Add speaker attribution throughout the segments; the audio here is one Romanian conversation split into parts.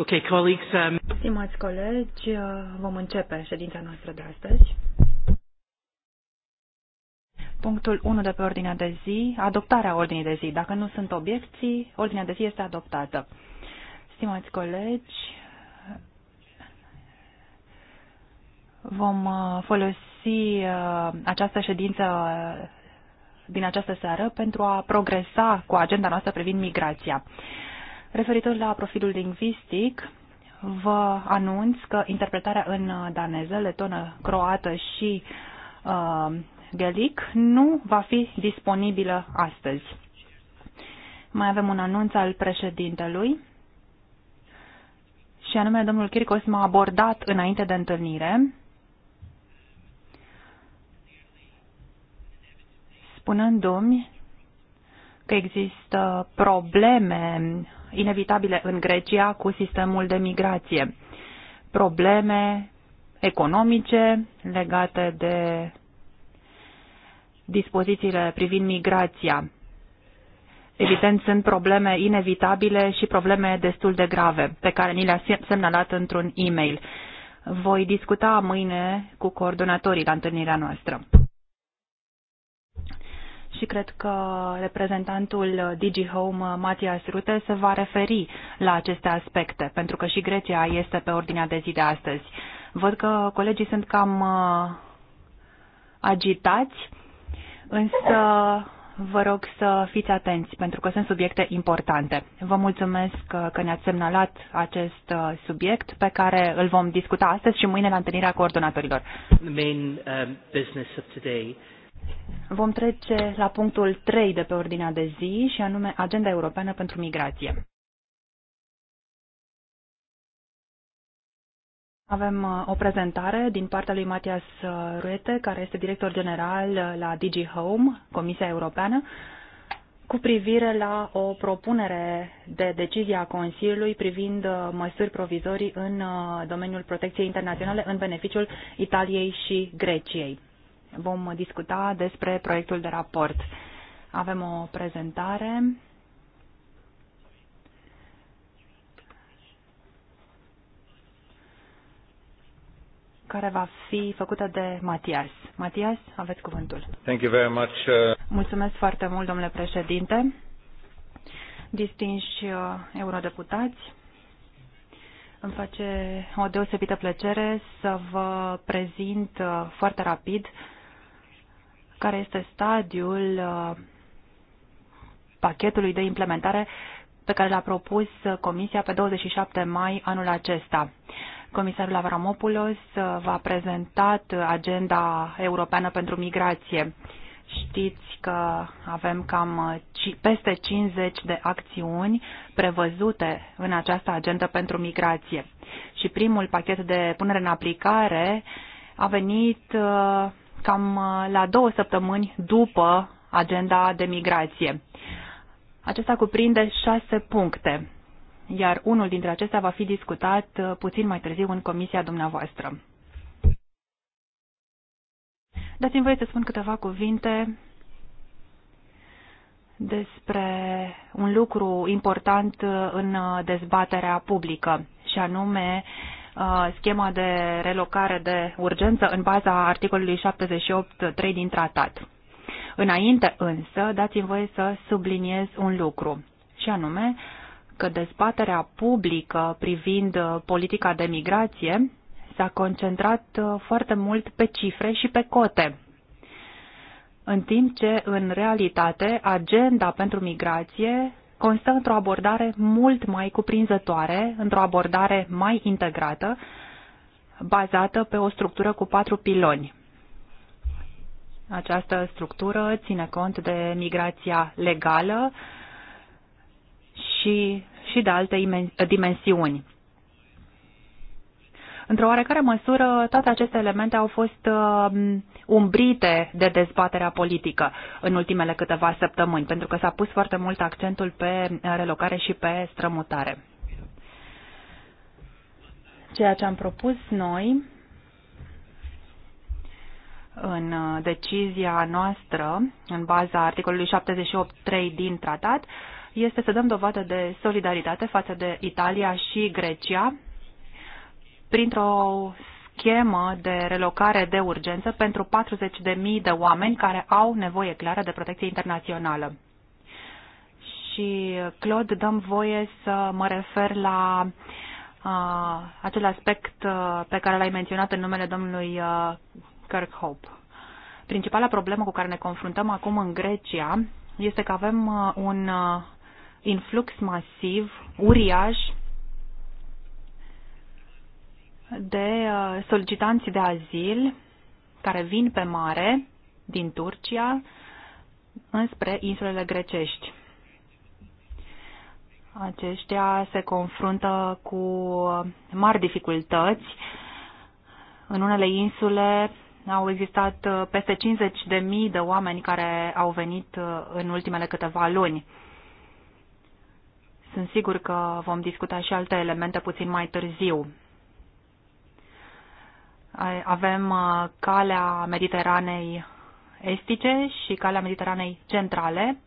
Speaker 1: Okay, colleagues, um...
Speaker 2: Stimați colegi, uh, vom începe ședința noastră de astăzi. Punctul 1 de pe ordinea de zi, adoptarea ordinii de zi. Dacă nu sunt obiecții, ordinea de zi este adoptată. Stimați colegi, vom uh, folosi uh, această ședință din această seară pentru a progresa cu agenda noastră privind migrația. Referitor la profilul lingvistic, vă anunț că interpretarea în uh, daneză, letonă, croată și uh, gelic nu va fi disponibilă astăzi. Mai avem un anunț al președintelui și anume domnul Kirkos m-a abordat înainte de întâlnire spunându-mi că există probleme inevitabile în Grecia cu sistemul de migrație. Probleme economice legate de dispozițiile privind migrația. Evident, sunt probleme inevitabile și probleme destul de grave, pe care ni le-a semnalat într-un e-mail. Voi discuta mâine cu coordonatorii la întâlnirea noastră și cred că reprezentantul Digi Home, Matias Rute, se va referi la aceste aspecte, pentru că și Grecia este pe ordinea de zi de astăzi. Văd că colegii sunt cam uh, agitați, însă vă rog să fiți atenți, pentru că sunt subiecte importante. Vă mulțumesc că ne-ați semnalat acest uh, subiect pe care îl vom discuta astăzi și mâine la întâlnirea
Speaker 1: coordonatorilor. The main, um, business of today
Speaker 2: Vom trece la punctul 3 de pe ordinea de zi și anume Agenda Europeană pentru Migrație. Avem uh, o prezentare din partea lui Matias uh, Ruete, care este director general uh, la DG Home, Comisia Europeană, cu privire la o propunere de decizie a Consiliului privind măsuri provizorii în domeniul protecției internaționale în beneficiul Italiei și Greciei vom discuta despre proiectul de raport. Avem o prezentare. care va fi făcută de Matias. Matias, aveți cuvântul.
Speaker 1: Thank you very much. Uh,
Speaker 2: Mulțumesc foarte mult, domnule președinte. Distinși uh, eurodeputați, îmi face o deosebită plăcere să vă prezint uh, foarte rapid uh, care este stadiul uh, pachetului de implementare pe care l-a propus uh, Comisia pe 27 mai anul acesta. Comisarul Avramopoulos uh, v-a prezentat agenda europeană pentru migrație. Știți că avem cam peste 50 de acțiuni prevăzute în această agendă pentru migrație. Și primul pachet de punere în aplicare a venit cam uh, la două săptămâni după agenda de migrație. Acesta cuprinde șase puncte, iar unul dintre acestea va fi discutat uh, puțin mai târziu în comisia dumneavoastră. Dați-mi voie să spun câteva cuvinte despre un lucru important uh, în dezbaterea publică, și anume Uh, schema de relocare de urgență în baza articolului 78.3 din tratat. Înainte însă, dați-mi voie să subliniez un lucru, și anume că dezbaterea publică privind uh, politica de migrație s-a concentrat uh, foarte mult pe cifre și pe cote, în timp ce, în realitate, agenda pentru migrație constă într-o abordare mult mai cuprinzătoare, într-o abordare mai integrată, bazată pe o structură cu patru piloni. Această structură ține cont de migrația legală și, și de alte dimensiuni Într-o oarecare măsură, toate aceste elemente au fost uh, umbrite de dezbaterea politică în ultimele câteva săptămâni, pentru că s-a pus foarte mult accentul pe uh, relocare și pe strămutare. Ceea ce am propus noi în uh, decizia noastră, în baza articolului 78.3 din tratat, este să dăm dovadă de solidaritate față de Italia și Grecia, printr-o schemă de relocare de urgență pentru 40.000 de oameni care au nevoie clară de protecție internațională. Și, Claude, dăm voie să mă refer la uh, acel aspect uh, pe care l-ai menționat în numele domnului uh, Kirkhope. Principala problemă cu care ne confruntăm acum în Grecia este că avem un influx masiv, uriaș, de uh, solicitanți de azil care vin pe mare din Turcia înspre insulele grecești. Aceștia se confruntă cu mari dificultăți. În unele insule au existat uh, peste 50.000 de oameni care au venit uh, în ultimele câteva luni. Sunt sigur că vom discuta și alte elemente puțin mai târziu. Avem uh, calea Mediteranei estice și calea Mediteranei centrale,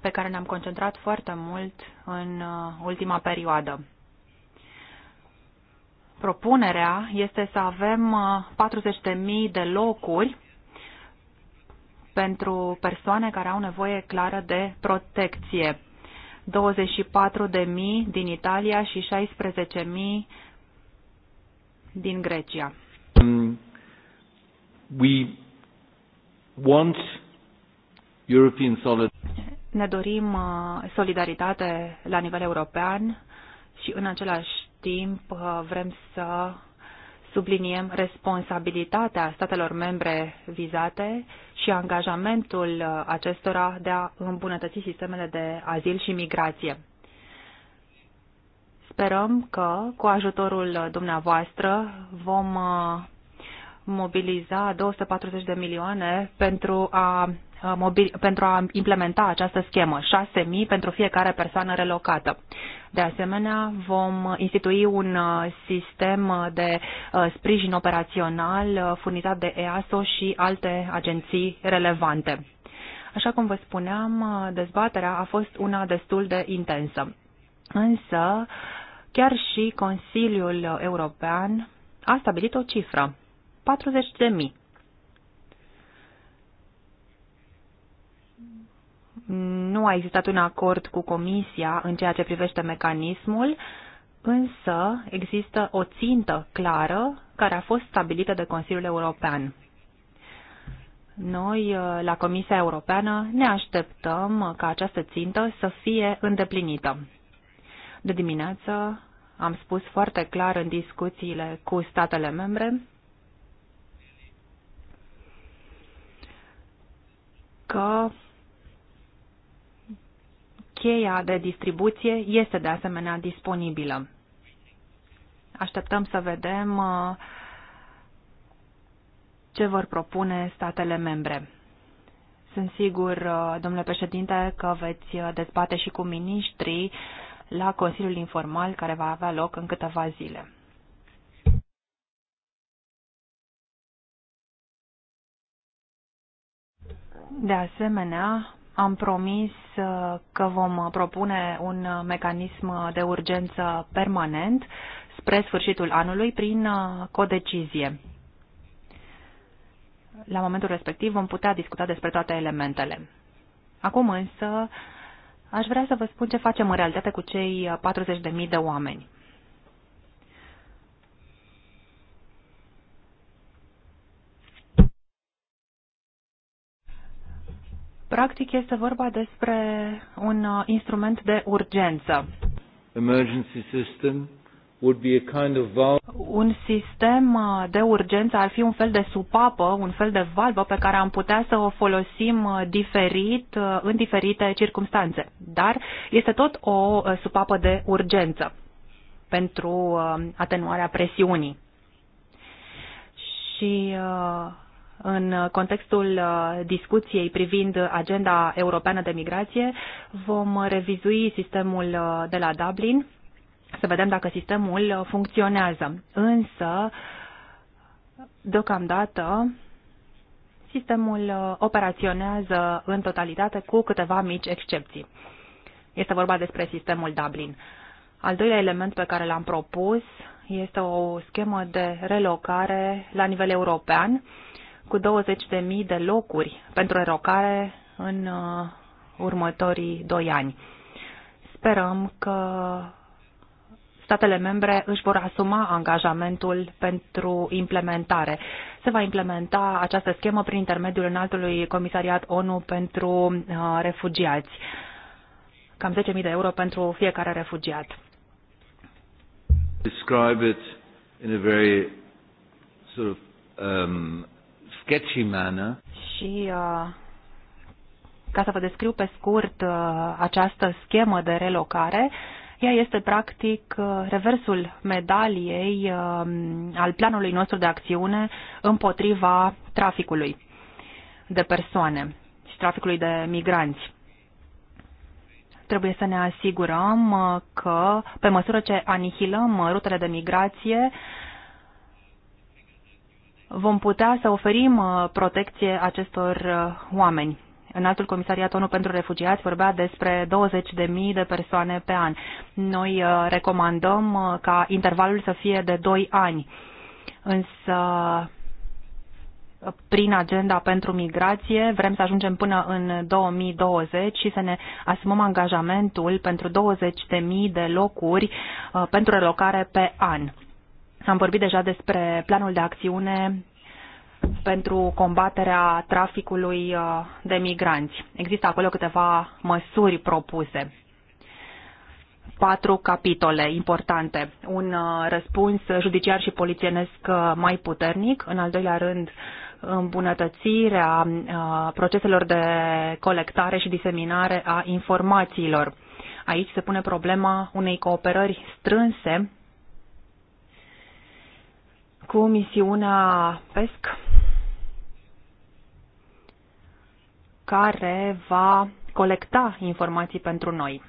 Speaker 2: pe care ne-am concentrat foarte mult în uh, ultima perioadă. Propunerea este să avem 40.000 uh, de locuri pentru persoane care au nevoie clară de protecție. 24.000 din Italia și 16.000 din Grecia.
Speaker 1: Um, we want European solidaritate.
Speaker 2: Ne dorim uh, solidaritate la nivel european și în același timp uh, vrem să subliniem responsabilitatea statelor membre vizate și angajamentul uh, acestora de a îmbunătăți sistemele de azil și migrație. Sperăm că, cu ajutorul dumneavoastră, vom uh, mobiliza 240 de milioane pentru a, uh, mobil, pentru a implementa această schemă, 6.000 pentru fiecare persoană relocată. De asemenea, vom institui un uh, sistem de sprijin operațional furnizat de EASO și alte agenții relevante. Așa cum vă spuneam, dezbaterea a fost una destul de intensă. Însă, uh, Chiar și Consiliul European a stabilit o cifră, 40 de mii. Nu a existat un acord cu Comisia în ceea ce privește mecanismul, însă există o țintă clară care a fost stabilită de Consiliul European. Noi, la Comisia Europeană, ne așteptăm ca această țintă să fie îndeplinită. De dimineață am spus foarte clar în discuțiile cu statele membre că cheia de distribuție este de asemenea disponibilă. Așteptăm să vedem uh, ce vor propune statele membre. Sunt sigur, uh, domnule președinte, că veți uh, dezbate și cu miniștrii la Consiliul Informal care va avea loc în câteva zile. De asemenea, am promis uh, că vom propune un mecanism de urgență permanent spre sfârșitul anului prin uh, codecizie. La momentul respectiv vom putea discuta despre toate elementele. Acum însă Aș vrea să vă spun ce facem în realitate cu cei 40.000 uh, de oameni. Practic este vorba despre un uh, instrument de urgență.
Speaker 1: Emergency system would be a kind of
Speaker 2: un sistem uh, de urgență ar fi un fel de supapă, un fel de valvă pe care am putea să o folosim uh, diferit uh, în diferite circunstanțe. Dar este tot o supapă de urgență pentru atenuarea presiunii. Și în contextul discuției privind agenda europeană de migrație, vom revizui sistemul de la Dublin să vedem dacă sistemul funcționează. Însă, deocamdată, sistemul operaționează în totalitate cu câteva mici excepții. Este vorba despre sistemul Dublin. Al doilea element pe care l-am propus este o schemă de relocare la nivel european cu 20.000 de locuri pentru relocare în uh, următorii doi ani. Sperăm că statele membre își vor asuma angajamentul pentru implementare. Se va implementa această schemă prin intermediul înaltului comisariat ONU pentru uh, refugiați. Cam 10.000 de euro pentru fiecare refugiat.
Speaker 1: Describe it in a very sort of um, sketchy manner.
Speaker 2: Și uh, ca să vă descriu pe scurt uh, această schemă de relocare, ea este practic reversul medaliei um, al planului nostru de acțiune împotriva traficului de persoane și traficului de migranți trebuie să ne asigurăm că, pe măsură ce anihilăm rutele de migrație, vom putea să oferim protecție acestor oameni. Înaltul Comisariat ONU pentru Refugiați vorbea despre 20.000 de persoane pe an. Noi uh, recomandăm uh, ca intervalul să fie de 2 ani, însă prin agenda pentru migrație vrem să ajungem până în 2020 și să ne asumăm angajamentul pentru 20.000 de locuri uh, pentru relocare pe an. Am vorbit deja despre planul de acțiune pentru combaterea traficului uh, de migranți. Există acolo câteva măsuri propuse. Patru capitole importante. Un uh, răspuns judiciar și polițienesc uh, mai puternic. În al doilea rând, îmbunătățirea proceselor de colectare și diseminare a informațiilor. Aici se pune problema unei cooperări strânse cu misiunea PESC care va colecta informații pentru noi.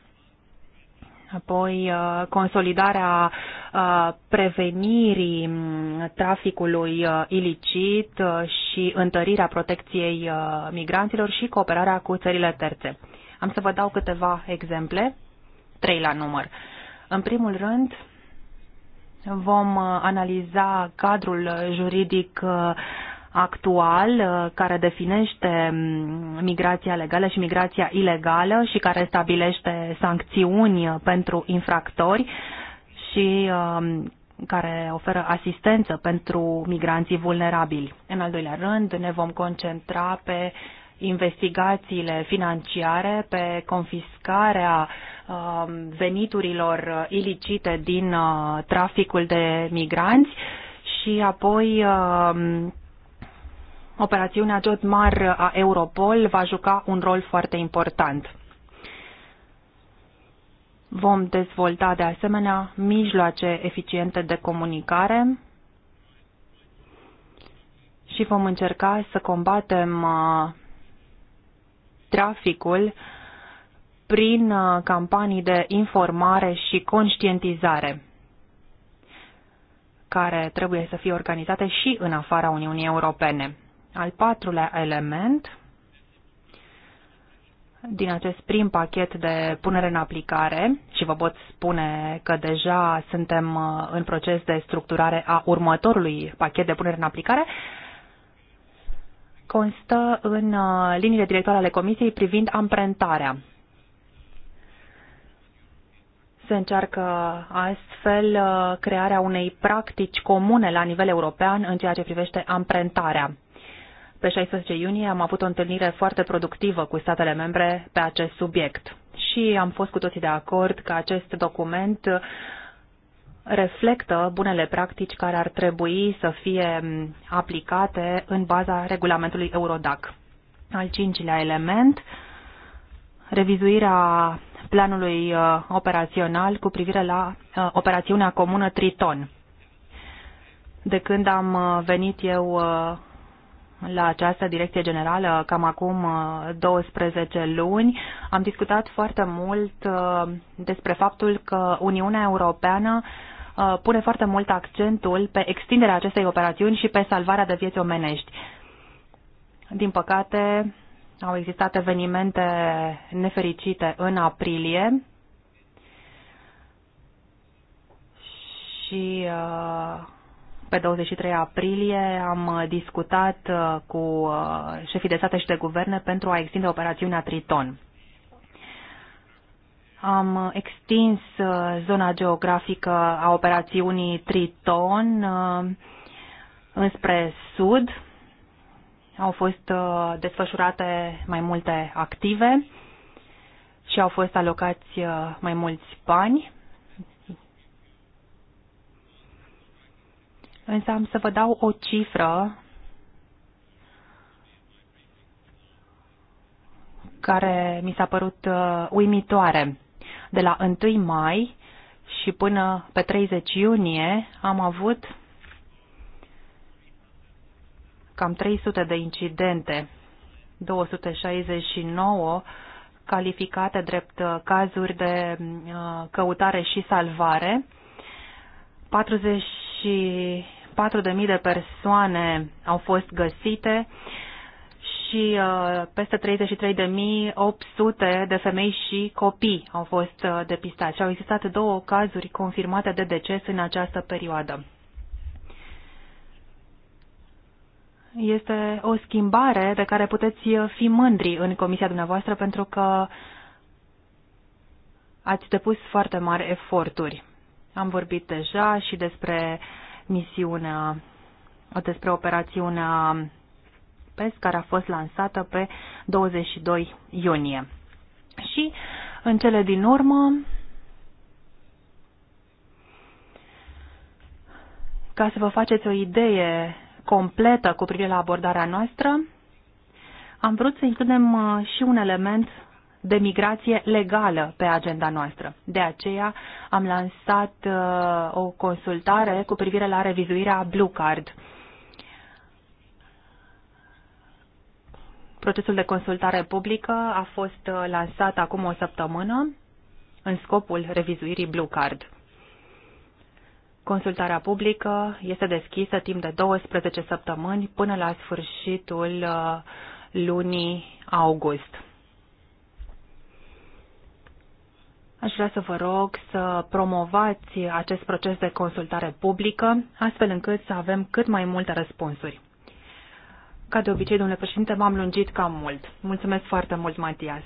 Speaker 2: Apoi, uh, consolidarea uh, prevenirii mm, traficului uh, ilicit și întărirea protecției migranților și cooperarea cu țările terțe. Am să vă dau câteva exemple, trei la număr. În primul rând, vom analiza cadrul juridic actual uh, care definește mm, migrația legală și migrația ilegală și care stabilește sancțiuni uh, pentru infractori și um, care oferă asistență pentru migranții vulnerabili. În al doilea rând, ne vom concentra pe investigațiile financiare, pe confiscarea um, veniturilor ilicite din uh, traficul de migranți și apoi um, Operațiunea Jot Mar a Europol va juca un rol foarte important. Vom dezvolta de asemenea mijloace eficiente de comunicare și vom încerca să combatem uh, traficul prin uh, campanii de informare și conștientizare care trebuie să fie organizate și în afara Uniunii Europene. Al patrulea element din acest prim pachet de punere în aplicare și vă pot spune că deja suntem uh, în proces de structurare a următorului pachet de punere în aplicare, constă în uh, liniile directoare ale Comisiei privind amprentarea. Se încearcă astfel uh, crearea unei practici comune la nivel european în ceea ce privește amprentarea. Pe 16 iunie am avut o întâlnire foarte productivă cu statele membre pe acest subiect și am fost cu toții de acord că acest document reflectă bunele practici care ar trebui să fie aplicate în baza regulamentului Eurodac. Al cincilea element, revizuirea planului uh, operațional cu privire la uh, operațiunea comună Triton. De când am uh, venit eu la această direcție generală cam acum 12 uh, luni. Am discutat foarte mult uh, despre faptul că Uniunea Europeană uh, pune foarte mult accentul pe extinderea acestei operațiuni și pe salvarea de vieți omenești. Din păcate, au existat evenimente nefericite în aprilie și uh, pe 23 aprilie am uh, discutat uh, cu uh, șefii de state și de guverne pentru a extinde operațiunea Triton. Am extins zona geografică a operațiunii Triton înspre sud. Au fost desfășurate mai multe active și au fost alocați mai mulți bani Însă am să vă dau o cifră care mi s-a părut uh, uimitoare. De la 1 mai și până pe 30 iunie am avut cam 300 de incidente, 269 calificate drept uh, cazuri de uh, căutare și salvare, 40 4.000 de persoane au fost găsite și uh, peste 33.800 de femei și copii au fost uh, depistați și au existat două cazuri confirmate de deces în această perioadă. Este o schimbare de care puteți uh, fi mândri în comisia dumneavoastră pentru că ați depus foarte mari eforturi. Am vorbit deja și despre misiunea, despre operațiunea PES care a fost lansată pe 22 iunie. Și în cele din urmă, ca să vă faceți o idee completă cu privire la abordarea noastră, am vrut să includem uh, și un element de migrație legală pe agenda noastră. De aceea am lansat uh, o consultare cu privire la revizuirea Blue Card. Procesul de consultare publică a fost uh, lansat acum o săptămână în scopul revizuirii Blue Card. Consultarea publică este deschisă timp de 12 săptămâni până la sfârșitul uh, lunii august. Aș vrea să vă rog să promovați acest proces de consultare publică, astfel încât să avem cât mai multe răspunsuri. Ca de obicei, domnule președinte, m-am lungit cam mult. Mulțumesc foarte mult, Matias.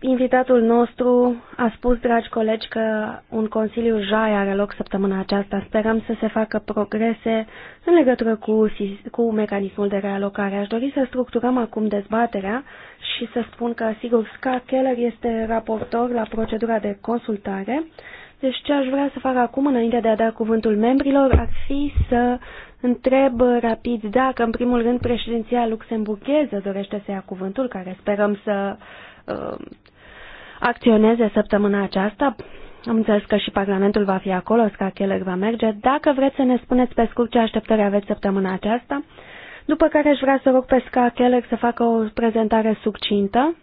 Speaker 3: Invitatul nostru a spus, dragi colegi, că un Consiliu JAI are loc săptămâna aceasta. Sperăm să se facă progrese în legătură cu, cu mecanismul de realocare. Aș dori să structurăm acum dezbaterea și să spun că, sigur, Ska Keller este raportor la procedura de consultare. Deci ce aș vrea să fac acum, înainte de a da cuvântul membrilor, ar fi să întreb rapid dacă, în primul rând, președinția luxemburgheză dorește să ia cuvântul, care sperăm să Uh, acționeze săptămâna aceasta. Am înțeles că și Parlamentul va fi acolo, Oscar Keller va merge. Dacă vreți să ne spuneți pe scurt ce așteptări aveți săptămâna aceasta, după care aș vrea să rog pe Oscar Keller să facă o prezentare succintă.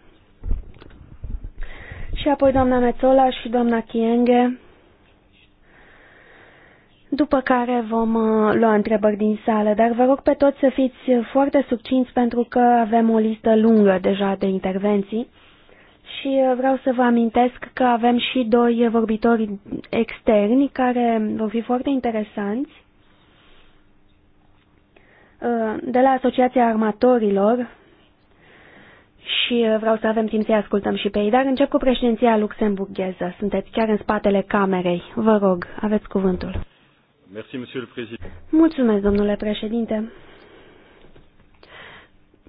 Speaker 3: Și apoi doamna Mețola și doamna Chienghe. După care vom uh, lua întrebări din sală, dar vă rog pe toți să fiți foarte succinți pentru că avem o listă lungă deja de intervenții și uh, vreau să vă amintesc că avem și doi vorbitori externi care vor fi foarte interesanți uh, de la Asociația Armatorilor și uh, vreau să avem timp să-i ascultăm și pe ei, dar încep cu președinția luxemburgheză. Sunteți chiar în spatele camerei. Vă rog, aveți cuvântul. Merci, Mulțumesc, domnule președinte.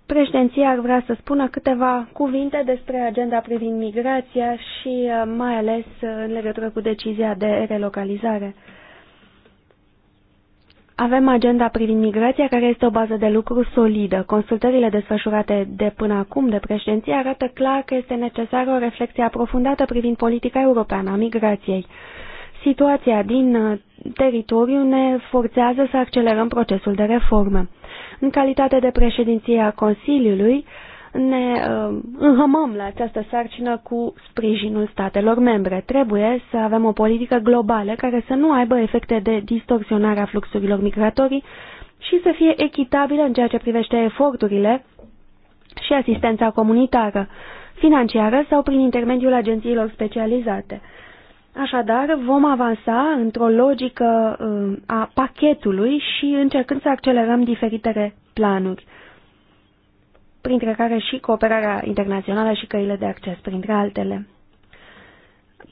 Speaker 3: Președinția ar vrea să spună câteva cuvinte despre agenda privind migrația și uh, mai ales uh, în legătură cu decizia de relocalizare. Avem agenda privind migrația, care este o bază de lucru solidă. Consultările desfășurate de până acum de președinție arată clar că este necesară o reflexie aprofundată privind politica europeană a migrației. Situația din uh, teritoriu ne forțează să accelerăm procesul de reformă. În calitate de președinție a Consiliului, ne uh, înhămăm la această sarcină cu sprijinul statelor membre. Trebuie să avem o politică globală care să nu aibă efecte de distorsionare a fluxurilor migratorii și să fie echitabilă în ceea ce privește eforturile și asistența comunitară, financiară sau prin intermediul agențiilor specializate. Așadar, vom avansa într-o logică uh, a pachetului și încercând să accelerăm diferitele planuri, printre care și cooperarea internațională și căile de acces, printre altele.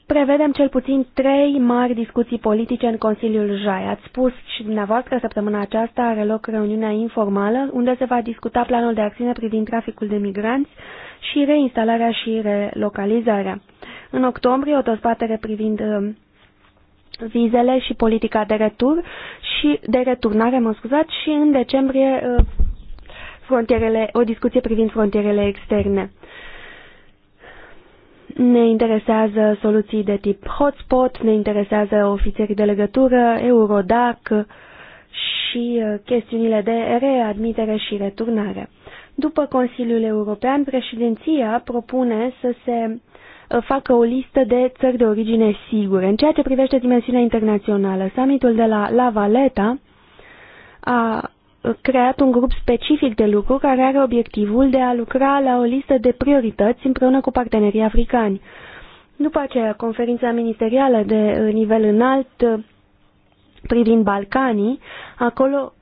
Speaker 3: Prevedem cel puțin trei mari discuții politice în Consiliul Jai. Ați spus și dumneavoastră, săptămâna aceasta are loc reuniunea informală, unde se va discuta planul de acțiune privind traficul de migranți și reinstalarea și relocalizarea. În octombrie, o dezbatere privind uh, vizele și politica de retur și de returnare, mă scuzați, și în decembrie uh, frontierele, o discuție privind frontierele externe. Ne interesează soluții de tip hotspot, ne interesează ofițerii de legătură, Eurodac și uh, chestiunile de readmitere și returnare. După Consiliul European, președinția propune să se Uh, facă o listă de țări de origine sigure. În ceea ce privește dimensiunea internațională, summitul de la La Valeta a uh, creat un grup specific de lucru care are obiectivul de a lucra la o listă de priorități împreună cu partenerii africani. După aceea, conferința ministerială de uh, nivel înalt privind Balcanii, acolo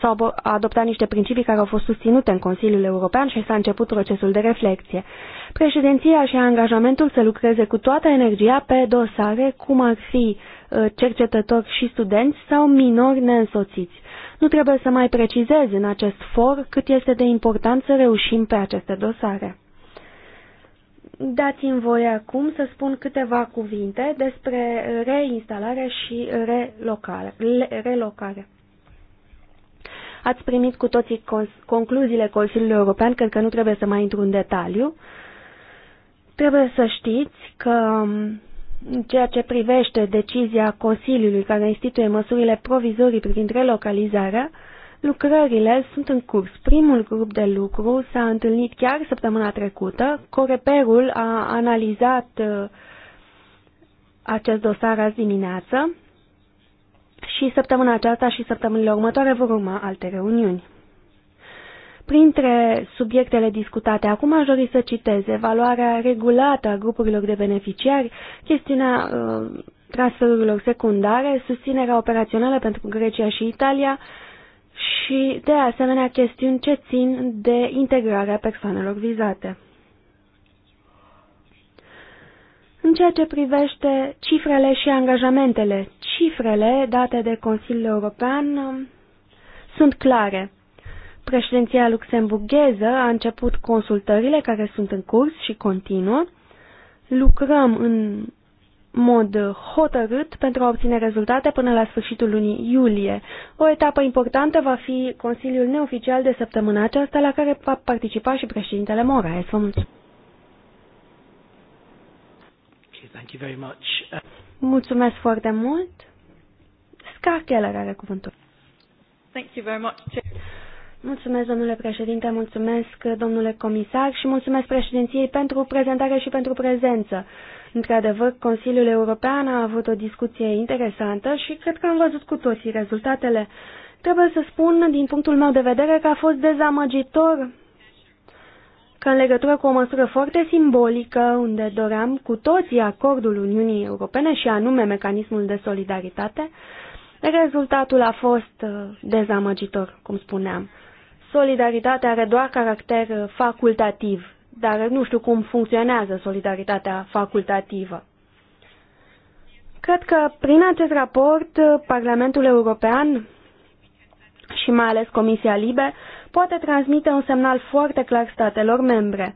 Speaker 3: s-au adoptat niște principii care au fost susținute în Consiliul European și s-a început procesul de reflexie. Președinția și angajamentul să lucreze cu toată energia pe dosare, cum ar fi uh, cercetători și studenți sau minori neînsoțiți. Nu trebuie să mai precizez în acest for cât este de important să reușim pe aceste dosare. Dați-mi voie acum să spun câteva cuvinte despre reinstalare și relocare. Ați primit cu toții concluziile Consiliului European, cred că nu trebuie să mai intru în detaliu. Uh, Trebuie să știți că um, în ceea ce privește decizia Consiliului care instituie măsurile provizorii privind relocalizarea, lucrările sunt în curs. Primul grup de lucru s-a întâlnit chiar săptămâna trecută. Coreperul a analizat uh, acest dosar azi dimineață și săptămâna aceasta și săptămânile următoare vor urma alte reuniuni. Printre subiectele discutate acum aș dori să citez evaluarea regulată a grupurilor de beneficiari, chestiunea uh, transferurilor secundare, susținerea operațională pentru Grecia și Italia și, de asemenea, chestiuni ce țin de integrarea persoanelor vizate. În ceea ce privește cifrele și angajamentele, cifrele date de Consiliul European um, sunt clare. Președinția luxemburgheză a început consultările care sunt în curs și continuă. Lucrăm în mod hotărât pentru a obține rezultate până la sfârșitul lunii iulie. O etapă importantă va fi Consiliul neoficial de săptămâna aceasta, la care va participa și președintele Moraes. Vă mulțumesc!
Speaker 1: Thank you very much.
Speaker 3: Mulțumesc foarte mult! Scar Keller are cuvântul. Thank you very much. Mulțumesc, domnule președinte, mulțumesc, domnule comisar și mulțumesc președinției pentru prezentare și pentru prezență. Într-adevăr, Consiliul European a avut o discuție interesantă și cred că am văzut cu toții rezultatele. Trebuie să spun, din punctul meu de vedere, că a fost dezamăgitor că în legătură cu o măsură foarte simbolică, unde doream cu toții acordul Uniunii Europene și anume mecanismul de solidaritate, rezultatul a fost uh, dezamăgitor, cum spuneam solidaritatea are doar caracter uh, facultativ, dar nu știu cum funcționează solidaritatea facultativă. Cred că prin acest raport uh, Parlamentul European și mai ales Comisia Libe poate transmite un semnal foarte clar statelor membre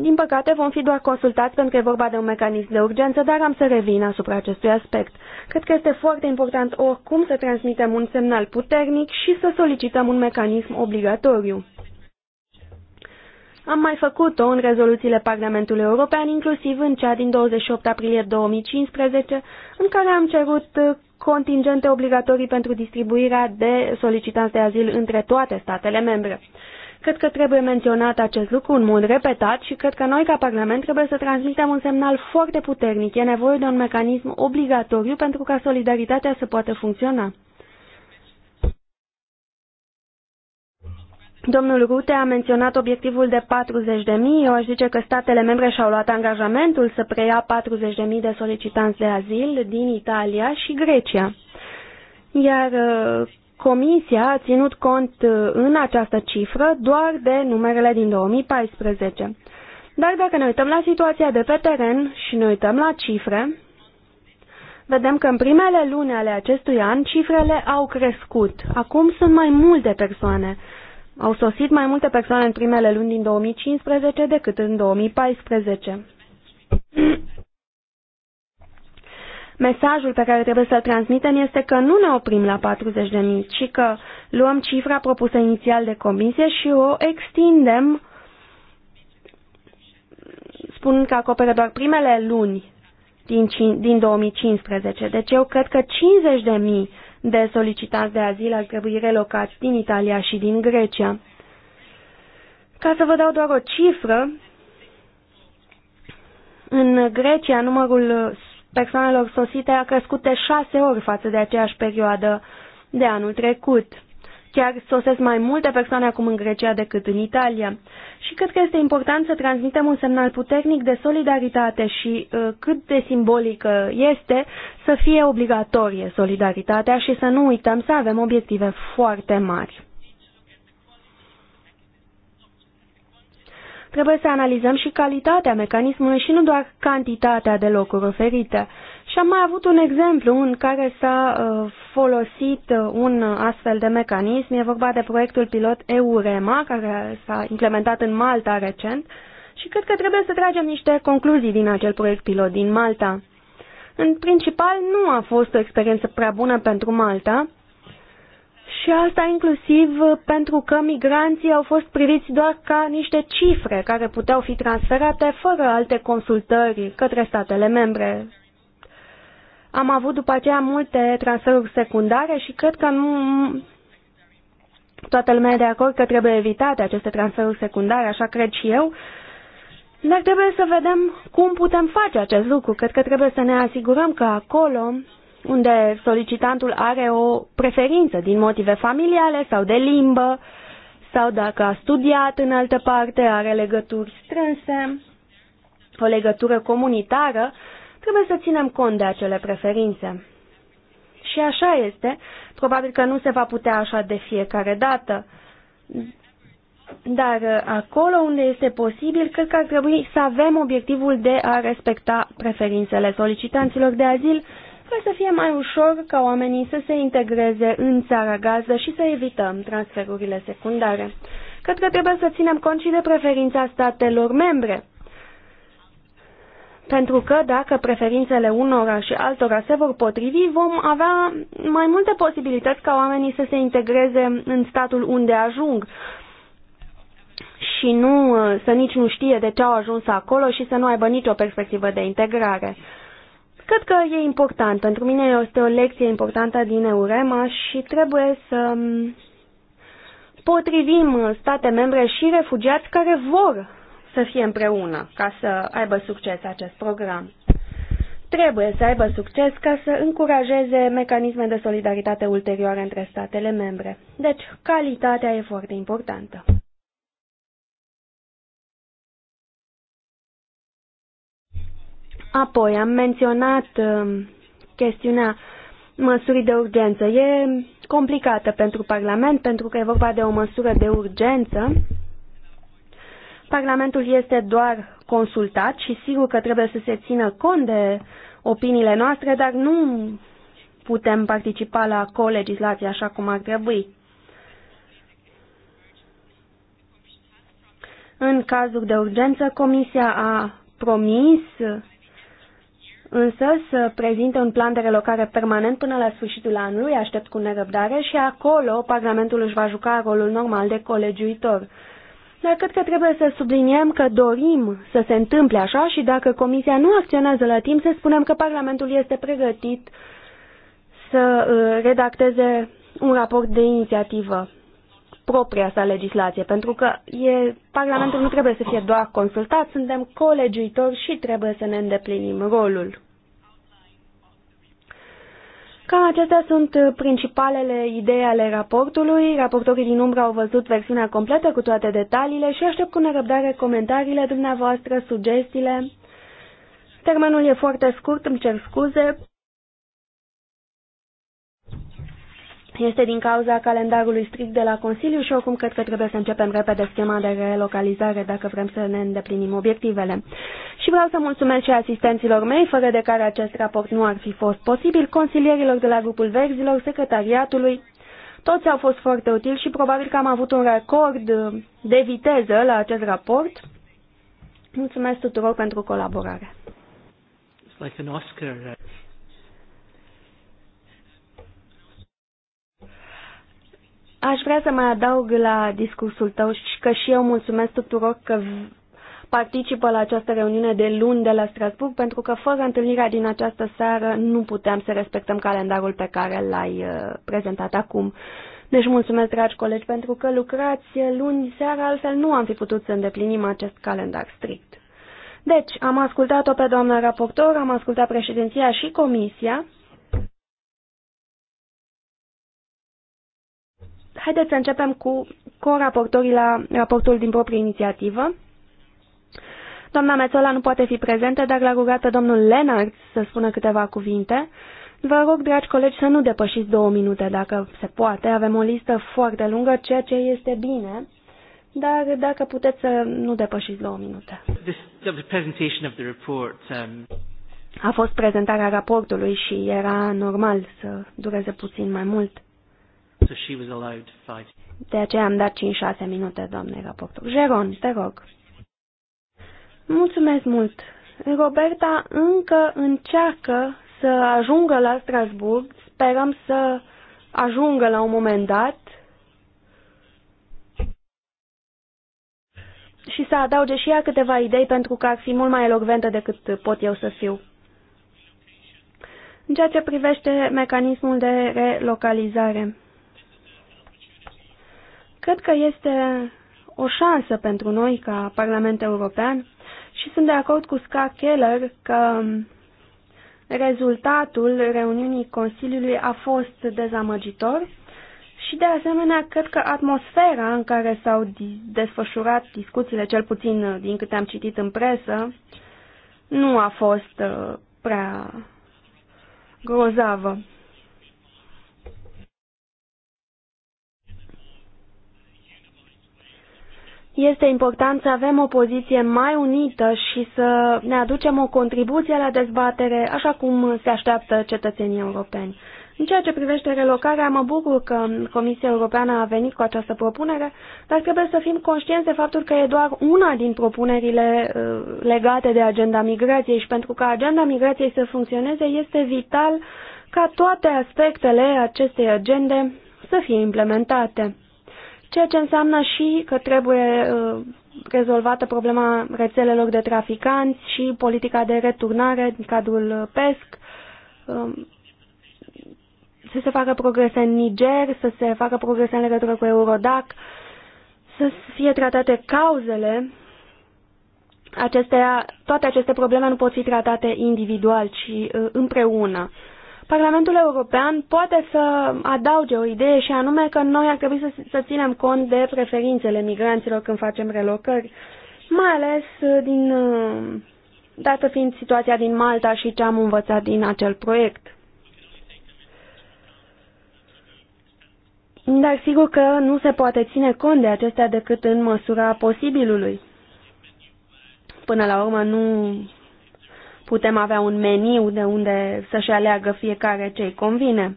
Speaker 3: din păcate, vom fi doar consultați pentru că e vorba de un mecanism de urgență, dar am să revin asupra acestui aspect. Cred că este foarte important oricum să transmitem un semnal puternic și să solicităm un mecanism obligatoriu. Am mai făcut-o în rezoluțiile Parlamentului European, inclusiv în cea din 28 aprilie 2015, în care am cerut contingente obligatorii pentru distribuirea de solicitanți de azil între toate statele membre. Cred că trebuie menționat acest lucru în mod repetat și cred că noi ca Parlament trebuie să transmitem un semnal foarte puternic. E nevoie de un mecanism obligatoriu pentru ca solidaritatea să poată funcționa. Domnul Rute a menționat obiectivul de 40.000. Eu aș zice că statele membre și-au luat angajamentul să preia 40.000 de de solicitanți de azil din Italia și Grecia. Iar uh, Comisia a ținut cont uh, în această cifră doar de numerele din 2014. Dar dacă ne uităm la situația de pe teren și ne uităm la cifre, vedem că în primele luni ale acestui an cifrele au crescut. Acum sunt mai multe persoane. Au sosit mai multe persoane în primele luni din 2015 decât în 2014. Mesajul pe care trebuie să-l transmitem este că nu ne oprim la 40.000, ci că luăm cifra propusă inițial de comisie și o extindem, spun că acoperă doar primele luni din, din 2015. Deci eu cred că 50.000 de solicitanți de azil ar trebui relocați din Italia și din Grecia. Ca să vă dau doar o cifră, în Grecia numărul persoanelor sosite a crescut de șase ori față de aceeași perioadă de anul trecut. Chiar sosesc mai multe persoane acum în Grecia decât în Italia. Și cred că este important să transmitem un semnal puternic de solidaritate și uh, cât de simbolică este să fie obligatorie solidaritatea și să nu uităm să avem obiective foarte mari. Trebuie să analizăm și calitatea mecanismului și nu doar cantitatea de locuri oferite. Și am mai avut un exemplu în care s-a uh, folosit uh, un astfel de mecanism. E vorba de proiectul pilot EUREMA, care s-a implementat în Malta recent și cred că trebuie să tragem niște concluzii din acel proiect pilot din Malta. În principal, nu a fost o experiență prea bună pentru Malta, și asta inclusiv uh, pentru că migranții au fost priviți doar ca niște cifre care puteau fi transferate fără alte consultări către statele membre. Am avut după aceea multe transferuri secundare și cred că nu toată lumea e de acord că trebuie evitate aceste transferuri secundare, așa cred și eu. Dar trebuie să vedem cum putem face acest lucru. Cred că trebuie să ne asigurăm că acolo unde solicitantul are o preferință din motive familiale sau de limbă, sau dacă a studiat în altă parte, are legături strânse, o legătură comunitară, trebuie să ținem cont de acele preferințe. Și așa este, probabil că nu se va putea așa de fiecare dată, dar acolo unde este posibil, cred că ar trebui să avem obiectivul de a respecta preferințele solicitanților de azil ca să fie mai ușor ca oamenii să se integreze în țara gazdă și să evităm transferurile secundare. Cred că trebuie să ținem cont și de preferința statelor membre. Pentru că dacă preferințele unora și altora se vor potrivi, vom avea mai multe posibilități ca oamenii să se integreze în statul unde ajung și nu să nici nu știe de ce au ajuns acolo și să nu aibă nicio perspectivă de integrare. Cred că e important. Pentru mine este o lecție importantă din Eurema și trebuie să potrivim state membre și refugiați care vor să fie împreună ca să aibă succes acest program. Trebuie să aibă succes ca să încurajeze mecanisme de solidaritate ulterioare între statele membre. Deci, calitatea e foarte importantă. Apoi, am menționat um, chestiunea măsurii de urgență. E complicată pentru Parlament, pentru că e vorba de o măsură de urgență. Parlamentul este doar consultat și sigur că trebuie să se țină cont de opiniile noastre, dar nu putem participa la colegislație așa cum ar trebui. În cazuri de urgență, Comisia a promis însă să prezinte un plan de relocare permanent până la sfârșitul anului, aștept cu nerăbdare, și acolo Parlamentul își va juca rolul normal de colegiuitor. Dar cred că trebuie să subliniem că dorim să se întâmple așa și dacă Comisia nu acționează la timp, să spunem că Parlamentul este pregătit să uh, redacteze un raport de inițiativă propria sa legislație, pentru că e, Parlamentul nu trebuie să fie doar consultat, suntem colegiuitori și trebuie să ne îndeplinim rolul. Cam acestea sunt principalele idei ale raportului. Raportorii din umbră au văzut versiunea completă cu toate detaliile și aștept cu nerăbdare comentariile dumneavoastră, sugestiile. Termenul e foarte scurt, îmi cer scuze. este din cauza calendarului strict de la Consiliu și oricum cred că trebuie să începem repede schema de relocalizare dacă vrem să ne îndeplinim obiectivele. Și vreau să mulțumesc și asistenților mei, fără de care acest raport nu ar fi fost posibil, consilierilor de la grupul verzilor, secretariatului, toți au fost foarte utili și probabil că am avut un record de viteză la acest raport. Mulțumesc tuturor pentru colaborare.
Speaker 1: It's like an Oscar. Uh,
Speaker 3: Aș vrea să mai adaug la discursul tău și că și eu mulțumesc tuturor că participă la această reuniune de luni de la Strasburg, pentru că fără întâlnirea din această seară nu puteam să respectăm calendarul pe care l-ai uh, prezentat acum. Deci mulțumesc, dragi colegi, pentru că lucrați luni seara, altfel nu am fi putut să îndeplinim acest calendar strict. Deci, am ascultat-o pe doamna raportor, am ascultat președinția și comisia. Haideți să începem cu co-raportorii la raportul din proprie inițiativă. Doamna Mețola nu poate fi prezentă, dar l-a rugat pe domnul Lenart să spună câteva cuvinte. Vă rog, dragi colegi, să nu depășiți două minute, dacă se poate. Avem o listă foarte lungă, ceea ce este bine, dar dacă puteți să nu depășiți două minute. Um, A fost prezentarea raportului și era normal să dureze puțin mai mult. De aceea am dat 5-6 minute, doamne raportor. Jeron, te rog. Mulțumesc mult. Roberta încă încearcă să ajungă la Strasburg. Sperăm să ajungă la un moment dat. Și să adauge și ea câteva idei pentru că ar fi mult mai elogventă decât pot eu să fiu. În ceea ce privește mecanismul de relocalizare. Cred că este o șansă pentru noi ca Parlament European și sunt de acord cu Ska Keller că rezultatul reuniunii Consiliului a fost dezamăgitor și de asemenea cred că atmosfera în care s-au desfășurat discuțiile, cel puțin uh, din câte am citit în presă, nu a fost uh, prea grozavă. Este important să avem o poziție mai unită și să ne aducem o contribuție la dezbatere, așa cum se așteaptă cetățenii europeni. În ceea ce privește relocarea, mă bucur că Comisia Europeană a venit cu această propunere, dar trebuie să fim conștienți de faptul că e doar una din propunerile uh, legate de agenda migrației și pentru ca agenda migrației să funcționeze este vital ca toate aspectele acestei agende să fie implementate ceea ce înseamnă și că trebuie uh, rezolvată problema rețelelor de traficanți și politica de returnare din cadrul PESC, um, să se facă progrese în Niger, să se facă progrese în legătură cu Eurodac, să fie tratate cauzele acestea, toate aceste probleme nu pot fi tratate individual, ci uh, împreună. Parlamentul European poate să adauge o idee și anume că noi ar trebui să, să ținem cont de preferințele migranților când facem relocări, mai ales uh, din, uh, dată fiind situația din Malta și ce am învățat din acel proiect. Dar sigur că nu se poate ține cont de acestea decât în măsura posibilului. Până la urmă nu Putem avea un meniu de unde să-și aleagă fiecare ce-i convine.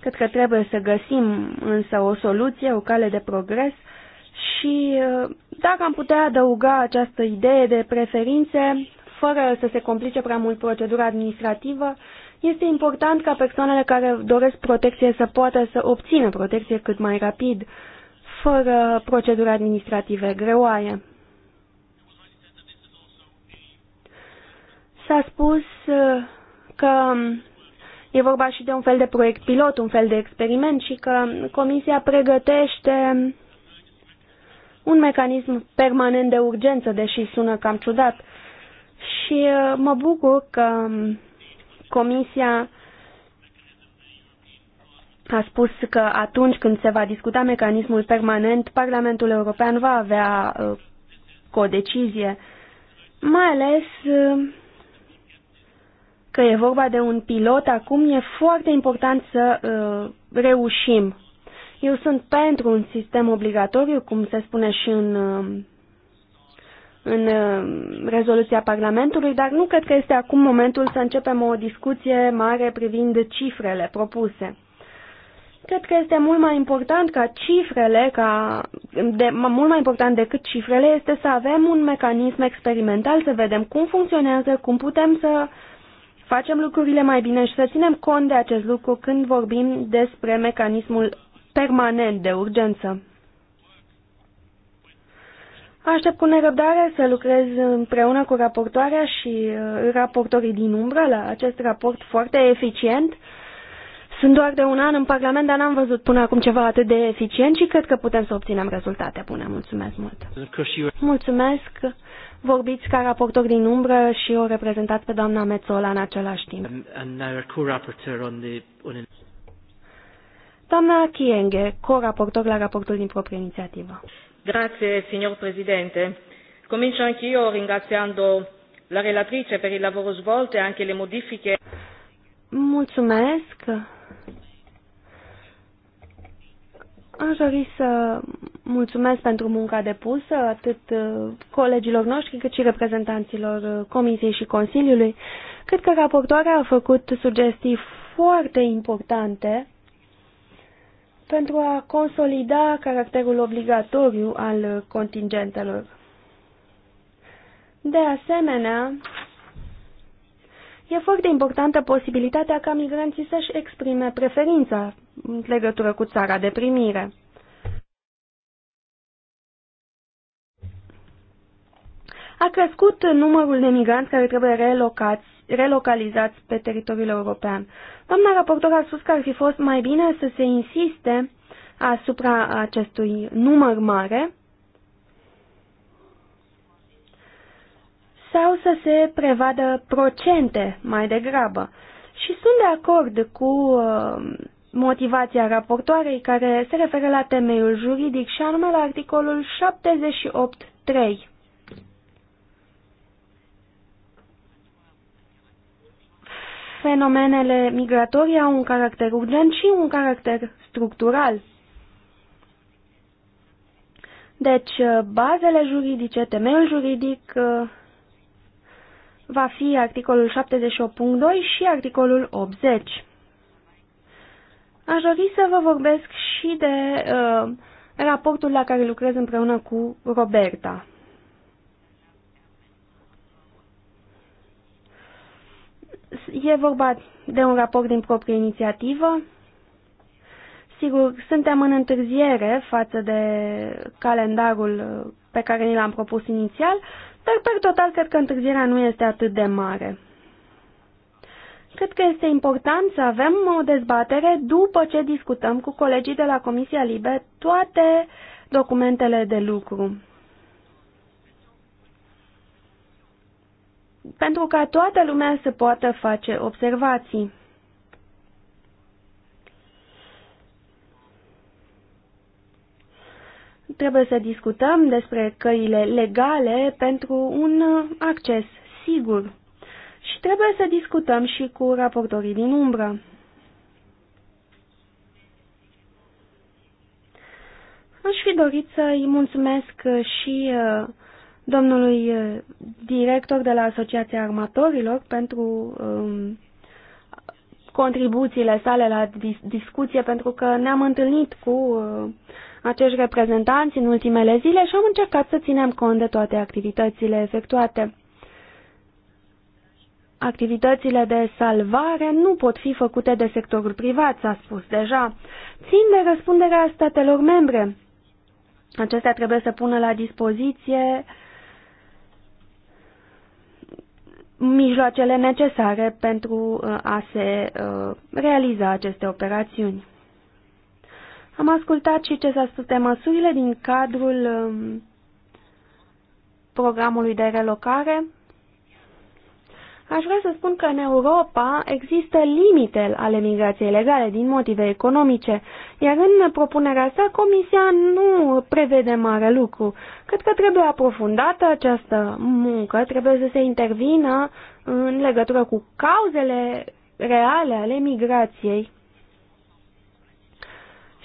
Speaker 3: Cred că trebuie să găsim însă o soluție, o cale de progres și dacă am putea adăuga această idee de preferințe, fără să se complice prea mult procedura administrativă, este important ca persoanele care doresc protecție să poată să obțină protecție cât mai rapid, fără proceduri administrative greoaie. S-a spus uh, că e vorba și de un fel de proiect pilot, un fel de experiment și că Comisia pregătește un mecanism permanent de urgență, deși sună cam ciudat. Și uh, mă bucur că Comisia a spus că atunci când se va discuta mecanismul permanent, Parlamentul European va avea codecizie, uh, mai ales că e vorba de un pilot acum, e foarte important să uh, reușim. Eu sunt pentru un sistem obligatoriu, cum se spune și în, uh, în uh, rezoluția Parlamentului, dar nu cred că este acum momentul să începem o discuție mare privind cifrele propuse. Cred că este mult mai important ca cifrele, ca, de, mult mai important decât cifrele, este să avem un mecanism experimental, să vedem cum funcționează, cum putem să uh, facem lucrurile mai bine și să ținem cont de acest lucru când vorbim despre mecanismul permanent de urgență. Aștept cu nerăbdare să lucrez împreună cu raportoarea și uh, raportorii din umbră la acest raport foarte eficient. Sunt doar de un an în Parlament, dar n-am văzut până acum ceva atât de eficient și cred că putem să obținem rezultate bune. Mulțumesc mult! Mulțumesc! vorbiți ca raportor din umbră și o reprezentați pe doamna Metzola în același timp. Doamna Chienghe, co-raportor la raportul din proprie inițiativă.
Speaker 1: Grazie, signor Presidente.
Speaker 2: Comincio anch'io ringraziando la relatrice per il lavoro svolto e anche le modifiche.
Speaker 3: Mulțumesc. Aș dori să mulțumesc pentru munca depusă, atât uh, colegilor noștri, cât și reprezentanților uh, Comisiei și Consiliului. Cred că raportoarea a făcut sugestii foarte importante pentru a consolida caracterul obligatoriu al contingentelor. De asemenea, e foarte importantă posibilitatea ca migranții să-și exprime preferința în legătură cu țara de primire. a crescut numărul de migranți care trebuie relocați, relocalizați pe teritoriul european. Doamna raportor a spus că ar fi fost mai bine să se insiste asupra acestui număr mare sau să se prevadă procente mai degrabă. Și sunt de acord cu uh, motivația raportoarei care se referă la temeiul juridic și anume la articolul 78.3. fenomenele migratorii au un caracter urgent și un caracter structural. Deci, uh, bazele juridice, temeiul juridic uh, va fi articolul 78.2 și articolul 80. Aș dori să vă vorbesc și de uh, raportul la care lucrez împreună cu Roberta. E vorba de un raport din proprie inițiativă. Sigur, suntem în întârziere față de calendarul pe care ni l-am propus inițial, dar pe total cred că întârzierea nu este atât de mare. Cred că este important să avem o dezbatere după ce discutăm cu colegii de la Comisia Libe toate documentele de lucru. pentru ca toată lumea să poată face observații. Trebuie să discutăm despre căile legale pentru un acces sigur și trebuie să discutăm și cu raportorii din umbră. Aș fi dorit să-i mulțumesc și uh, domnului eh, director de la Asociația Armatorilor pentru um, contribuțiile sale la dis discuție, pentru că ne-am întâlnit cu uh, acești reprezentanți în ultimele zile și am încercat să ținem cont de toate activitățile efectuate. Activitățile de salvare nu pot fi făcute de sectorul privat, s-a spus deja. Țin de răspunderea statelor membre. Acestea trebuie să pună la dispoziție uh, mijloacele necesare pentru uh, a se uh, realiza aceste operațiuni. Am ascultat și ce s-a spus de măsurile din cadrul um, programului de relocare Aș vrea să spun că în Europa există limite ale migrației legale din motive economice, iar în propunerea sa Comisia nu prevede mare lucru. Cred că trebuie aprofundată această muncă, trebuie să se intervină în legătură cu cauzele reale ale migrației.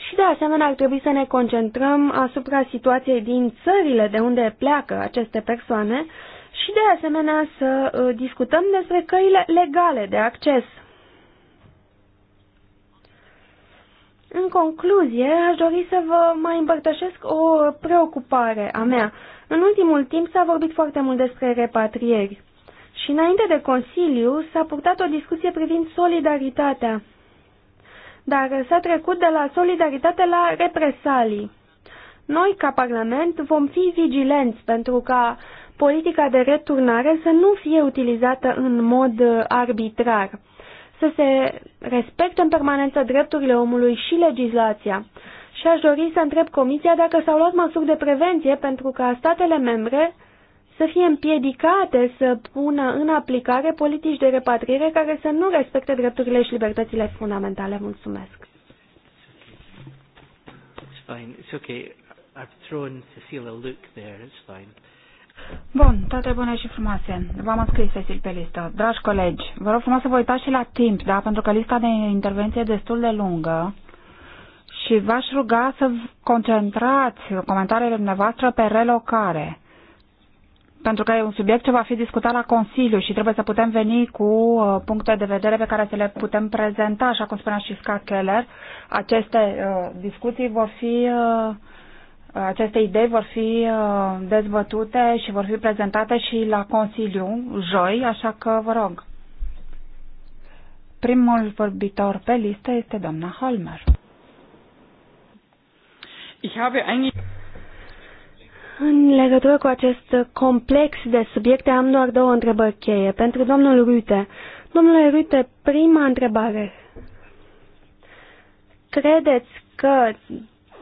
Speaker 3: Și de asemenea ar trebui să ne concentrăm asupra situației din țările de unde pleacă aceste persoane, și de asemenea să ă, discutăm despre căile legale de acces. În concluzie, aș dori să vă mai împărtășesc o preocupare a mea. În ultimul timp s-a vorbit foarte mult despre repatrieri și înainte de Consiliu s-a purtat o discuție privind solidaritatea. Dar s-a trecut de la solidaritate la represalii. Noi, ca Parlament, vom fi vigilenți pentru ca politica de returnare să nu fie utilizată în mod uh, arbitrar, să se respecte în permanență drepturile omului și legislația. Și aș dori să întreb Comisia dacă s-au luat măsuri de prevenție pentru ca statele membre să fie împiedicate să pună în aplicare politici de repatriere care să nu respecte drepturile și libertățile fundamentale. Mulțumesc.
Speaker 1: It's fine. It's okay. I've thrown Cecilia a look there. It's fine.
Speaker 3: Bun, toate
Speaker 2: bune și frumoase. V-am înscris, Cecil, pe listă. Dragi colegi, vă rog frumos să vă uitați și la timp, da? Pentru că lista de intervenție e destul de lungă și v-aș ruga să concentrați comentariile dumneavoastră pe relocare. Pentru că e un subiect ce va fi discutat la Consiliu și trebuie să putem veni cu uh, puncte de vedere pe care să le putem prezenta, așa cum spunea și Scott Keller. Aceste uh, discuții vor fi uh, aceste idei vor fi uh, dezbătute și vor fi prezentate și la Consiliu joi, așa că vă rog. Primul
Speaker 3: vorbitor pe listă este doamna Holmer. Ich habe în legătură cu acest complex de subiecte am doar două întrebări cheie. Pentru domnul Rute. Domnule Rute, prima întrebare. Credeți că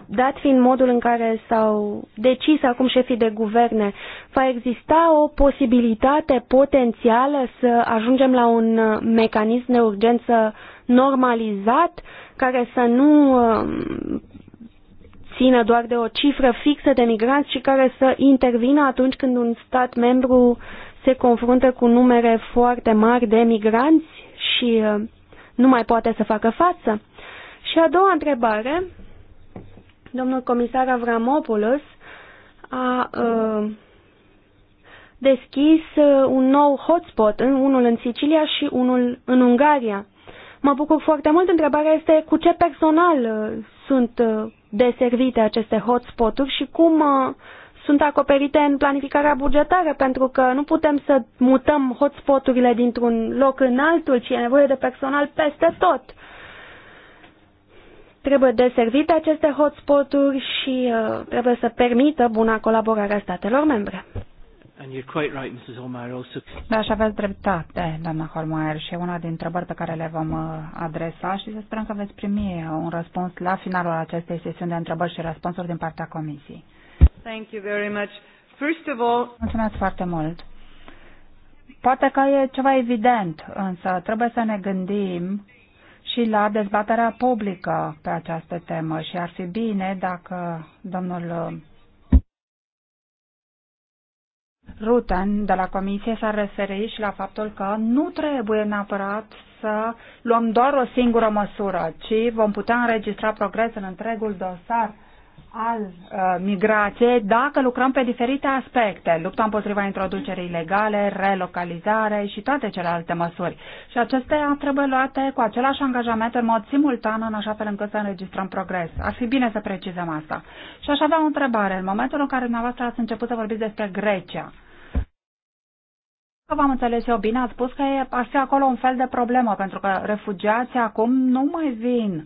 Speaker 3: dat fiind modul în care s-au decis acum șefii de guverne, va exista o posibilitate potențială să ajungem la un uh, mecanism de urgență normalizat, care să nu um, țină doar de o cifră fixă de migranți, și care să intervină atunci când un stat membru se confruntă cu numere foarte mari de migranți și uh, nu mai poate să facă față. Și a doua întrebare, Domnul comisar Avramopoulos a uh, deschis ă, un nou hotspot, unul în Sicilia și unul în Ungaria. Mă bucur foarte mult. Întrebarea este cu ce personal ă, sunt deservite aceste hotspot-uri și cum sunt acoperite în planificarea bugetară, pentru că nu putem să mutăm hotspot-urile dintr-un loc în altul, ci e nevoie de personal peste tot. Trebuie deservite aceste hotspot-uri și uh, trebuie să permită buna colaborare a statelor membre.
Speaker 1: Da,
Speaker 2: și aveți dreptate, doamna Holmeier, și una din întrebări pe care le vom uh, adresa și să sperăm că veți primi uh, un răspuns la finalul acestei sesiuni de întrebări și răspunsuri din partea Comisiei.
Speaker 1: Thank you very much. First of all...
Speaker 2: Mulțumesc foarte mult. Poate că e ceva evident, însă trebuie să ne gândim și la dezbaterea publică pe această temă și ar fi bine dacă domnul Ruten, de la Comisie s ar referi și la faptul că nu trebuie neapărat să luăm doar o singură măsură, ci vom putea înregistra progres în întregul dosar al uh, migrației dacă lucrăm pe diferite aspecte, lupta împotriva introducerii ilegale, relocalizare și toate celelalte măsuri. Și acestea trebuie luate cu același angajament în mod simultan, în așa fel încât să înregistrăm progres. Ar fi bine să precizăm asta. Și aș avea o întrebare. În momentul în care dumneavoastră ați început să vorbiți despre Grecia, v-am înțeles eu bine, ați spus că ar fi acolo un fel de problemă, pentru că refugiații acum nu mai vin uh,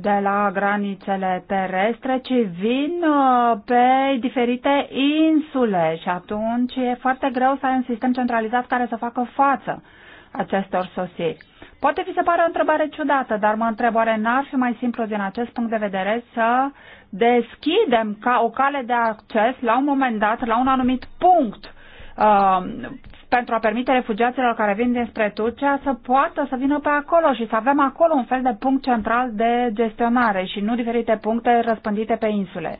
Speaker 2: de la granițele terestre, ci vin uh, pe diferite insule și atunci e foarte greu să ai un sistem centralizat care să facă față acestor sosiri. Poate fi se pare o întrebare ciudată, dar mă întrebare n-ar fi mai simplu din acest punct de vedere să deschidem ca o cale de acces la un moment dat la un anumit punct uh, pentru a permite refugiaților care vin dinspre Turcia să poată să vină pe acolo și să avem acolo un fel de punct central de gestionare și nu diferite puncte răspândite pe insule.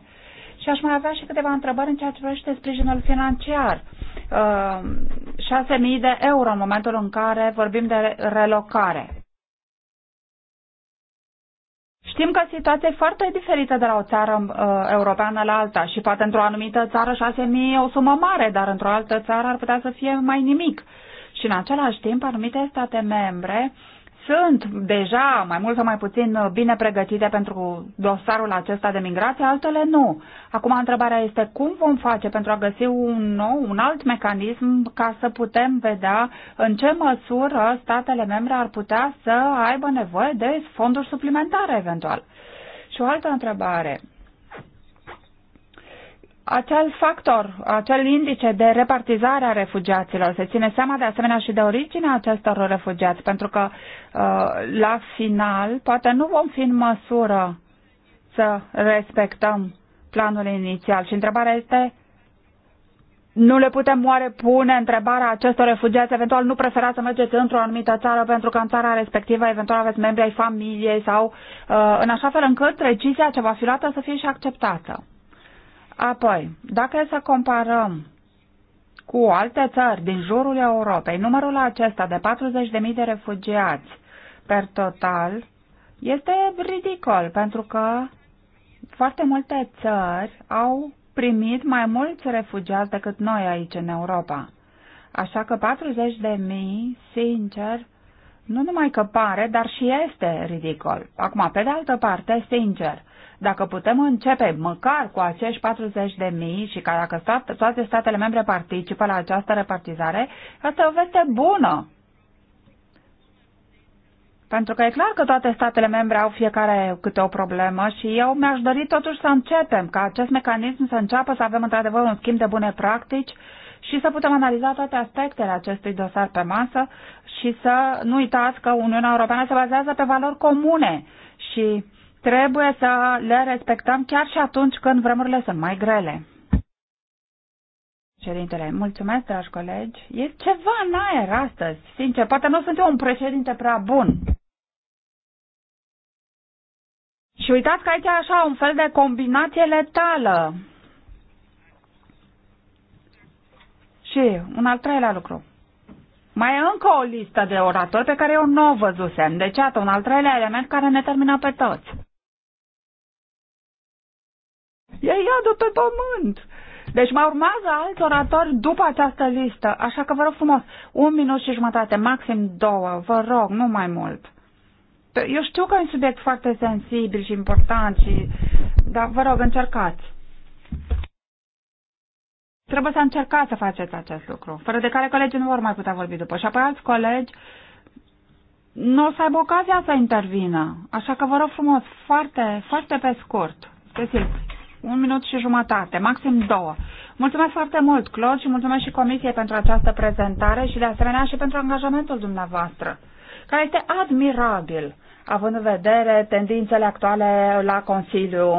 Speaker 2: Și aș mai avea și câteva întrebări în ceea ce privește sprijinul financiar. 6.000 uh, de euro în momentul în care vorbim de relocare. Știm că situația e foarte diferită de la o țară uh, europeană la alta și poate într-o anumită țară 6.000 e o sumă mare, dar într-o altă țară ar putea să fie mai nimic. Și în același timp, anumite state membre uh, sunt deja mai mult sau mai puțin uh, bine pregătite pentru dosarul acesta de migrație, altele nu. Acum întrebarea este cum vom face pentru a găsi un nou, un alt mecanism ca să putem vedea în ce măsură statele membre ar putea să aibă nevoie de fonduri suplimentare eventual. Și o altă întrebare acel factor, acel indice de repartizare a refugiaților, se ține seama de asemenea și de originea acestor refugiați, pentru că uh, la final poate nu vom fi în măsură să respectăm planul inițial. Și întrebarea este, nu le putem oare pune întrebarea acestor refugiați, eventual nu preferați să mergeți într-o anumită țară pentru că în țara respectivă eventual aveți membri ai familiei sau uh, în așa fel încât decizia ce va fi luată să fie și acceptată. Apoi, dacă e să comparăm cu alte țări din jurul Europei, numărul acesta de 40.000 de refugiați per total este ridicol, pentru că foarte multe țări au primit mai mulți refugiați decât noi aici în Europa. Așa că 40 de mii, sincer, nu numai că pare, dar și este ridicol. Acum, pe de altă parte, sincer, dacă putem începe măcar cu acești 40 de mii și că dacă toate statele membre participă la această repartizare, asta e o veste bună. Pentru că e clar că toate statele membre au fiecare câte o problemă și eu mi-aș dori totuși să începem, ca acest mecanism să înceapă să avem într-adevăr un schimb de bune practici și să putem analiza toate aspectele acestui dosar pe masă și să nu uitați că Uniunea Europeană se bazează pe valori comune și trebuie să le respectăm chiar și atunci când vremurile sunt mai grele. Președintele, mulțumesc, dragi colegi. E ceva în aer astăzi, sincer. Poate nu sunt eu un președinte prea bun. Și uitați că aici e așa un fel de combinație letală. Și un al treilea lucru. Mai e încă o listă de oratori pe care eu nu o văzusem. Deci, atât un al treilea element care ne termină pe toți. Ei iadă pe pământ. Deci mai urmează alți oratori după această listă, așa că vă rog frumos, un minut și jumătate, maxim două, vă rog, nu mai mult. Eu știu că e un subiect foarte sensibil și important, și... dar vă rog, încercați. Trebuie să încercați să faceți acest lucru, fără de care colegii nu vor mai putea vorbi după. Și apoi alți colegi nu o să aibă ocazia să intervină. Așa că vă rog frumos, foarte, foarte pe scurt. Cecil, un minut și jumătate, maxim două. Mulțumesc foarte mult, Claude, și mulțumesc și Comisiei pentru această prezentare și de asemenea și pentru angajamentul dumneavoastră, care este admirabil, având în vedere tendințele actuale la Consiliu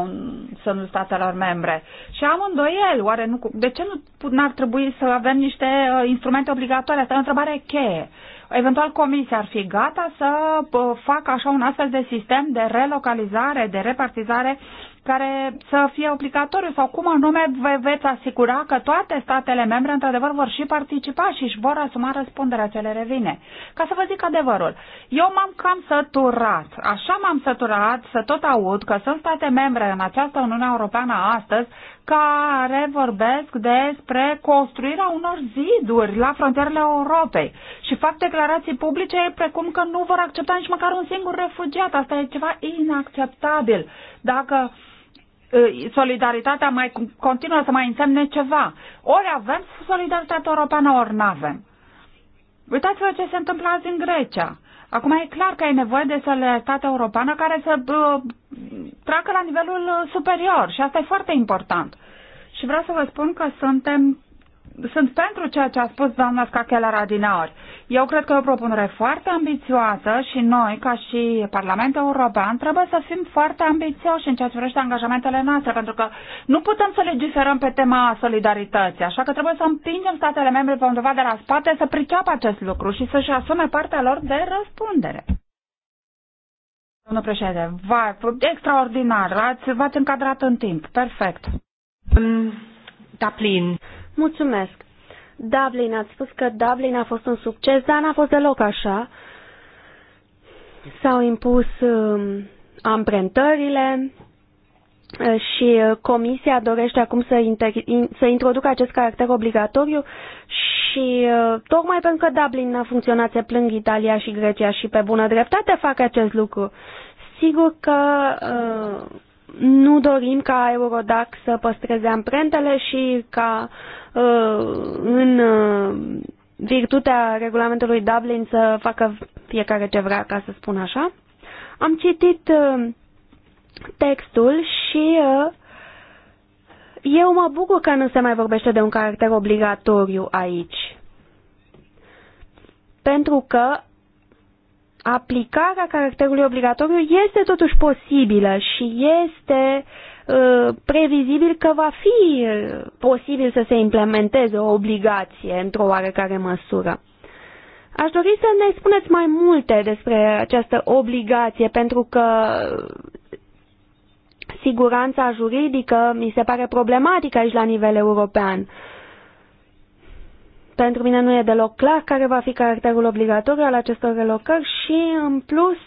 Speaker 2: în statelor membre. Și am îndoiel, oare nu, de ce nu ar trebui să avem niște uh, instrumente obligatorii? Asta e o întrebare cheie. Eventual comisia ar fi gata să uh, facă așa un astfel de sistem de relocalizare, de repartizare care să fie obligatoriu sau cum anume vă veți asigura că toate statele membre într-adevăr vor și participa și își vor asuma răspunderea ce le revine. Ca să vă zic adevărul, eu m-am cam săturat, așa m-am săturat să tot aud că sunt state membre în această Uniune Europeană astăzi care vorbesc despre construirea unor ziduri la frontierele Europei și fac declarații publice precum că nu vor accepta nici măcar un singur refugiat. Asta e ceva inacceptabil. Dacă uh, Uh, solidaritatea mai continuă să mai însemne ceva. Ori avem solidaritatea europeană, ori nu avem. Uitați-vă ce se întâmplă azi în Grecia. Acum e clar că e nevoie de solidaritatea europeană care să uh, treacă la nivelul uh, superior și asta e foarte important. Și vreau să vă spun că suntem sunt pentru ceea ce a spus doamna Scachela Radinaori. Eu cred că e o propunere foarte ambițioasă și noi, ca și Parlamentul European, trebuie să fim foarte ambițioși în ceea ce privește angajamentele noastre, pentru că nu putem să legiferăm pe tema solidarității, așa că trebuie să împingem statele membre pe undeva de la spate să priceapă acest lucru și să-și asume partea lor de răspundere. Domnul președinte, va, extraordinar, ați, v-ați încadrat în timp,
Speaker 3: perfect. Dublin. Mulțumesc. Dublin, ați spus că Dublin a fost un succes, dar n-a fost deloc așa. S-au impus uh, amprentările uh, și uh, Comisia dorește acum să, in, să introducă acest caracter obligatoriu și uh, tocmai pentru că Dublin n-a funcționat, se plâng Italia și Grecia și pe bună dreptate fac acest lucru. Sigur că uh, nu dorim ca Eurodac să păstreze amprentele și ca uh, în uh, virtutea regulamentului Dublin să facă fiecare ce vrea, ca să spun așa. Am citit uh, textul și eu mă bucur că nu se mai vorbește de un caracter obligatoriu aici. Pentru că aplicarea caracterului obligatoriu este totuși posibilă și este ă, previzibil că va fi ă, posibil să se implementeze o obligație într-o oarecare măsură. Aș dori să ne spuneți mai multe despre această obligație, pentru că siguranța juridică mi se pare problematică aici la nivel european. Pentru mine nu e deloc clar care va fi caracterul obligatoriu al acestor relocări și, în plus,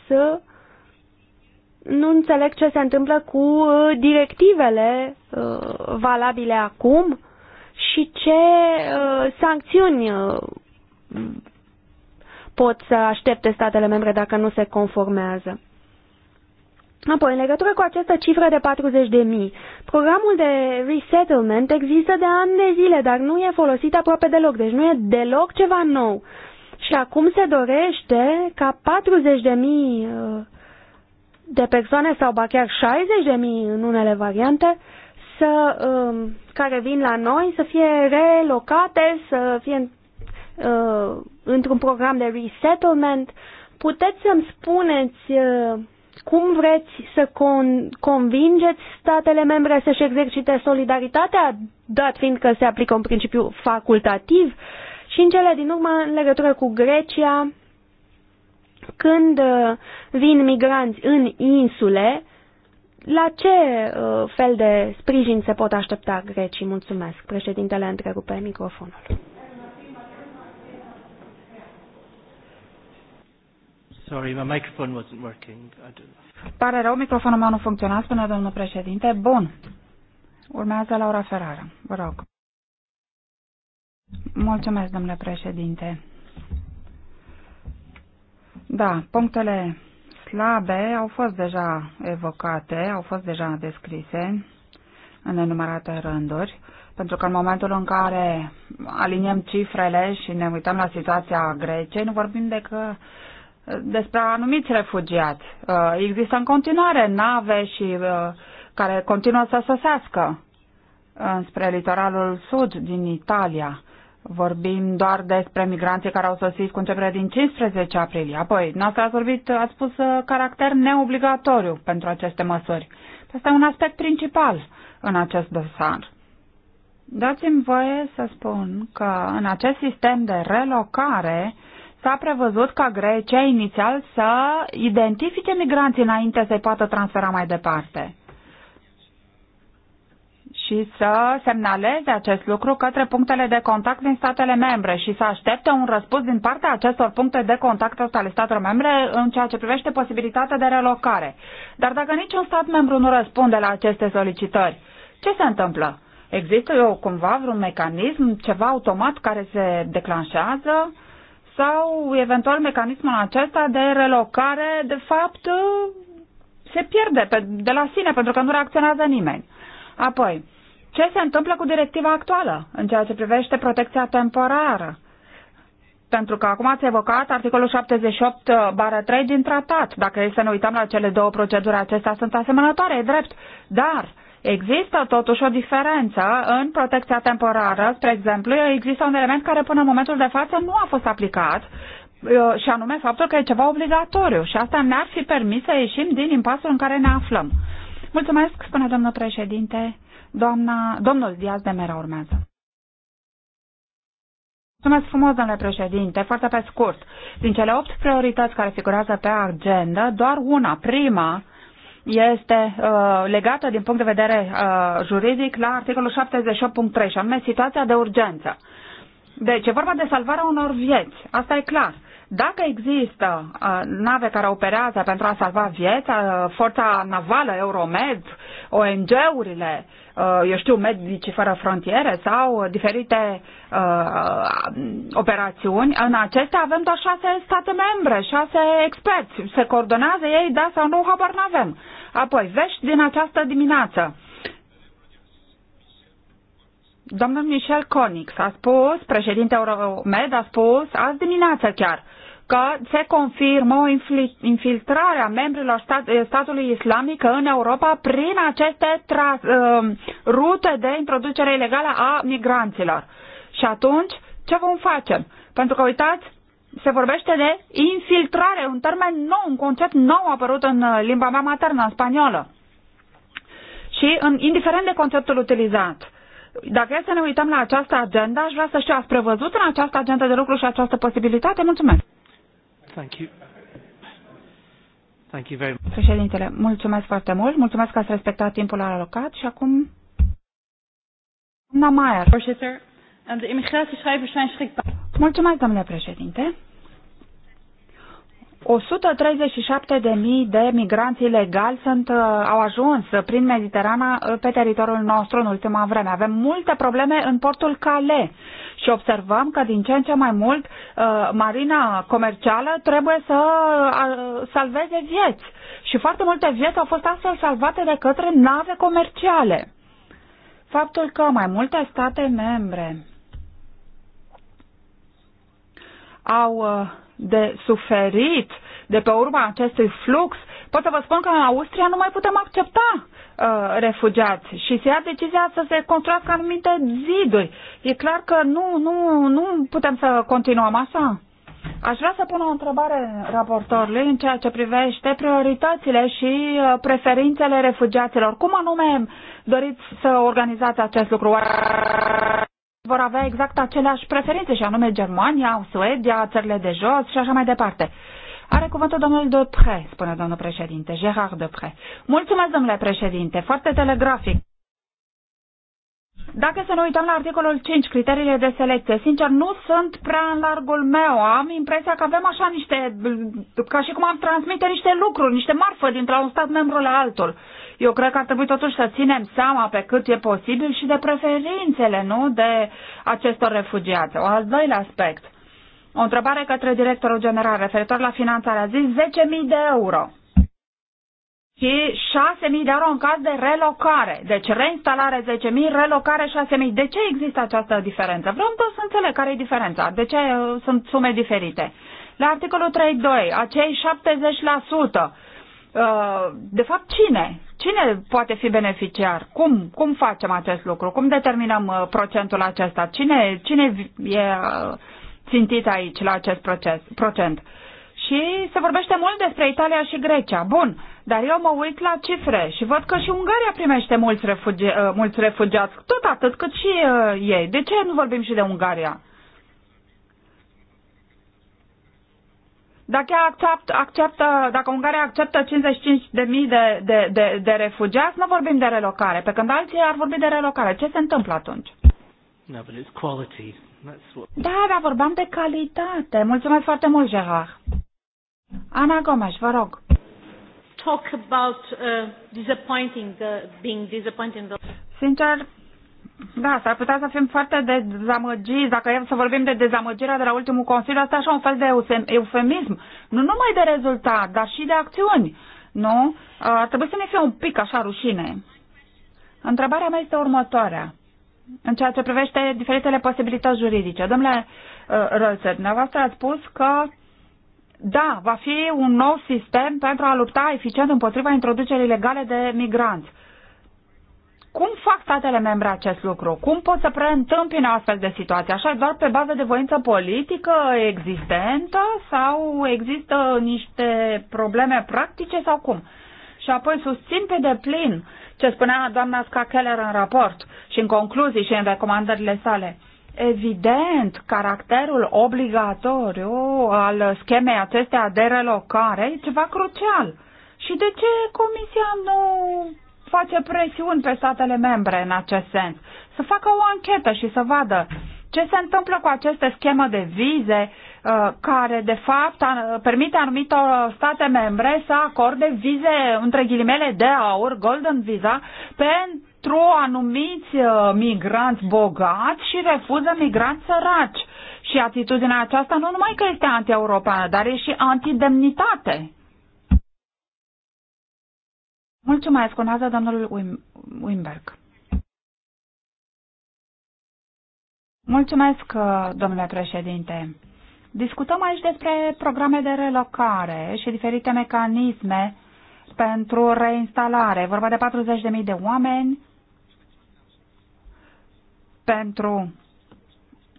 Speaker 3: nu înțeleg ce se întâmplă cu uh, directivele uh, valabile acum și ce uh, sancțiuni pot să aștepte statele membre dacă nu se conformează. Apoi, în legătură cu această cifră de 40.000, programul de resettlement există de ani de zile, dar nu e folosit aproape deloc, deci nu e deloc ceva nou. Și acum se dorește ca 40.000 uh, de persoane sau ba chiar 60.000 în unele variante să, um, care vin la noi să fie relocate, să fie uh, într-un program de resettlement. Puteți să-mi spuneți uh, cum vreți să con- convingeți statele membre să-și exercite solidaritatea, dat fiind că se aplică un principiu facultativ? Și în cele din urmă, în legătură cu Grecia, când uh, vin migranți în insule, la ce uh, fel de sprijin se pot aștepta grecii? Mulțumesc. Președintele întrerupe microfonul.
Speaker 1: Sorry, my microphone wasn't working. I don't...
Speaker 2: Pare rău, microfonul meu nu funcționa, spune domnul președinte. Bun. Urmează Laura Ferrara. Vă rog. Mulțumesc, domnule președinte. Da, punctele slabe au fost deja evocate, au fost deja descrise în enumerate rânduri, pentru că în momentul în care aliniem cifrele și ne uităm la situația Greciei, nu vorbim decât despre anumiți refugiați. Uh, există în continuare nave și uh, care continuă să sosească spre litoralul sud din Italia. Vorbim doar despre migranții care au sosit cu începere din 15 aprilie. Apoi, noastră ați vorbit, ați spus uh, caracter neobligatoriu pentru aceste măsuri. Asta e un aspect principal în acest dosar. Dați-mi voie să spun că în acest sistem de relocare uh, s-a prevăzut ca Grecia inițial să identifice migranții înainte să-i poată transfera mai departe și să semnaleze acest lucru către punctele de contact din statele membre și să aștepte un răspuns din partea acestor puncte de contact ale statelor membre în ceea ce privește posibilitatea de relocare. Dar dacă niciun stat membru nu răspunde la aceste solicitări, ce se întâmplă? Există eu, cumva vreun mecanism, ceva automat care se declanșează? sau eventual mecanismul acesta de relocare, de fapt, se pierde de la sine pentru că nu reacționează nimeni. Apoi, ce se întâmplă cu directiva actuală în ceea ce privește protecția temporară? Pentru că acum ați evocat articolul 78-3 din tratat. Dacă e să ne uităm la cele două proceduri, acestea sunt asemănătoare, e drept. Dar Există totuși o diferență în protecția temporară, spre exemplu, există un element care până în momentul de față nu a fost aplicat uh, și anume faptul că e ceva obligatoriu și asta ne-ar fi permis să ieșim din impasul în care ne aflăm. Mulțumesc, spune domnul președinte. Doamna, domnul Diaz de Mera urmează. Mulțumesc frumos, domnule președinte. Foarte pe scurt, din cele opt priorități care figurează pe agenda, doar una, prima, este uh, legată din punct de vedere uh, juridic la articolul 78.3 și anume situația de urgență. Deci e vorba de salvarea unor vieți, asta e clar. Dacă există uh, nave care operează pentru a salva vieți, uh, forța navală, Euromed, ONG-urile, Uh, eu știu, Medici Fără Frontiere sau diferite uh, operațiuni, în acestea avem doar șase state membre, șase experți. Se coordonează ei, da sau nu, habar n-avem. Apoi, vești din această dimineață. Domnul Michel Conix a spus, președinte Euromed a spus, azi dimineață chiar, uh, că se confirmă o infiltrare a membrilor stat, eh, statului islamic în Europa prin aceste tra, eh, rute de introducere ilegală a migranților. Și atunci, ce vom face? Pentru că, uitați, se vorbește de infiltrare, un termen nou, un concept nou apărut în eh, limba mea maternă, în spaniolă. Și, în, indiferent de conceptul utilizat, dacă e să ne uităm la această agenda, aș vrea să știu, ați prevăzut în această agenda de lucru și această posibilitate? Mulțumesc!
Speaker 1: Thank you. Thank you very much.
Speaker 2: Președintele, mulțumesc foarte mult. Mulțumesc că ați respectat timpul alocat și acum... Doamna Maier. Mulțumesc, domnule președinte. 137.000 de migranți ilegali sunt, uh, au ajuns prin Mediterana uh, pe teritoriul nostru în ultima vreme. Avem multe probleme în portul Calais și observăm că din ce în ce mai mult uh, marina comercială trebuie să salveze vieți. Și foarte multe vieți au fost astfel salvate de către nave comerciale. Faptul că mai multe state membre au uh, de suferit de pe urma acestui flux, pot să vă spun că în Austria nu mai putem accepta uh, refugiați și se ia decizia să se construiască anumite ziduri. E clar că nu, nu, nu putem să continuăm așa. Aș vrea să pun o întrebare raportorului în ceea ce privește prioritățile și uh, preferințele refugiaților. Cum anume doriți să organizați acest lucru? vor avea exact aceleași preferințe, și anume Germania, Suedia, țările de jos și așa mai departe. Are cuvântul domnul Depre, spune domnul președinte, Gerard Depre. Mulțumesc, domnule președinte, foarte telegrafic. Dacă să ne uităm la articolul 5, criteriile de selecție, sincer, nu sunt prea în largul meu. Am impresia că avem așa niște, ca și cum am transmite niște lucruri, niște marfă dintre un stat membru la altul. Eu cred că ar trebui totuși să ținem seama pe cât e posibil și de preferințele, nu, de acestor refugiați. O al doilea aspect. O întrebare către directorul general referitor la A zis 10.000 de euro și 6.000 de euro în caz de relocare. Deci reinstalare 10.000, relocare 6.000. De ce există această diferență? Vreau tot să înțeleg care e diferența. De ce uh, sunt sume diferite? La articolul 3.2, acei 70%, uh, de fapt cine? Cine poate fi beneficiar? Cum, cum facem acest lucru? Cum determinăm uh, procentul acesta? Cine, cine e țintit aici la acest proces, procent? Și se vorbește mult despre Italia și Grecia. Bun, dar eu mă uit la cifre și văd că și Ungaria primește mulți, refugi, uh, mulți refugiați, tot atât cât și uh, ei. De ce nu vorbim și de Ungaria? Dacă, accept, acceptă, dacă Ungaria acceptă 55.000 de, de, de, de, de refugiați, nu vorbim de relocare, pe când alții ar vorbi de relocare. Ce se întâmplă atunci?
Speaker 1: No, but it's quality. That's what...
Speaker 2: Da, dar vorbeam de calitate. Mulțumesc foarte mult, Gerard. Ana Gomes, vă rog
Speaker 3: talk about uh, disappointing, uh, being disappointing. The...
Speaker 2: Sincer, da, s-ar putea să fim foarte dezamăgiți. Dacă e să vorbim de dezamăgirea de la ultimul consiliu, asta e așa un fel de eufemism. Nu numai de rezultat, dar și de acțiuni. Nu? Ar trebui să ne fie un pic așa rușine. Întrebarea mea este următoarea. În ceea ce privește diferitele posibilități juridice. Domnule uh, Rălțăr, dumneavoastră ați spus că da, va fi un nou sistem pentru a lupta eficient împotriva introducerii legale de migranți. Cum fac statele membre acest lucru? Cum pot să preîntâmpine astfel de situație? Așa doar pe bază de voință politică existentă sau există niște probleme practice sau cum? Și apoi susțin pe deplin ce spunea doamna Scacheller în raport și în concluzii și în recomandările sale. Evident, caracterul obligatoriu al schemei acestea de relocare e ceva crucial. Și de ce Comisia nu face presiuni pe statele membre în acest sens? Să facă o anchetă și să vadă ce se întâmplă cu aceste schemă de vize uh, care, de fapt, permite anumitor state membre să acorde vize, între ghilimele, de aur, golden visa, pentru pentru anumiți uh, migranți bogați și refuză migranți săraci. Și atitudinea aceasta nu numai că este anti-europeană, dar e și antidemnitate. Mulțumesc, urmează domnul Wimberg. Mulțumesc, uh, domnule președinte. Discutăm aici despre programe de relocare și diferite mecanisme pentru reinstalare. vorba de 40.000 de oameni pentru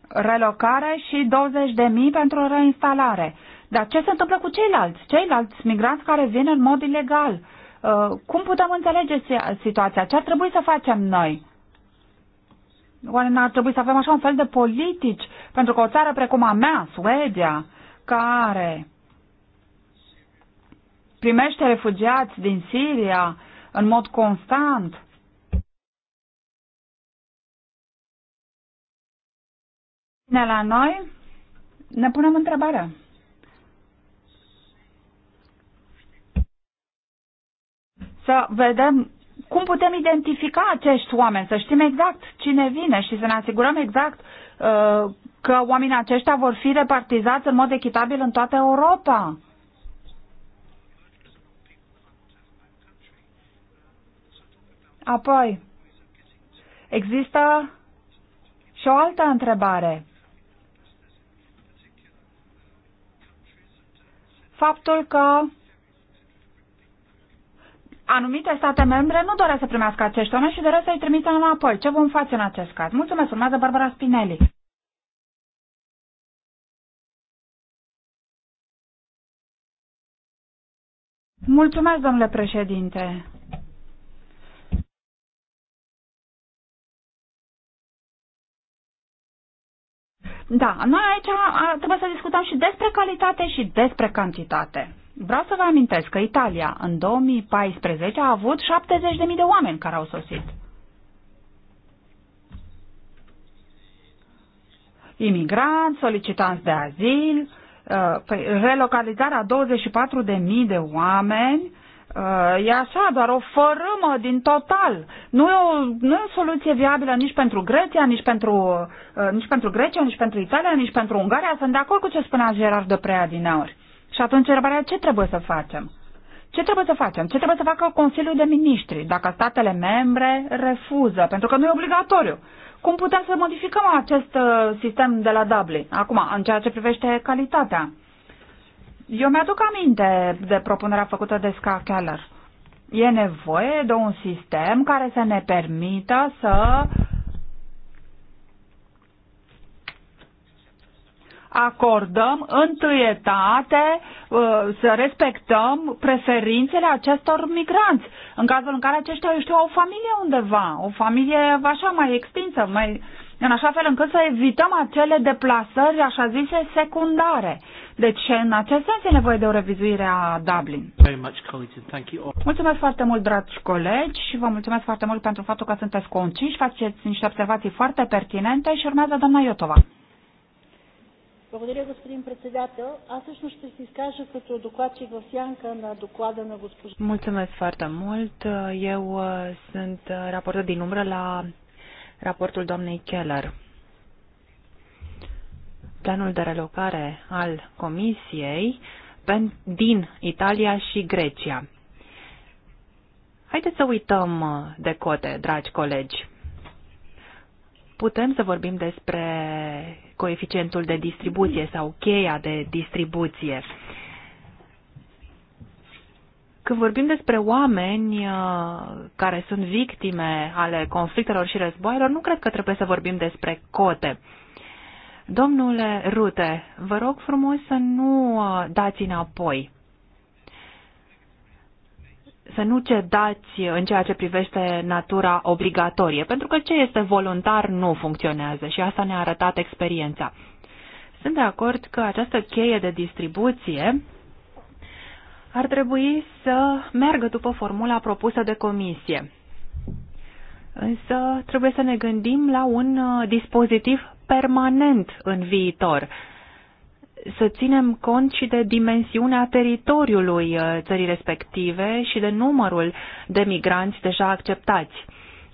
Speaker 2: relocare și 20.000 pentru reinstalare. Dar ce se întâmplă cu ceilalți? Ceilalți migranți care vin în mod ilegal? Uh, cum putem înțelege situația? Ce ar trebui să facem noi? Oare n-ar trebui să avem așa un fel de politici? Pentru că o țară precum a mea, Suedia, care primește refugiați din Siria în mod constant, vine la noi, ne punem întrebarea. Să vedem cum putem identifica acești oameni, să știm exact cine vine și să ne asigurăm exact uh, că oamenii aceștia vor fi repartizați în mod echitabil în toată Europa. Apoi, există și o altă întrebare. faptul că anumite state membre nu doresc să primească acești oameni și doresc să-i trimitem înapoi. Ce vom face în acest caz? Mulțumesc, urmează Barbara Spinelli. Mulțumesc, domnule președinte. Da, noi aici trebuie să discutăm și despre calitate și despre cantitate. Vreau să vă amintesc că Italia în 2014 a avut 70.000 de oameni care au sosit. Imigranți, solicitanți de azil, uh, păi, relocalizarea 24.000 de oameni Uh, e așa, doar o fărâmă din total. Nu e, o, nu e o soluție viabilă nici pentru Grecia, nici pentru, uh, nici pentru Grecia, nici pentru Italia, nici pentru Ungaria. Sunt de acord cu ce spunea Gerard de Prea din aur. Și atunci, întrebarea ce trebuie să facem? Ce trebuie să facem? Ce trebuie să facă Consiliul de Ministri dacă statele membre refuză? Pentru că nu e obligatoriu. Cum putem să modificăm acest uh, sistem de la Dublin? Acum, în ceea ce privește calitatea. Eu mi-aduc aminte de propunerea făcută de Ska Keller. E nevoie de un sistem care să ne permită să acordăm întâietate, uh, să respectăm preferințele acestor migranți, în cazul în care aceștia, eu știu, au o familie undeva, o familie așa mai extinsă, mai, în așa fel încât să evităm acele deplasări, așa zise, secundare. Deci, în acest sens, e nevoie de o revizuire a Dublin. Mulțumesc foarte mult, dragi colegi, și vă mulțumesc foarte mult pentru faptul că sunteți conciși, faceți niște observații foarte pertinente și urmează doamna Iotova. Благодаря, господин председател. Аз всъщност ще се изкажа като докладчик в сянка на доклада на госпожа. Mulțumesc foarte mult. Eu uh, sunt uh, raportat din umbră la raportul doamnei Keller planul de relocare al Comisiei din Italia și Grecia. Haideți să uităm uh, de cote, dragi colegi. Putem să vorbim despre coeficientul de distribuție sau cheia de distribuție. Când vorbim despre oameni uh, care sunt victime ale conflictelor și războaielor, nu cred că trebuie să vorbim despre cote. Domnule Rute, vă rog frumos să nu uh, dați înapoi să nu cedați în ceea ce privește natura obligatorie, pentru că ce este voluntar nu funcționează și asta ne-a arătat experiența. Sunt de acord că această cheie de distribuție ar trebui să meargă după formula propusă de comisie. Însă trebuie să ne gândim la un uh, dispozitiv permanent în viitor. Să ținem cont și de dimensiunea teritoriului uh, țării respective și de numărul de migranți deja acceptați.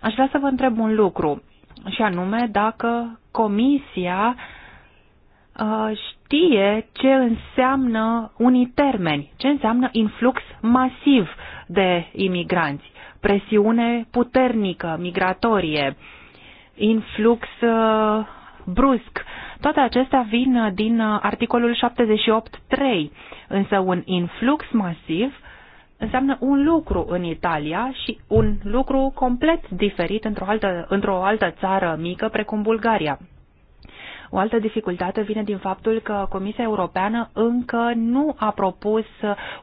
Speaker 2: Aș vrea să vă întreb un lucru, și anume dacă Comisia uh, știe ce înseamnă unii termeni, ce înseamnă influx masiv de imigranți, presiune puternică migratorie, influx uh, brusc. Toate acestea vin din uh, articolul 78.3, însă un influx masiv înseamnă un lucru în Italia și un lucru complet diferit într-o altă, într-o altă țară mică precum Bulgaria. O altă dificultate vine din faptul că Comisia Europeană încă nu a propus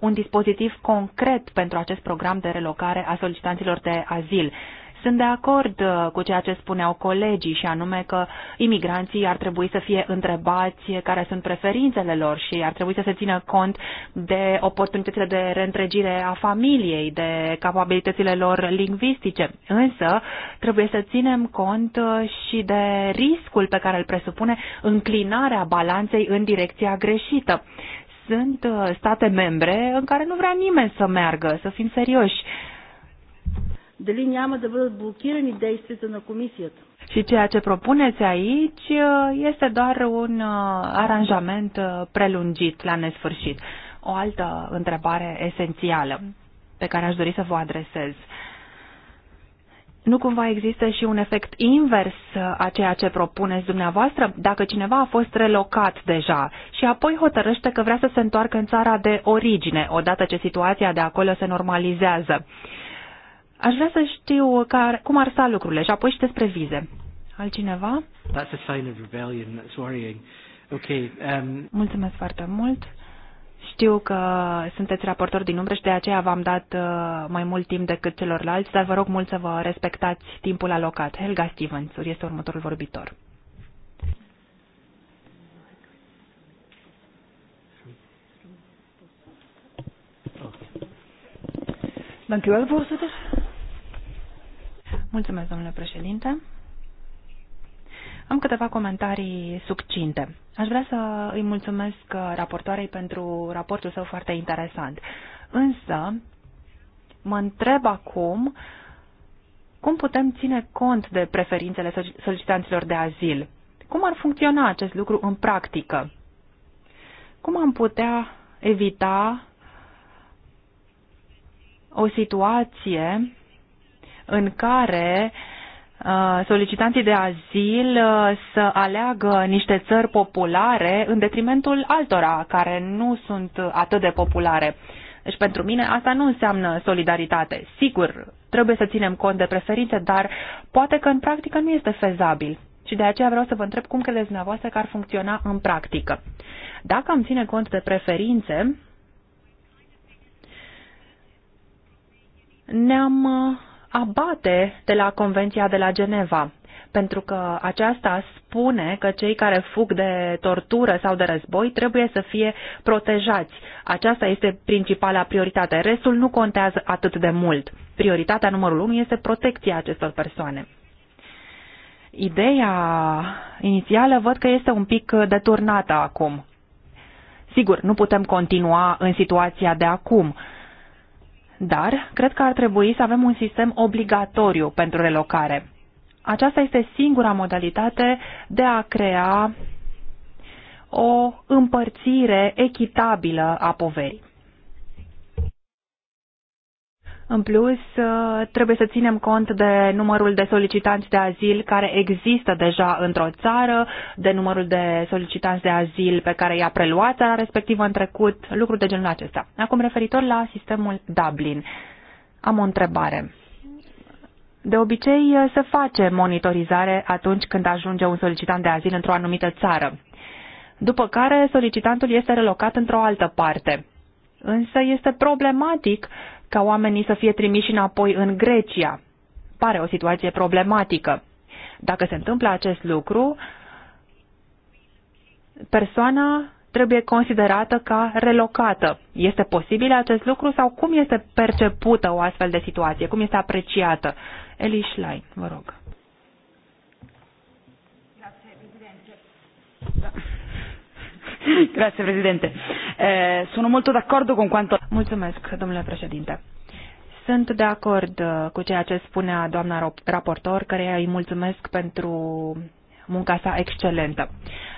Speaker 2: un dispozitiv concret pentru acest program de relocare a solicitanților de azil. Sunt de acord uh, cu ceea ce spuneau colegii și anume că imigranții ar trebui să fie întrebați care sunt preferințele lor și ar trebui să se țină cont de oportunitățile de reîntregire a familiei, de capabilitățile lor lingvistice. Însă trebuie să ținem cont uh, și de riscul pe care îl presupune înclinarea balanței în direcția greșită sunt uh, state membre în care nu vrea nimeni să meargă, să fim serioși
Speaker 3: дали няма да бъдат блокирани действията на комисията.
Speaker 2: Și ceea ce propuneți aici ă, este doar un ă, aranjament ă, prelungit la nesfârșit. O altă întrebare esențială pe care aș dori să vă adresez. Nu cumva există și un efect invers a ceea ce propuneți dumneavoastră? Dacă cineva a fost relocat deja și apoi hotărăște că vrea să se întoarcă în țara de origine, odată ce situația de acolo se normalizează Aș vrea să știu care, cum ar sta lucrurile și apoi și despre vize. Altcineva?
Speaker 1: That's a sign of rebellion. That's worrying. Okay, um...
Speaker 2: Mulțumesc foarte mult. Știu că sunteți raportor din umbră și de aceea v-am dat uh, mai mult timp decât celorlalți, dar vă rog mult să vă respectați timpul alocat. Helga Stevens este următorul vorbitor. Dank u wel, voorzitter. Mulțumesc, domnule președinte. Am câteva comentarii succinte. Aș vrea să îi mulțumesc uh, raportoarei pentru raportul său foarte interesant. Însă, mă întreb acum cum putem ține cont de preferințele solicitanților de azil. Cum ar funcționa acest lucru în practică? Cum am putea evita o situație în care uh, solicitanții de azil uh, să aleagă niște țări populare în detrimentul altora care nu sunt atât de populare. Deci pentru mine asta nu înseamnă solidaritate. Sigur, trebuie să ținem cont de preferințe, dar poate că în practică nu este fezabil. Și de aceea vreau să vă întreb cum credeți dumneavoastră că ar funcționa în practică. Dacă am ține cont de preferințe, ne-am uh, abate de la Convenția de la Geneva, pentru că aceasta spune că cei care fug de tortură sau de război trebuie să fie protejați. Aceasta este principala prioritate. Restul nu contează atât de mult. Prioritatea numărul unu este protecția acestor persoane. Ideea inițială văd că este un pic deturnată acum. Sigur, nu putem continua în situația de acum, dar cred că ar trebui să avem un sistem obligatoriu pentru relocare. Aceasta este singura modalitate de a crea o împărțire echitabilă a poverii. În plus, ă, trebuie să ținem cont de numărul de solicitanți de azil care există deja într-o țară, de numărul de solicitanți de azil pe care i-a preluat țara respectivă în trecut, lucruri de genul acesta. Acum, referitor la sistemul Dublin, am o întrebare. De obicei, ă, se face monitorizare atunci când ajunge un solicitant de azil într-o anumită țară, după care solicitantul este relocat într-o altă parte. Însă este problematic ca oamenii să fie trimiși înapoi în Grecia. Pare o situație problematică. Dacă se întâmplă acest lucru, persoana trebuie considerată ca relocată. Este posibil acest lucru sau cum este percepută o astfel de situație? Cum este apreciată? Eli Schlein, vă rog. Grazie Presidente. Eh, sono molto d'accordo con quanto... Mulțumesc, domnule președinte. Sunt de acord uh, cu ceea ce spunea doamna raportor, care îi mulțumesc pentru munca sa excelentă.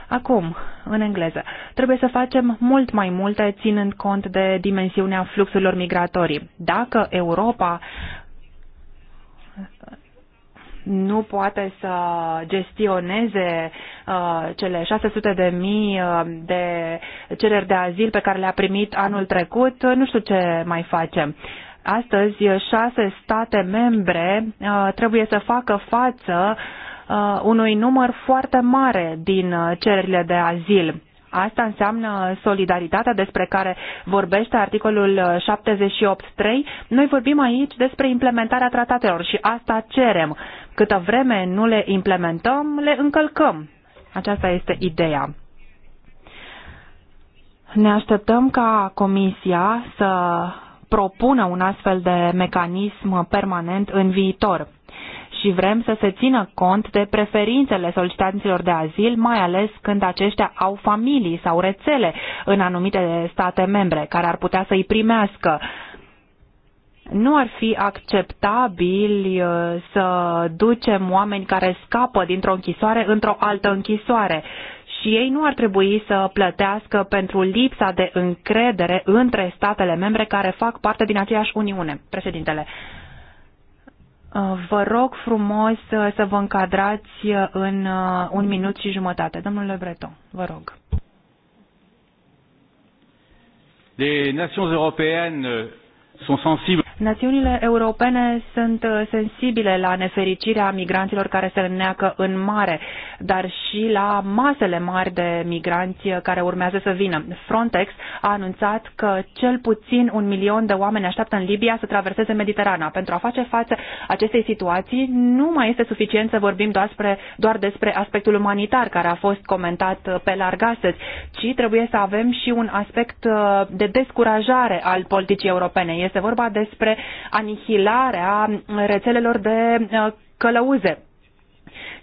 Speaker 2: Acum, în engleză, trebuie să facem mult mai multe ținând cont de dimensiunea fluxurilor migratorii. Dacă Europa nu poate să gestioneze uh, cele 600 de mii uh, de cereri de azil pe care le-a primit anul trecut, uh, nu știu ce mai facem. Astăzi, șase state membre uh, trebuie să facă față uh, unui număr foarte mare din uh, cererile de azil. Asta înseamnă solidaritatea despre care vorbește articolul 78.3. Noi vorbim aici despre implementarea tratatelor și asta cerem. Câtă vreme nu le implementăm, le încălcăm. Aceasta este ideea. Ne așteptăm ca Comisia să propună un astfel de mecanism permanent în viitor și vrem să se țină cont de preferințele solicitanților de azil, mai ales când aceștia au familii sau rețele în anumite state membre care ar putea să-i primească nu ar fi acceptabil uh, să ducem oameni care scapă dintr-o închisoare într-o altă închisoare și ei nu ar trebui să plătească pentru lipsa de încredere între statele membre care fac parte din aceeași Uniune. Președintele, uh, vă rog frumos uh, să vă încadrați în un minut și jumătate. Domnule Breton, vă rog.
Speaker 1: Les nations européennes sunt sensibile.
Speaker 2: Națiunile europene sunt uh, sensibile la nefericirea migranților care se înneacă în mare, dar și la masele mari de migranți care urmează să vină. Frontex a anunțat că cel puțin un milion de oameni așteaptă în Libia să traverseze Mediterana. Pentru a face față acestei situații, nu mai este suficient să vorbim doar despre, doar despre aspectul umanitar care a fost comentat uh, pe larg astăzi, ci trebuie să avem și un aspect uh, de descurajare al politicii europene. Este vorba despre anihilarea rețelelor de uh, călăuze.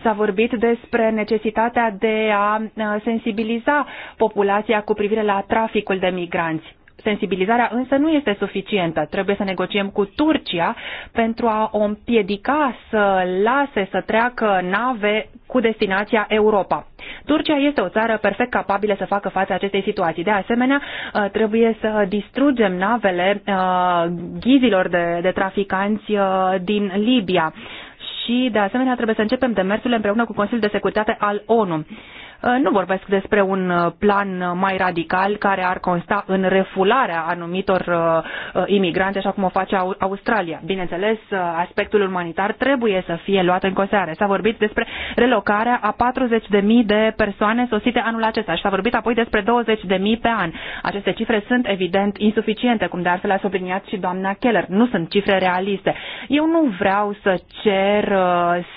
Speaker 2: S-a vorbit despre necesitatea de a uh, sensibiliza populația cu privire la traficul de migranți. Sensibilizarea însă nu este suficientă. Trebuie să negociem cu Turcia pentru a o împiedica să lase să treacă nave cu destinația Europa. Turcia este o țară perfect capabilă să facă față acestei situații. De asemenea, ă, trebuie să distrugem navele ă, ghizilor de, de traficanți ă, din Libia și, de asemenea, trebuie să începem demersurile împreună cu Consiliul de Securitate al ONU. Uh, nu vorbesc despre un uh, plan mai radical care ar consta în refularea anumitor uh, imigranți, așa cum o face Australia. Bineînțeles, aspectul umanitar trebuie să fie luat în considerare. S-a vorbit despre relocarea a 40.000 de persoane sosite anul acesta și s-a vorbit apoi despre 20.000 pe an. Aceste cifre sunt evident insuficiente, cum de altfel a subliniat și doamna Keller. Nu sunt cifre realiste. Eu nu vreau să cer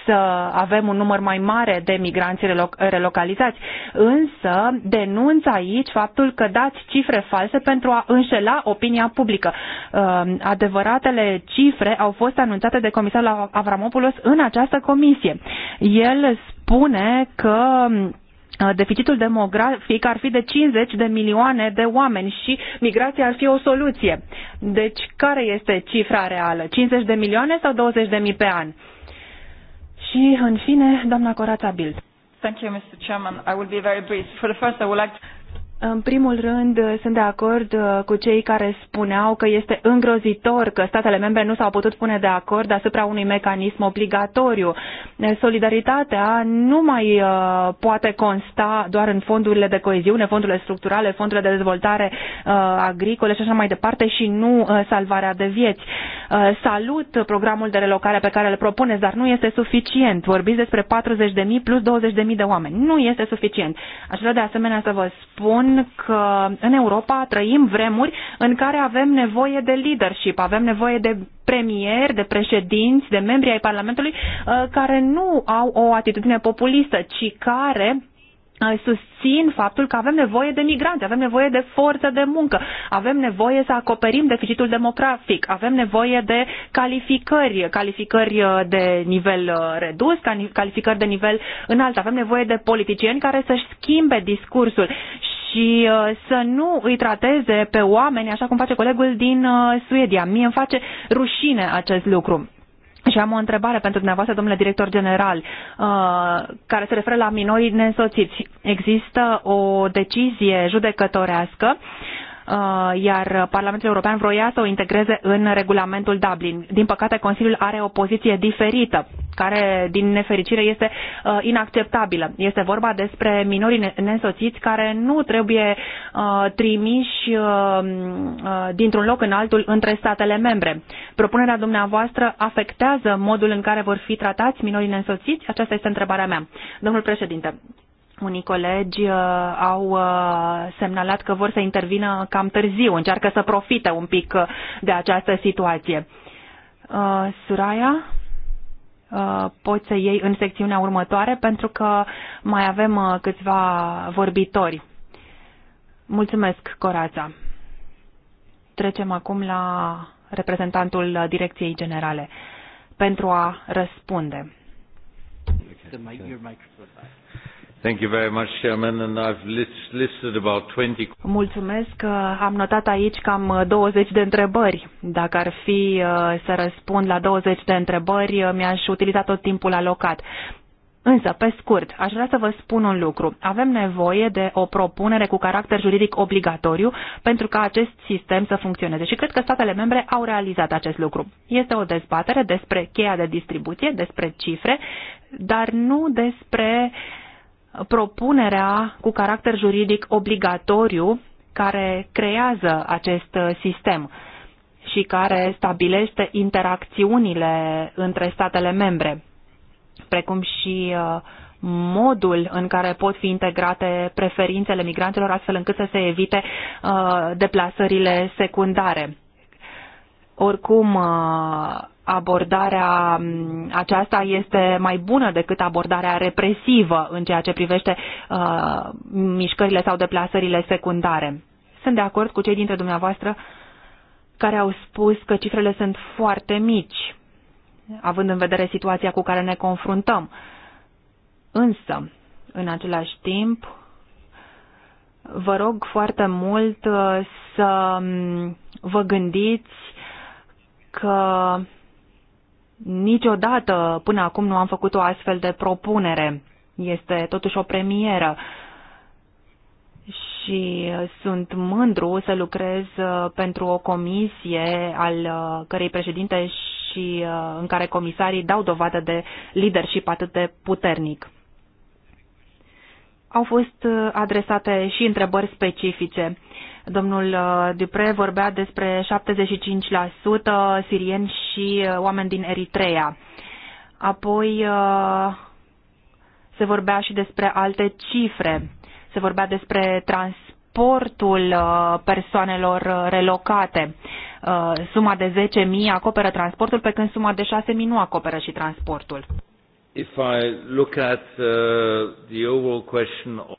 Speaker 2: să avem un număr mai mare de migranți relocalizați informați, însă denunț aici faptul că dați cifre false pentru a înșela opinia publică. Ehm, adevăratele cifre au fost anunțate de comisarul Avramopoulos în această comisie. El spune că ehm, deficitul demografic ar fi de 50 de milioane de oameni și migrația ar fi o soluție. Deci, care este cifra reală? 50 de milioane sau 20 de mii pe an? Și, în fine, doamna Corața Bild. În primul rând, sunt de acord uh, cu cei care spuneau că este îngrozitor că statele membre nu s-au putut pune de acord asupra unui mecanism obligatoriu. Solidaritatea nu mai uh, poate consta doar în fondurile de coeziune, fondurile structurale, fondurile de dezvoltare uh, agricole și așa mai departe și nu salvarea de vieți. Uh, salut programul de relocare pe care îl propuneți, dar nu este suficient. Vorbiți despre 40.000 plus 20.000 de oameni. Nu este suficient. Aș vrea de asemenea să vă spun că în Europa trăim vremuri în care avem nevoie de leadership, avem nevoie de premier, de președinți, de membri ai Parlamentului uh, care nu au o atitudine populistă, ci care susțin faptul că avem nevoie de migranți, avem nevoie de forță de muncă, avem nevoie să acoperim deficitul demografic, avem nevoie de calificări, calificări uh, de nivel uh, redus, calificări de nivel înalt, avem nevoie de politicieni care să-și schimbe discursul și uh, să nu îi trateze pe oameni așa cum face colegul din Suedia. Mie îmi face rușine acest lucru și am o întrebare pentru dumneavoastră, domnule director general, uh, care se referă la minorii nesoțiți. Există o decizie judecătorească Uh, iar Parlamentul European vroia să o integreze în regulamentul Dublin. Din păcate, Consiliul are o poziție diferită, care, din nefericire, este uh, inacceptabilă. Este vorba despre minorii nensoțiți care nu trebuie uh, trimiși dintr-un loc în altul între statele membre. Propunerea dumneavoastră afectează modul în care vor fi tratați minorii nensoțiți? Aceasta este întrebarea mea. Domnul președinte, unii colegi uh, au uh, semnalat că vor să intervină cam târziu, încearcă să profite un pic uh, de această situație. Uh, Suraya? Uh, poți să iei în secțiunea următoare pentru că mai avem uh, câțiva vorbitori. Mulțumesc, Corața. Trecem acum la reprezentantul uh, Direcției Generale pentru a răspunde.
Speaker 1: Thank you very much, Chairman, and I've listed about 20.
Speaker 2: Mulțumesc, am notat aici cam 20 uh, de întrebări. Dacă ar fi uh, să răspund la 20 de întrebări, uh, mi-aș utiliza tot timpul alocat. Însă, pe scurt, aș vrea să vă spun un lucru. Avem nevoie de o propunere cu caracter juridic obligatoriu pentru ca acest sistem să funcționeze și cred că statele membre au realizat acest lucru. Este o dezbatere despre cheia de distribuție, despre cifre, dar nu despre uh, propunerea cu caracter juridic obligatoriu care creează acest uh, sistem și care stabilește interacțiunile între statele membre, precum și uh, modul în care pot fi integrate preferințele migranților astfel încât să se evite uh, deplasările secundare. Oricum, abordarea aceasta este mai bună decât abordarea represivă în ceea ce privește uh, mișcările sau deplasările secundare. Sunt de acord cu cei dintre dumneavoastră care au spus că cifrele sunt foarte mici, având în vedere situația cu care ne confruntăm. Însă, în același timp, vă rog foarte mult uh, să vă gândiți că Niciodată până acum nu am făcut o astfel de propunere. Este totuși o premieră și sunt mândru să lucrez uh, pentru o comisie al uh, cărei președinte și uh, în care comisarii dau dovadă de leadership atât de puternic. Au fost adresate și întrebări specifice. Domnul uh, Dupre vorbea despre 75% sirieni și uh, oameni din Eritrea. Apoi uh, se vorbea și despre alte cifre. Se vorbea despre transportul persoanelor relocate. Suma de 10.000 acoperă transportul, pe când suma de 6.000 nu acoperă și transportul.
Speaker 1: If I look at uh, the overall question of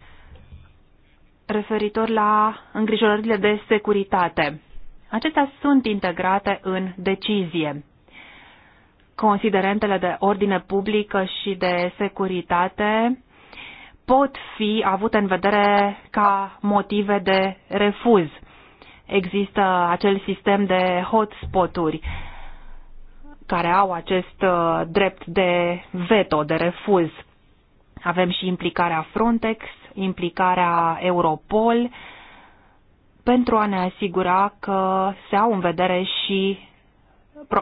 Speaker 2: referitor la îngrijorările de securitate. Acestea sunt integrate în decizie. Considerentele de ordine publică și de securitate pot fi avute în vedere ca motive de refuz. Există acel sistem de hotspoturi care au acest uh, drept de veto, de refuz. Avem și implicarea Frontex implicarea Europol, pentru a ne asigura că se au în vedere și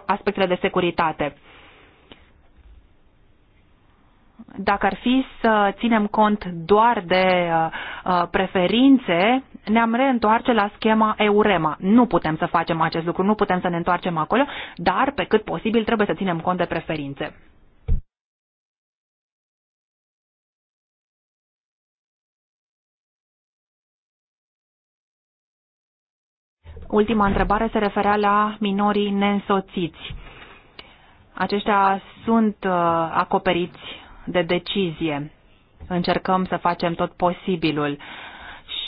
Speaker 2: aspectele de securitate. Dacă ar fi să ținem cont doar de uh, uh, preferințe, ne-am reîntoarce la schema Eurema. Nu putem să facem acest lucru, nu putem să ne întoarcem acolo, dar pe cât posibil trebuie să ținem cont de preferințe. Ultima întrebare se referea la minorii nensoțiți. Aceștia sunt uh, acoperiți de decizie. Încercăm să facem tot posibilul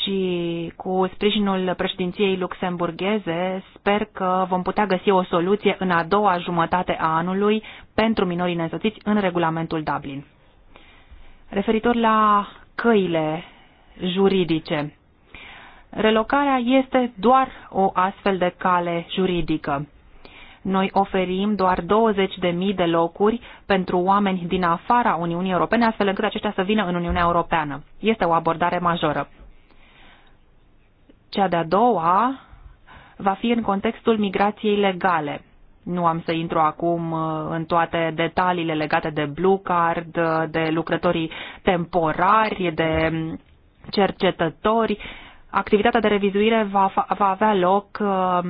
Speaker 2: și cu sprijinul președinției luxemburgheze sper că vom putea găsi o soluție în a doua jumătate a anului pentru minorii nensoțiți în regulamentul Dublin. Referitor la căile juridice, Relocarea este doar o astfel de cale juridică. Noi oferim doar 20.000 de locuri pentru oameni din afara Uniunii Europene, astfel încât aceștia să vină în Uniunea Europeană. Este o abordare majoră. Cea de-a doua va fi în contextul migrației legale. Nu am să intru acum uh, în toate detaliile legate de Blue Card, uh, de lucrătorii temporari, de um, cercetători, activitatea de revizuire va, va avea loc um,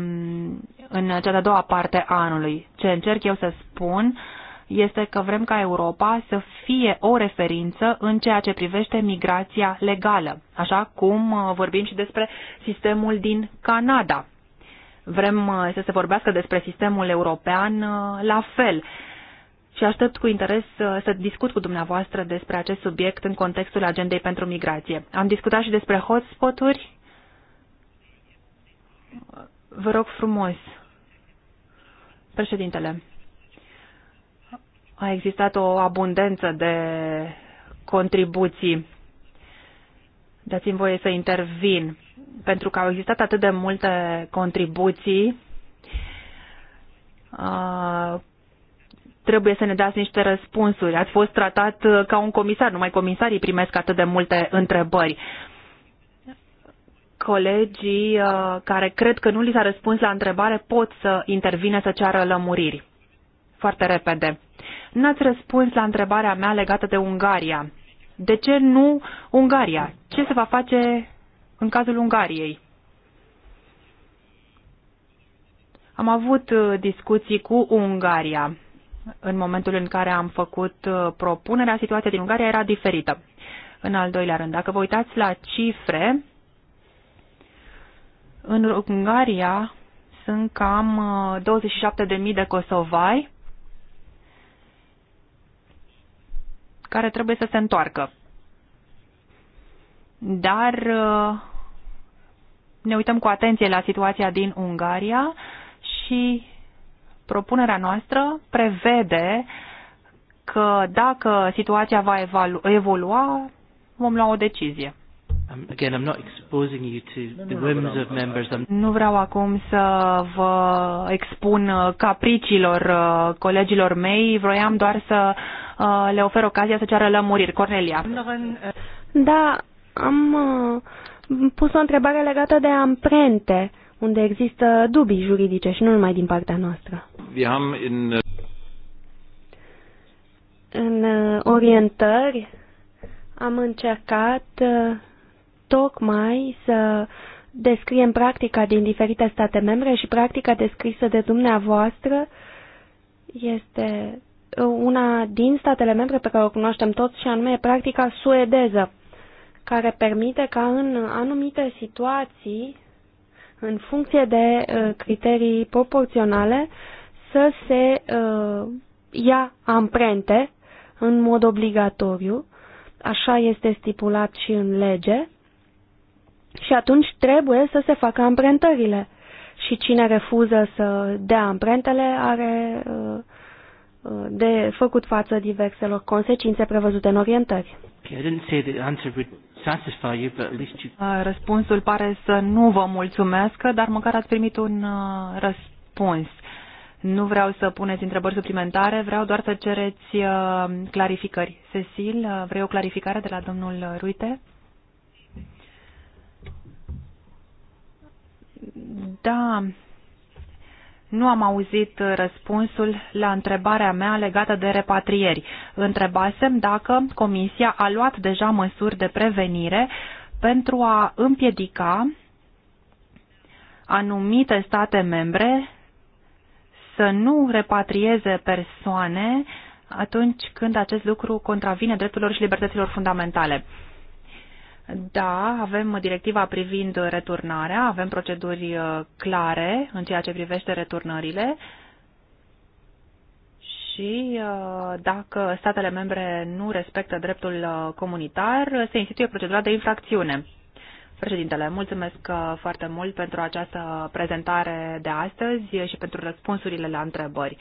Speaker 2: în cea de-a doua parte a anului. Ce încerc eu să spun este că vrem ca Europa să fie o referință în ceea ce privește migrația legală, așa cum uh, vorbim și despre sistemul din Canada. Vrem uh, să se vorbească despre sistemul european uh, la fel și aștept cu interes să discut cu dumneavoastră despre acest subiect în contextul agendei pentru migrație. Am discutat și despre hotspoturi Vă rog frumos, președintele, a existat o abundență de contribuții. Dați-mi voie să intervin, pentru că au existat atât de multe contribuții. trebuie să ne dați niște răspunsuri. Ați fost tratat ca un comisar, numai comisarii primesc atât de multe întrebări colegii uh, care cred că nu li s-a răspuns la întrebare pot să intervine să ceară lămuriri. Foarte repede. N-ați răspuns la întrebarea mea legată de Ungaria. De ce nu Ungaria? Ce se va face în cazul Ungariei? Am avut uh, discuții cu Ungaria. În momentul în care am făcut uh, propunerea, situația din Ungaria era diferită. În al doilea rând, dacă vă uitați la cifre, în Ungaria sunt cam 27.000 uh, de kosovari care trebuie să se întoarcă. Dar uh, ne uităm cu atenție la situația din Ungaria și propunerea noastră prevede că dacă situația va evolua, vom lua o decizie.
Speaker 1: Um, again, I'm not exposing you to the whims of members.
Speaker 2: Nu vreau acum să vă expun uh, capriciilor uh, colegilor mei, vroiam doar să uh, le ofer ocazia să ceară lămuriri. Cornelia.
Speaker 3: Da, am pus o întrebare legată de amprente, unde există dubii juridice și nu numai din partea noastră. În orientări am încercat tocmai să descriem practica din diferite state membre și practica descrisă de dumneavoastră este una din statele membre pe care o cunoaștem toți și anume practica suedeză, care permite ca în anumite situații, în funcție de uh, criterii proporționale, să se uh, ia amprente în mod obligatoriu, așa este stipulat și în lege, și atunci trebuie să se facă amprentările. Și cine refuză să dea amprentele are uh, uh, de făcut față diverselor consecințe prevăzute în orientări. Uh, răspunsul pare
Speaker 2: să nu vă mulțumească, dar măcar ați primit un răspuns. Nu vreau să puneți întrebări suplimentare, vreau doar să cereți clarificări. Cecil, vrei o clarificare de la domnul Ruite? Da, nu am auzit răspunsul la întrebarea mea legată de repatrieri. Întrebasem dacă Comisia a luat deja măsuri de prevenire pentru a împiedica anumite state membre să nu repatrieze persoane atunci când acest lucru contravine drepturilor și libertăților fundamentale. Da, avem directiva privind returnarea, avem proceduri uh, clare în ceea ce privește returnările și uh, dacă statele membre nu respectă dreptul uh, comunitar, se instituie procedura de infracțiune. Președintele, mulțumesc foarte mult pentru această prezentare de astăzi și pentru răspunsurile la întrebări.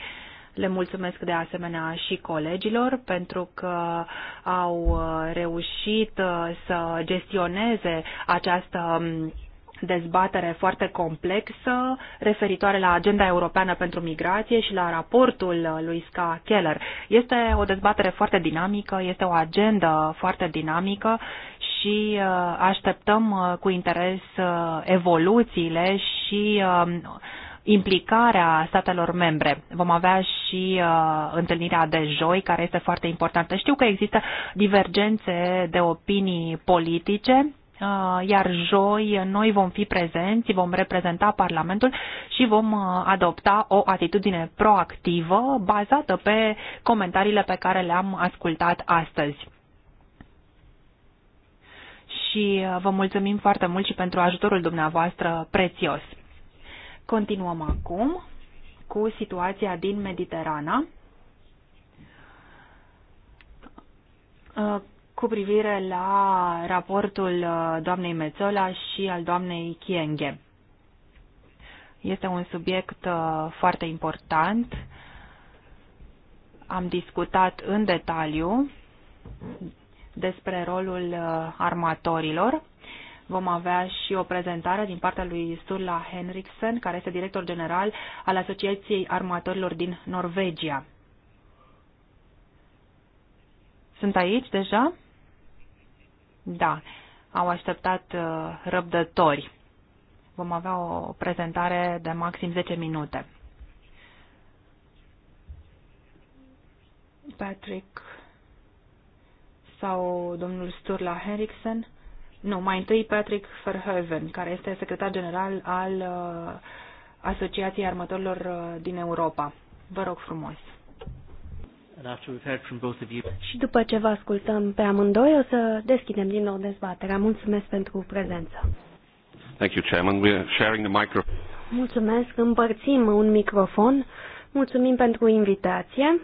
Speaker 2: Le mulțumesc de asemenea și colegilor pentru că au uh, reușit uh, să gestioneze această um, dezbatere foarte complexă referitoare la agenda europeană pentru migrație și la raportul uh, lui Ska Keller. Este o dezbatere foarte dinamică, este o agendă foarte dinamică și așteptăm cu interes evoluțiile și um, implicarea statelor membre. Vom avea și uh, întâlnirea de joi, care este foarte importantă. Știu că există divergențe de opinii politice, uh, iar joi noi vom fi prezenți, vom reprezenta Parlamentul și vom uh, adopta o atitudine proactivă bazată pe comentariile pe care le-am ascultat astăzi. Și uh, vă mulțumim foarte mult și pentru ajutorul dumneavoastră prețios. Continuăm acum cu situația din Mediterana uh, cu privire la raportul uh, doamnei Mețola și al doamnei Chienghe. Este un subiect uh, foarte important. Am discutat în detaliu despre rolul armatorilor Vom avea și o prezentare din partea lui Sturla Henriksen, care este director general al Asociației Armatorilor din Norvegia. Sunt aici deja? Da, au așteptat uh, răbdători. Vom avea o prezentare de maxim 10 minute. Patrick sau domnul Sturla Henriksen nu, mai întâi Patrick Verhoeven, care este secretar general al uh, Asociației Armătorilor uh, din Europa.
Speaker 3: Vă rog frumos. Și după ce vă ascultăm pe amândoi, o să deschidem din nou dezbaterea. Mulțumesc pentru prezență. Thank you, Chairman. We are sharing the micro... Mulțumesc. Împărțim un microfon. Mulțumim pentru invitație.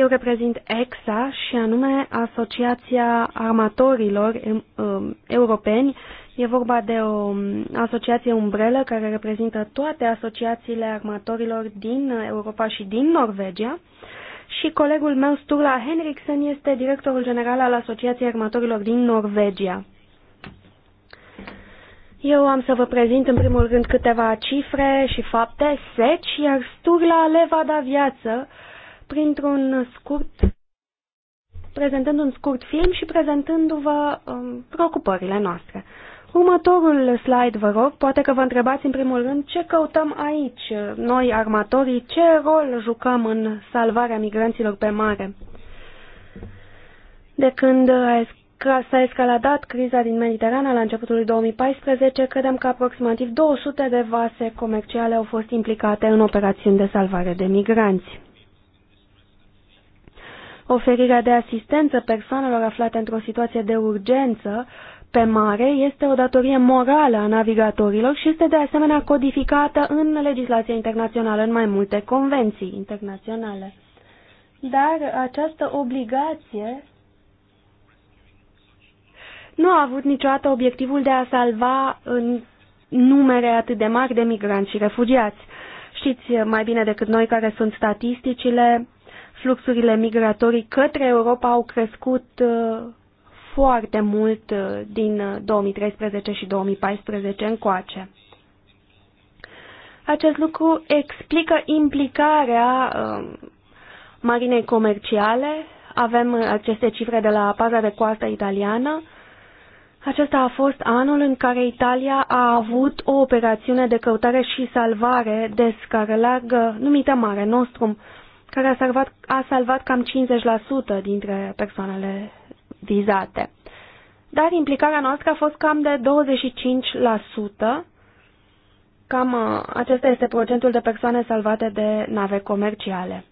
Speaker 3: Eu reprezint EXA și anume Asociația Armatorilor um, um, Europeni. E vorba de o um, asociație umbrelă care reprezintă toate asociațiile armatorilor din Europa și din Norvegia. Și colegul meu, Sturla Henriksen, este directorul general al Asociației Armatorilor din Norvegia. Eu am să vă prezint în primul rând câteva cifre și fapte seci, iar Sturla le va da viață uh, printr-un scurt prezentând un scurt film și prezentându-vă um, preocupările noastre. Următorul slide, vă rog, poate că vă întrebați în primul rând ce căutăm aici, noi armatorii, ce rol jucăm în salvarea migranților pe mare. De când s-a escaladat criza din Mediterana la începutul 2014, credem că aproximativ 200 de vase comerciale au fost implicate în operațiuni de salvare de migranți. Oferirea de asistență persoanelor aflate într-o situație de urgență pe mare este o datorie morală a navigatorilor și este de asemenea codificată în legislația internațională, în mai multe convenții internaționale. Dar această obligație nu a avut niciodată obiectivul de a salva în numere atât de mari de migranți și refugiați. Știți mai bine decât noi care sunt statisticile Fluxurile migratorii către Europa au crescut uh, foarte mult uh, din 2013 uh, și 2014 încoace. Acest lucru explică implicarea marinei comerciale. Avem aceste cifre de la paza de coastă italiană. Acesta a fost anul în care Italia a avut o operațiune de căutare și salvare de scară largă numită Mare Nostrum, care a salvat, a salvat cam 50% dintre persoanele vizate. Dar implicarea noastră a fost cam de 25%, cam uh, acesta este procentul de persoane salvate de nave comerciale.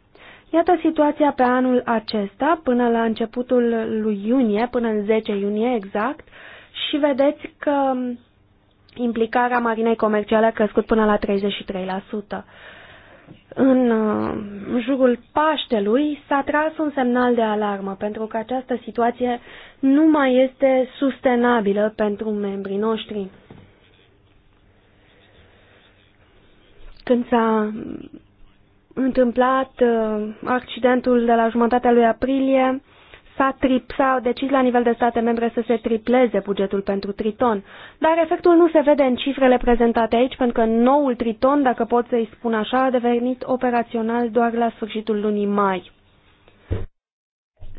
Speaker 3: Iată situația pe anul acesta, până la începutul lui iunie, până în 10 iunie exact, și vedeți că um, implicarea marinei comerciale a crescut până la 33%. Uh, în jurul Paștelui s-a tras un semnal de alarmă pentru că această situație nu mai este sustenabilă pentru membrii noștri. Când s-a întâmplat uh, accidentul de la jumătatea lui aprilie, s-a, trip, s-a decis la nivel de state membre să se tripleze bugetul pentru Triton, dar efectul nu se vede în cifrele prezentate aici, pentru că noul Triton, dacă pot să-i spun așa, a devenit operațional doar la sfârșitul lunii mai.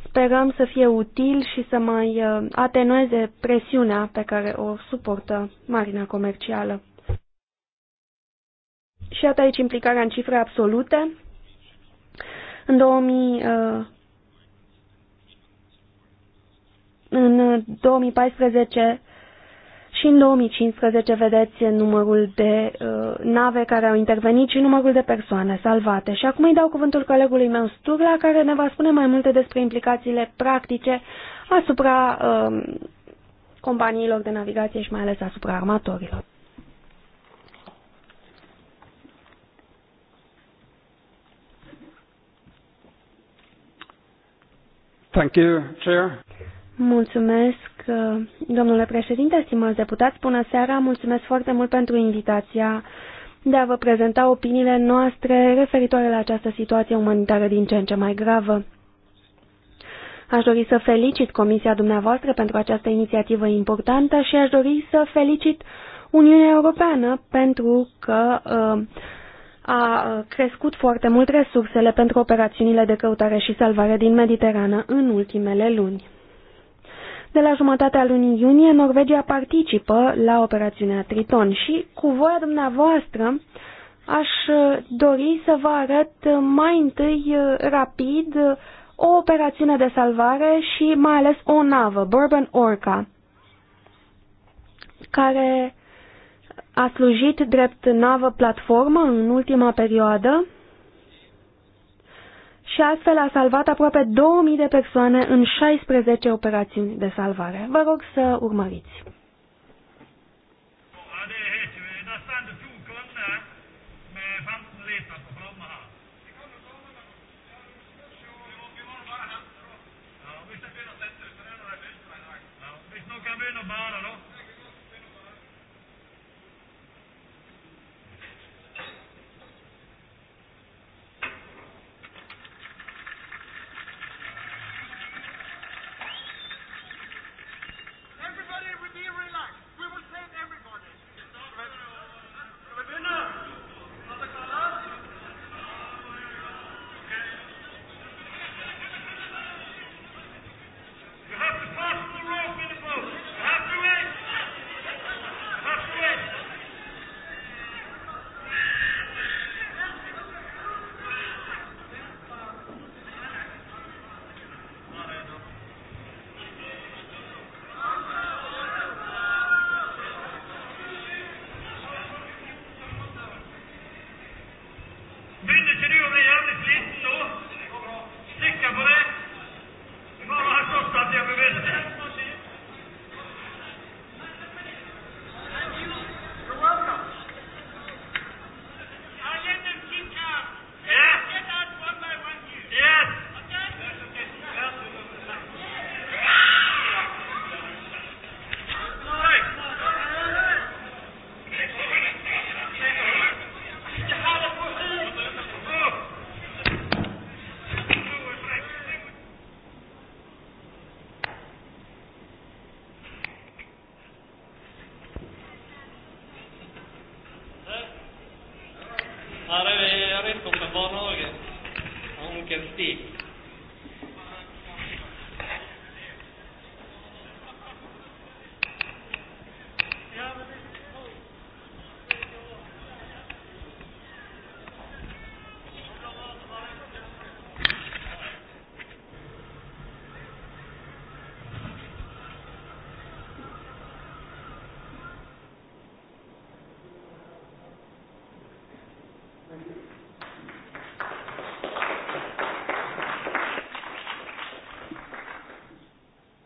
Speaker 3: Sperăm să fie util și să mai uh, atenueze presiunea pe care o suportă marina comercială. Și iată aici implicarea în cifre absolute. În 2000, În 2014 și în 2015 vedeți numărul de uh, nave care au intervenit și numărul de persoane salvate. Și acum îi dau cuvântul colegului meu Sturla, care ne va spune mai multe despre implicațiile practice asupra uh, companiilor de navigație și mai ales asupra armatorilor.
Speaker 1: Thank you, Chair.
Speaker 3: Mulțumesc, uh, domnule președinte, stimați deputați, bună seara, mulțumesc foarte mult pentru invitația de a vă prezenta opiniile noastre referitoare la această situație umanitară din ce în ce mai gravă. Aș dori să felicit Comisia dumneavoastră pentru această inițiativă importantă și aș dori să felicit Uniunea Europeană pentru că uh, a crescut foarte mult resursele pentru operațiunile de căutare și salvare din Mediterană în ultimele luni. De la jumătatea lunii iunie, Norvegia participă la operațiunea Triton și, cu voia dumneavoastră, aș uh, dori să vă arăt uh, mai întâi uh, rapid o operațiune de salvare și mai ales o navă, Bourbon Orca, care a slujit drept navă platformă în ultima perioadă și astfel a salvat aproape 2000 de persoane în 16 operațiuni de salvare. Vă rog să urmăriți.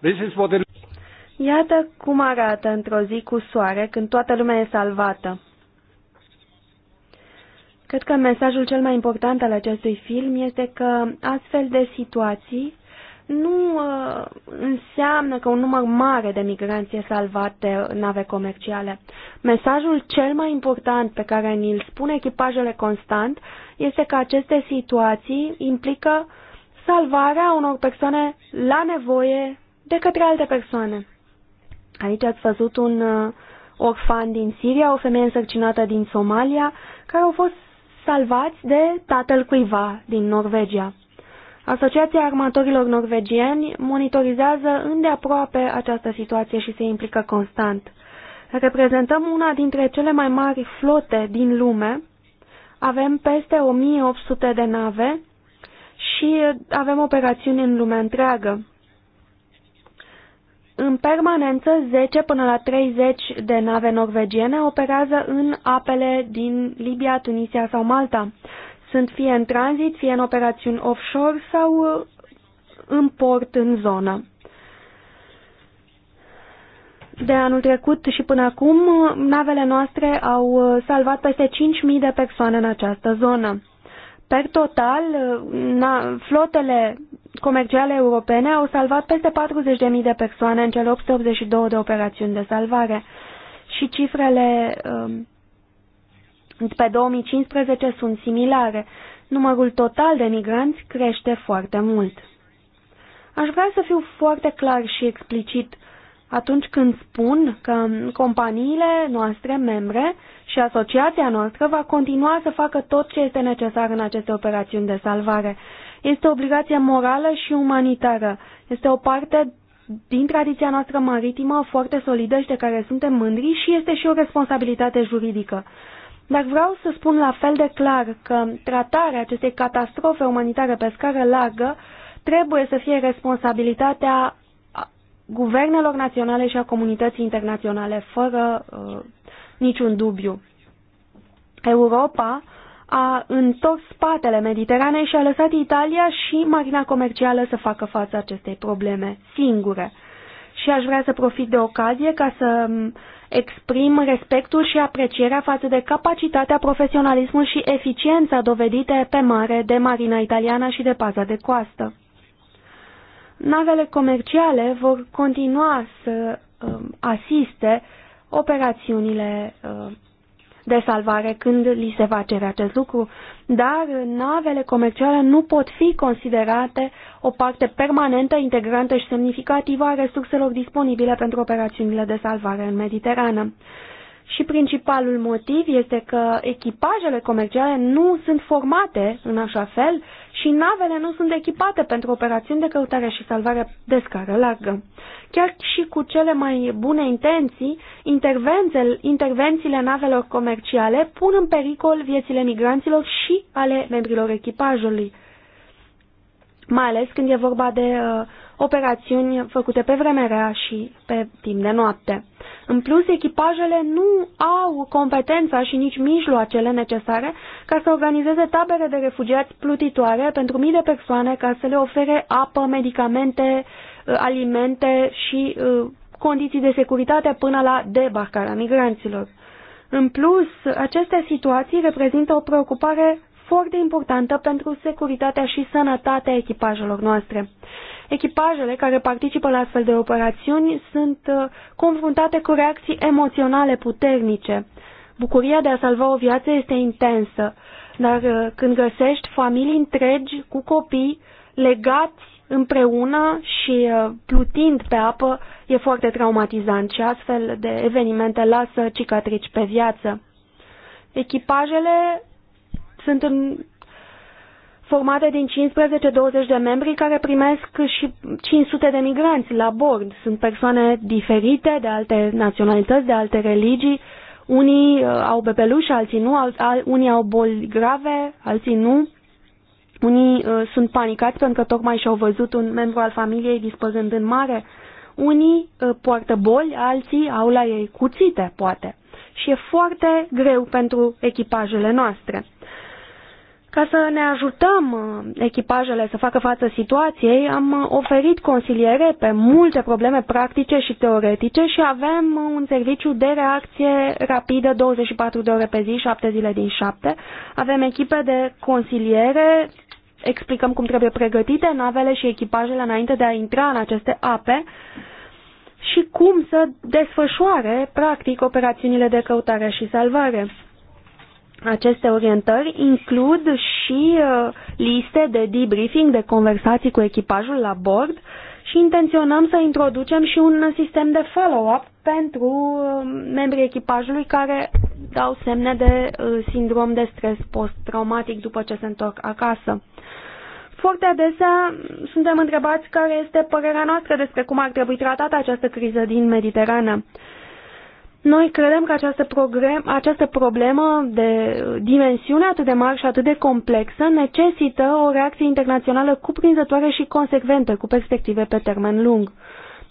Speaker 1: This is what it...
Speaker 3: Iată cum arată într-o zi cu soare când toată lumea e salvată. Cred că mesajul cel mai important al acestui film este că astfel de situații nu uh, înseamnă că un număr mare de migranți e salvat de nave comerciale. Mesajul cel mai important pe care ni-l spune echipajele constant este că aceste situații implică salvarea unor persoane la nevoie de către alte persoane. Aici ați văzut un uh, orfan din Siria, o femeie însărcinată din Somalia, care au fost salvați de tatăl cuiva din Norvegia. Asociația Armatorilor Norvegieni monitorizează îndeaproape această situație și se implică constant. Reprezentăm una dintre cele mai mari flote din lume, avem peste 1800 de nave și avem operațiuni în lumea întreagă. În permanență, 10 până la 30 de nave norvegiene operează în apele din Libia, Tunisia sau Malta. Sunt fie în tranzit, fie în operațiuni offshore sau uh, în port, în zonă. De anul trecut și până acum, navele noastre au uh, salvat peste 5.000 de persoane în această zonă. Per total, uh, na, flotele comerciale europene au salvat peste 40.000 de persoane în cele 882 de operațiuni de salvare și cifrele um, pe 2015 sunt similare. Numărul total de migranți crește foarte mult. Aș vrea să fiu foarte clar și explicit atunci când spun că companiile noastre membre și asociația noastră va continua să facă tot ce este necesar în aceste operațiuni de salvare este o obligație morală și umanitară. Este o parte din tradiția noastră maritimă foarte solidă și de care suntem mândri și este și o responsabilitate juridică. Dar vreau să spun la fel de clar că tratarea acestei catastrofe umanitare pe scară largă trebuie să fie responsabilitatea guvernelor naționale și a comunității internaționale, fără uh, niciun dubiu. Europa a întors spatele Mediteranei și a lăsat Italia și marina comercială să facă față acestei probleme singure. Și aș vrea să profit de ocazie ca să exprim respectul și aprecierea față de capacitatea, profesionalismul și eficiența dovedite pe mare de marina italiană și de paza de coastă. Navele comerciale vor continua să um, asiste operațiunile uh, de salvare când li se va cere acest lucru, dar navele comerciale nu pot fi considerate o parte permanentă, integrantă și semnificativă a resurselor disponibile pentru operațiunile de salvare în Mediterană. Și principalul motiv este că echipajele comerciale nu sunt formate în așa fel și navele nu sunt echipate pentru operațiuni de căutare și salvare de scară largă. Chiar și cu cele mai bune intenții, intervențiile navelor comerciale pun în pericol viețile migranților și ale membrilor echipajului, mai ales când e vorba de uh, operațiuni făcute pe vreme rea și pe timp de noapte. În plus, echipajele nu au competența și nici mijloacele necesare ca să organizeze tabere de refugiați plutitoare pentru mii de persoane ca să le ofere apă, medicamente, uh, alimente și uh, condiții de securitate până la debarcarea migranților. În plus, aceste situații reprezintă o preocupare foarte importantă pentru securitatea și sănătatea echipajelor noastre. Echipajele care participă la astfel de operațiuni sunt uh, confruntate cu reacții emoționale puternice. Bucuria de a salva o viață este intensă, dar uh, când găsești familii întregi cu copii legați împreună și uh, plutind pe apă, e foarte traumatizant și astfel de evenimente lasă cicatrici pe viață. Echipajele sunt în formate din 15-20 de membri care primesc și 500 de migranți la bord. Sunt persoane diferite, de alte naționalități, de alte religii. Unii uh, au bebeluși, alții nu, al, al, unii au boli grave, alții nu. Unii uh, sunt panicați pentru că tocmai și-au văzut un membru al familiei dispăzând în mare. Unii uh, poartă boli, alții au la ei cuțite, poate. Și e foarte greu pentru echipajele noastre. Ca să ne ajutăm uh, echipajele să facă față situației, am uh, oferit consiliere pe multe probleme practice și teoretice și avem uh, un serviciu de reacție rapidă 24 de ore pe zi, 7 zile din 7. Avem echipe de consiliere, explicăm cum trebuie pregătite navele și echipajele înainte de a intra în aceste ape și cum să desfășoare practic operațiunile de căutare și salvare. Aceste orientări includ și uh, liste de debriefing, de conversații cu echipajul la bord și intenționăm să introducem și un sistem de follow-up pentru uh, membrii echipajului care dau semne de uh, sindrom de stres post-traumatic după ce se întorc acasă. Foarte adesea suntem întrebați care este părerea noastră despre cum ar trebui tratată această criză din Mediterană. Noi credem că această, program, această problemă de dimensiune atât de mare și atât de complexă necesită o reacție internațională cuprinzătoare și consecventă, cu perspective pe termen lung.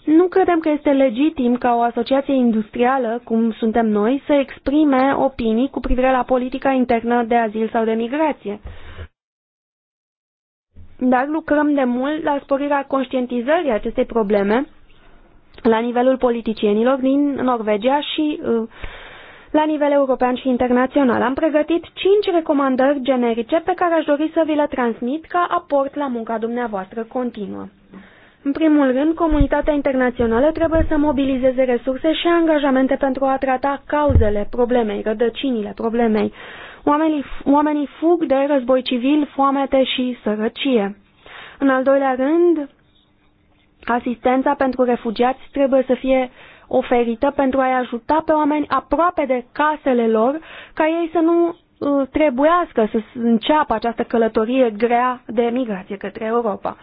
Speaker 3: Nu credem că este legitim ca o asociație industrială, cum suntem noi, să exprime opinii cu privire la politica internă de azil sau de migrație. Dar lucrăm de mult la sporirea conștientizării acestei probleme la nivelul politicienilor din Norvegia și uh, la nivel european și internațional. Am pregătit cinci recomandări generice pe care aș dori să vi le transmit ca aport la munca dumneavoastră continuă. În primul rând, comunitatea internațională trebuie să mobilizeze resurse și angajamente pentru a trata cauzele problemei, rădăcinile problemei. Oamenii, oamenii fug de război civil, foamete și sărăcie. În al doilea rând, Asistența pentru refugiați trebuie să fie oferită pentru a-i ajuta pe oameni aproape de casele lor, ca ei să nu uh, trebuiască să înceapă această călătorie grea de migrație către Europa.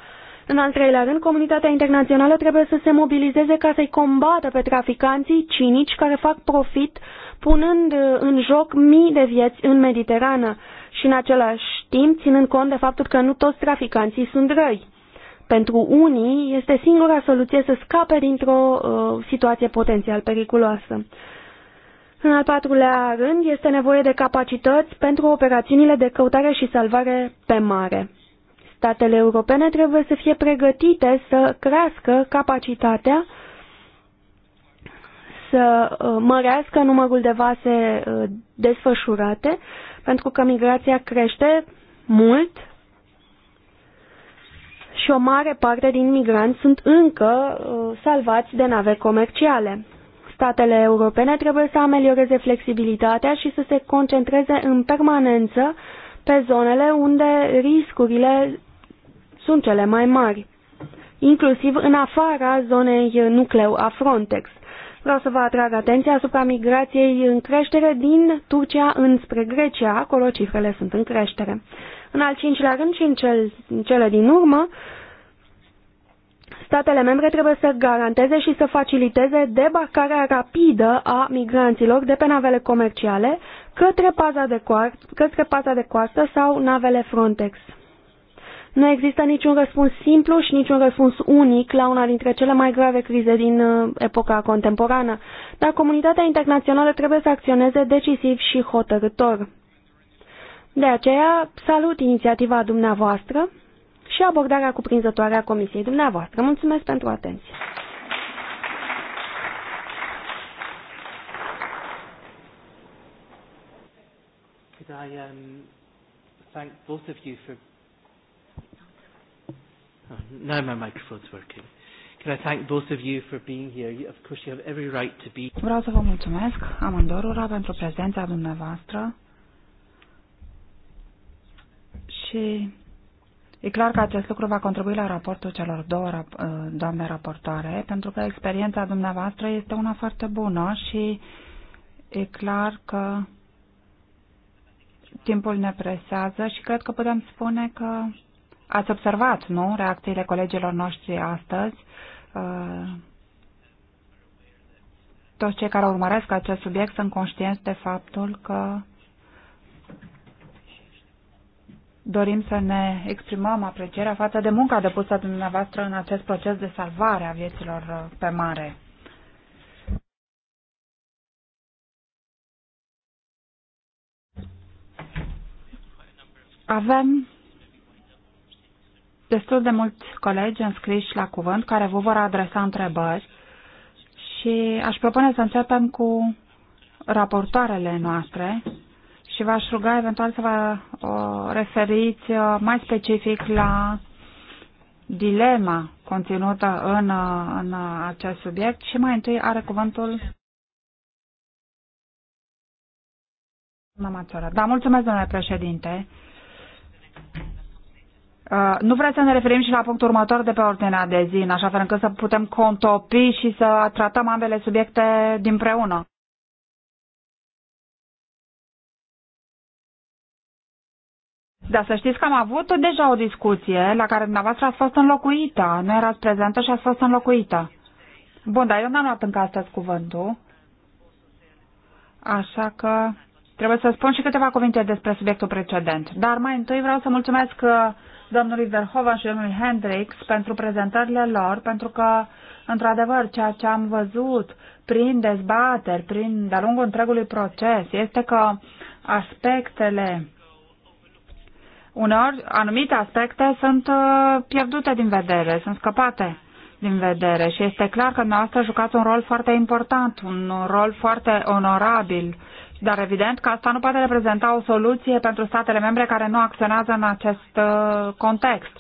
Speaker 3: În al treilea rând, comunitatea internațională trebuie să se mobilizeze ca să-i combată pe traficanții cinici care fac profit punând uh, în joc mii de vieți în Mediterană și în același timp ținând cont de faptul că nu toți traficanții sunt răi pentru unii este singura soluție să scape dintr-o uh, situație potențial periculoasă. În al patrulea rând, este nevoie de capacități pentru operațiunile de căutare și salvare pe mare. Statele europene trebuie să fie pregătite să crească capacitatea, să uh, mărească numărul de vase uh, desfășurate, pentru că migrația crește mult și o mare parte din migranți sunt încă uh, salvați de nave comerciale. Statele europene trebuie să amelioreze flexibilitatea și să se concentreze în permanență pe zonele unde riscurile sunt cele mai mari, inclusiv în afara zonei nucleu a Frontex. Vreau să vă atrag atenția asupra migrației în creștere din Turcia înspre Grecia, acolo cifrele sunt în creștere. În al cincilea rând și în, cel, în cele din urmă, statele membre trebuie să garanteze și să faciliteze debarcarea rapidă a migranților de pe navele comerciale către paza de, coar- către paza de coastă sau navele Frontex. Nu există niciun răspuns simplu și niciun răspuns unic la una dintre cele mai grave crize din uh, epoca contemporană, dar comunitatea internațională trebuie să acționeze decisiv și hotărător. De aceea, salut inițiativa dumneavoastră și abordarea cuprinzătoare a comisiei dumneavoastră. Mulțumesc pentru atenție.
Speaker 1: Um, thank both of you for oh, now my microphone's working. Can I thank both of you for being here? Of course, you have every right to be. Vreau să
Speaker 2: vă mulțumesc amândorura pentru prezența dumneavoastră și e clar că acest lucru va contribui la raportul celor două rap- uh, doamne raportoare, pentru că experiența dumneavoastră este una foarte bună și e clar că timpul ne presează și cred că putem spune că ați observat, nu, reacțiile colegilor noștri astăzi. Uh, toți cei care urmăresc acest subiect sunt conștienți de faptul că dorim să ne exprimăm aprecierea față de munca depusă dumneavoastră în acest proces de salvare a vieților uh, pe mare. Avem destul de mulți colegi înscriși la cuvânt care vă vor adresa întrebări și aș propune să începem cu raportoarele noastre, și v-aș ruga eventual să vă referiți mai specific la dilema conținută în, în acest subiect și mai întâi are cuvântul Da, mulțumesc, domnule președinte. Uh, nu vreți să ne referim și la punctul următor de pe ordinea de zi, în așa fel încât să putem contopi și să tratăm ambele subiecte dinpreună? Da, să știți că am avut deja o discuție la care dumneavoastră ați fost înlocuită. Nu erați prezentă și ați fost înlocuită. Bun, dar eu n-am luat încă astăzi cuvântul. Așa că trebuie să spun și câteva cuvinte despre subiectul precedent. Dar mai întâi vreau să mulțumesc uh, domnului Verhoeven și domnului Hendrix pentru prezentările lor, pentru că, într-adevăr, ceea ce am văzut prin dezbateri, prin, de-a lungul întregului proces, este că aspectele uneori anumite aspecte sunt uh, pierdute din vedere, sunt scăpate din vedere și este clar că noastră jucați un rol foarte important, un rol foarte onorabil, dar evident că asta nu poate reprezenta o soluție pentru statele membre care nu acționează în acest uh, context.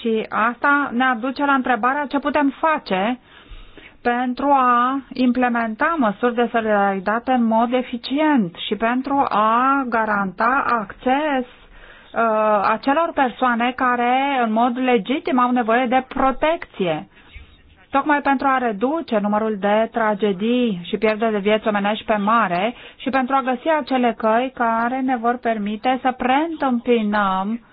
Speaker 2: Și asta ne aduce la întrebarea ce putem face pentru a implementa măsuri de solidaritate în mod eficient și pentru a garanta acces uh, acelor persoane care în mod legitim au nevoie de protecție. Tocmai pentru a reduce numărul de tragedii și pierderi de vieți omenești pe mare și pentru a găsi acele căi care ne vor permite să preîntâmpinăm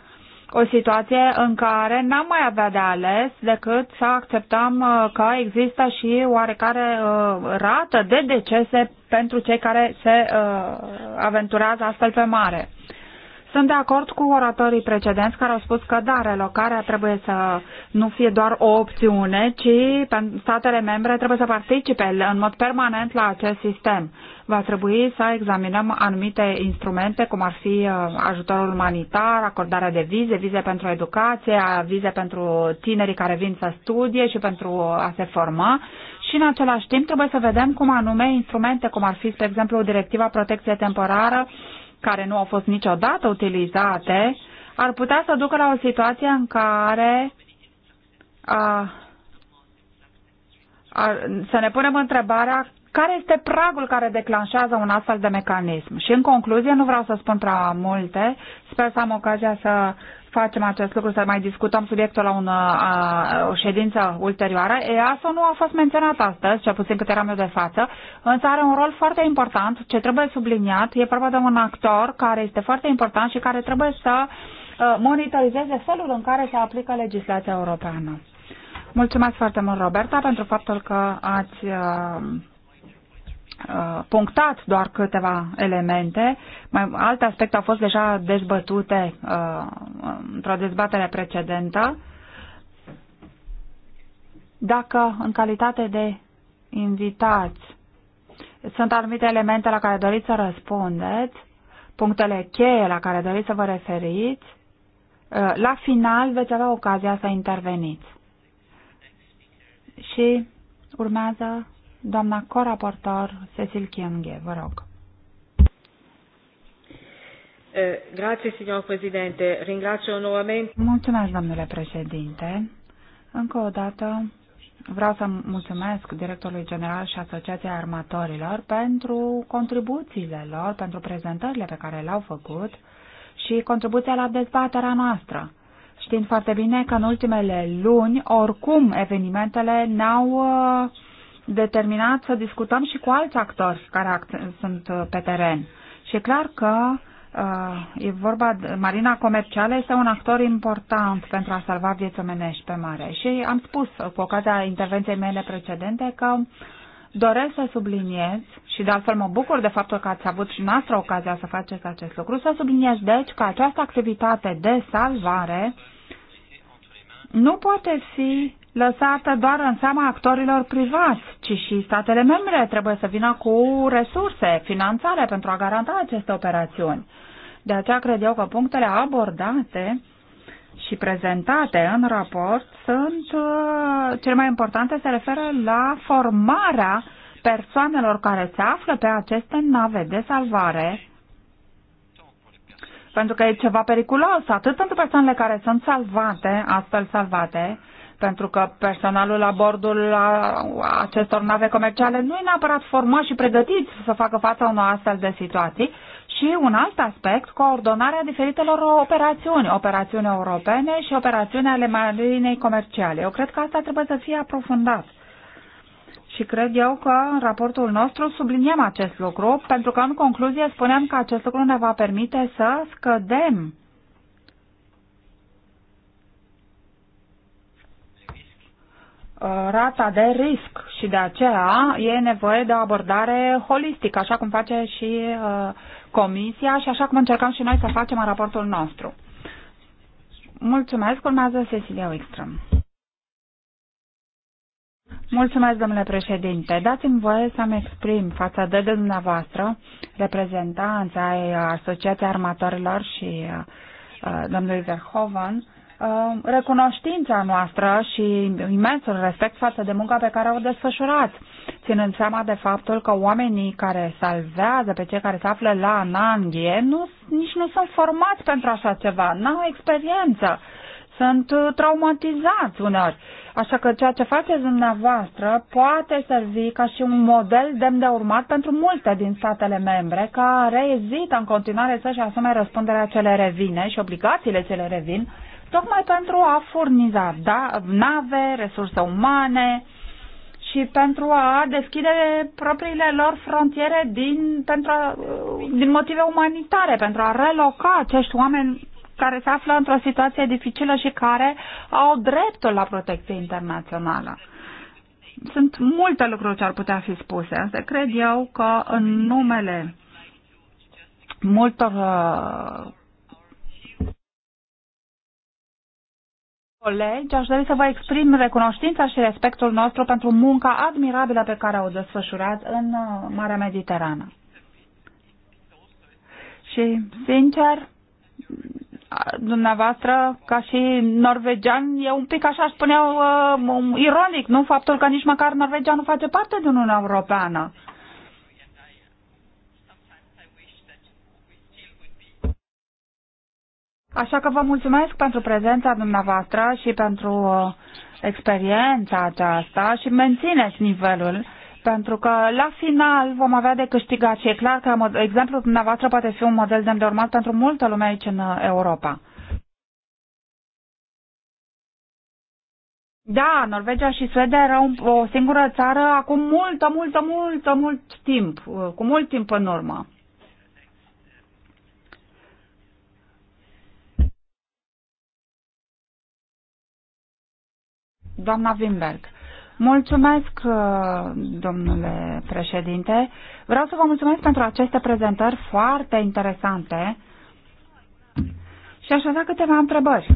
Speaker 2: o situație în care n-am mai avea de ales decât să acceptăm uh, că există și oarecare uh, rată de decese pentru cei care se uh, aventurează astfel pe mare. Sunt de acord cu oratorii precedenți care au spus că, da, relocarea trebuie să nu fie doar o opțiune, ci statele membre trebuie să participe în mod permanent la acest sistem. Va trebui să examinăm anumite instrumente, cum ar fi uh, ajutorul umanitar, acordarea de vize, vize pentru educație, vize pentru tinerii care vin să studie și pentru a se forma și în același timp trebuie să vedem cum anume instrumente, cum ar fi, spre exemplu, directiva protecție temporară, care nu au fost niciodată utilizate, ar putea să ducă la o situație în care a, a, să ne punem întrebarea care este pragul care declanșează un astfel de mecanism. Și în concluzie, nu vreau să spun prea multe, sper să am ocazia să facem acest lucru, să mai discutăm subiectul la un, a, uh, o ședință ulterioară. EASO nu a fost menționat astăzi, cel puțin cât eram eu de față, însă are un rol foarte important ce trebuie subliniat. E vorba de un actor care este foarte important și care trebuie să uh, monitorizeze felul în care se aplică legislația europeană. Mulțumesc foarte mult, Roberta, pentru faptul că ați uh, Uh, punctat doar câteva elemente. Mai, alte aspecte au fost deja dezbătute uh, într-o dezbatere precedentă. Dacă în calitate de invitați sunt anumite elemente la care doriți să răspundeți, punctele cheie la care doriți să vă referiți, uh, la final veți avea ocazia să interveniți. Și urmează Doamna coraportor Cecil Kienge, vă rog. Eh, grazie, signor Presidente. Ringrazio nuovamente. Mulțumesc, domnule președinte. Încă o dată vreau să mulțumesc directorului general și Asociației Armatorilor pentru contribuțiile lor, pentru prezentările pe care le-au făcut și contribuția la dezbaterea noastră. Știind foarte bine că în ultimele luni, oricum, evenimentele ne-au uh, determinat să discutăm și cu alți actori care sunt uh, pe teren. Și e clar că uh, e vorba, de, marina comercială este un actor important pentru a salva vieți omenești pe mare. Și am spus uh, cu ocazia intervenției mele precedente că doresc să subliniez și de altfel mă bucur de faptul că ați avut și noastră ocazia să faceți acest lucru, să subliniez deci că această activitate de salvare nu poate fi lăsată doar în seama actorilor privați, ci și statele membre trebuie să vină cu resurse, finanțare pentru a garanta aceste operațiuni. De aceea cred eu că punctele abordate și prezentate în raport sunt uh, cele mai importante, se referă la formarea persoanelor care se află pe aceste nave de salvare, pentru că e ceva periculos, atât pentru persoanele care sunt salvate, astfel salvate, pentru că personalul la bordul acestor nave comerciale nu e neapărat format și pregătit să facă fața unor astfel de situații. Și un alt aspect, coordonarea diferitelor operațiuni, operațiuni europene și operațiuni ale marinei comerciale. Eu cred că asta trebuie să fie aprofundat. Și cred eu că în raportul nostru subliniem acest lucru, pentru că în concluzie spuneam că acest lucru ne va permite să scădem Uh, rata de risc și de aceea e nevoie de o abordare holistică, așa cum face și uh, Comisia și așa cum încercăm și noi să facem în raportul nostru. Mulțumesc, urmează Cecilia Wickström. Mulțumesc, domnule președinte. Dați-mi voie să-mi exprim față de dumneavoastră, reprezentanța ai Asociației Armatorilor și uh, uh domnului Verhoeven, Uh, recunoștința noastră și imensul respect față de munca pe care o desfășurați, ținând seama de faptul că oamenii care salvează pe cei care se află la Nanghie nu, nici nu sunt formați pentru așa ceva, n-au experiență, sunt uh, traumatizați uneori. Așa că ceea ce faceți dumneavoastră poate servi ca și un model demn de urmat pentru multe din statele membre care ezită în continuare să-și asume răspunderea ce le revine și obligațiile ce le revin tocmai pentru a furniza da, nave, resurse umane și pentru a deschide propriile lor frontiere din, pentru a, din motive umanitare, pentru a reloca acești oameni care se află într-o situație dificilă și care au dreptul la protecție internațională. Sunt multe lucruri ce ar putea fi spuse, însă cred eu că în numele multor uh, colegi, aș dori să vă exprim recunoștința și respectul nostru pentru munca admirabilă pe care o desfășurat în uh, Marea Mediterană. Și, sincer, dumneavoastră, ca și norvegian, e un pic așa, spuneau, uh, ironic, nu? Faptul că nici măcar Norvegia nu face parte din Uniunea Europeană. Așa că vă mulțumesc pentru prezența dumneavoastră și pentru uh, experiența aceasta și mențineți nivelul pentru că la final vom avea de câștigat și e clar că exemplul dumneavoastră poate fi un model de urmat pentru multă lume aici în uh, Europa. Da, Norvegia și Suedia erau o singură țară acum multă, multă, multă, mult timp, uh, cu mult timp în urmă. Doamna Wimberg. Mulțumesc, uh, domnule președinte. Vreau să vă mulțumesc pentru aceste prezentări foarte interesante și aș avea câteva întrebări.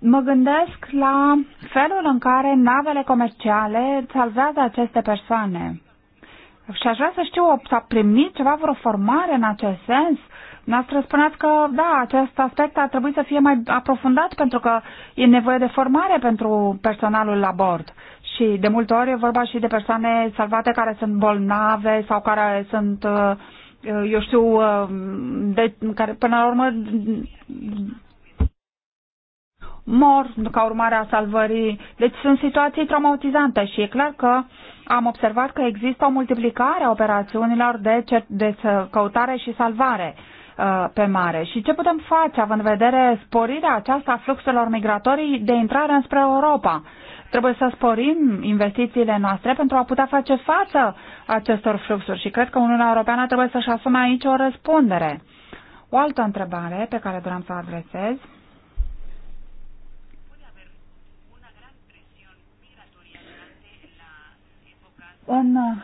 Speaker 2: Mă gândesc la felul în care navele comerciale salvează aceste persoane. Și aș vrea să știu, s-a primit ceva vreo formare în acest sens? Noastră spuneați că, da, acest aspect ar trebui să fie mai aprofundat pentru că e nevoie de formare pentru personalul la bord. Și de multe ori e vorba și de persoane salvate care sunt bolnave sau care sunt, uh, eu știu, uh, de, care până la urmă mor ca urmare a salvării. Deci sunt situații traumatizante și e clar că am observat că există o multiplicare a operațiunilor de, de căutare și salvare. Uh, pe mare. Și ce putem face, având în vedere sporirea aceasta a fluxurilor migratorii de intrare înspre Europa? Trebuie să sporim investițiile noastre pentru a putea face față acestor fluxuri și cred că Uniunea Europeană trebuie să-și asume aici o răspundere. O altă întrebare pe care doream să o adresez în uh,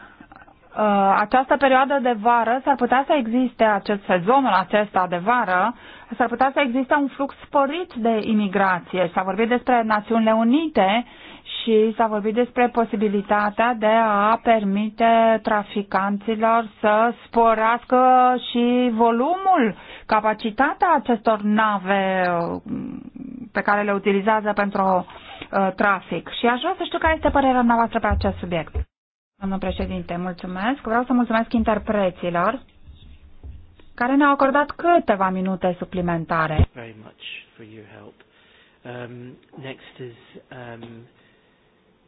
Speaker 2: Uh, această perioadă de vară s-ar putea să existe acest sezonul acesta de vară, s-ar putea să existe un flux sporit de imigrație. S-a vorbit despre Națiunile Unite și s-a vorbit despre posibilitatea de a permite traficanților să sporească și volumul, capacitatea acestor nave uh, pe care le utilizează pentru uh, trafic. Și aș vrea să știu care este părerea noastră pe acest subiect. Doamnă președinte, mulțumesc. Vreau să mulțumesc interpreților care ne-au acordat câteva minute suplimentare.
Speaker 1: Very much for your help. Um, next is, um,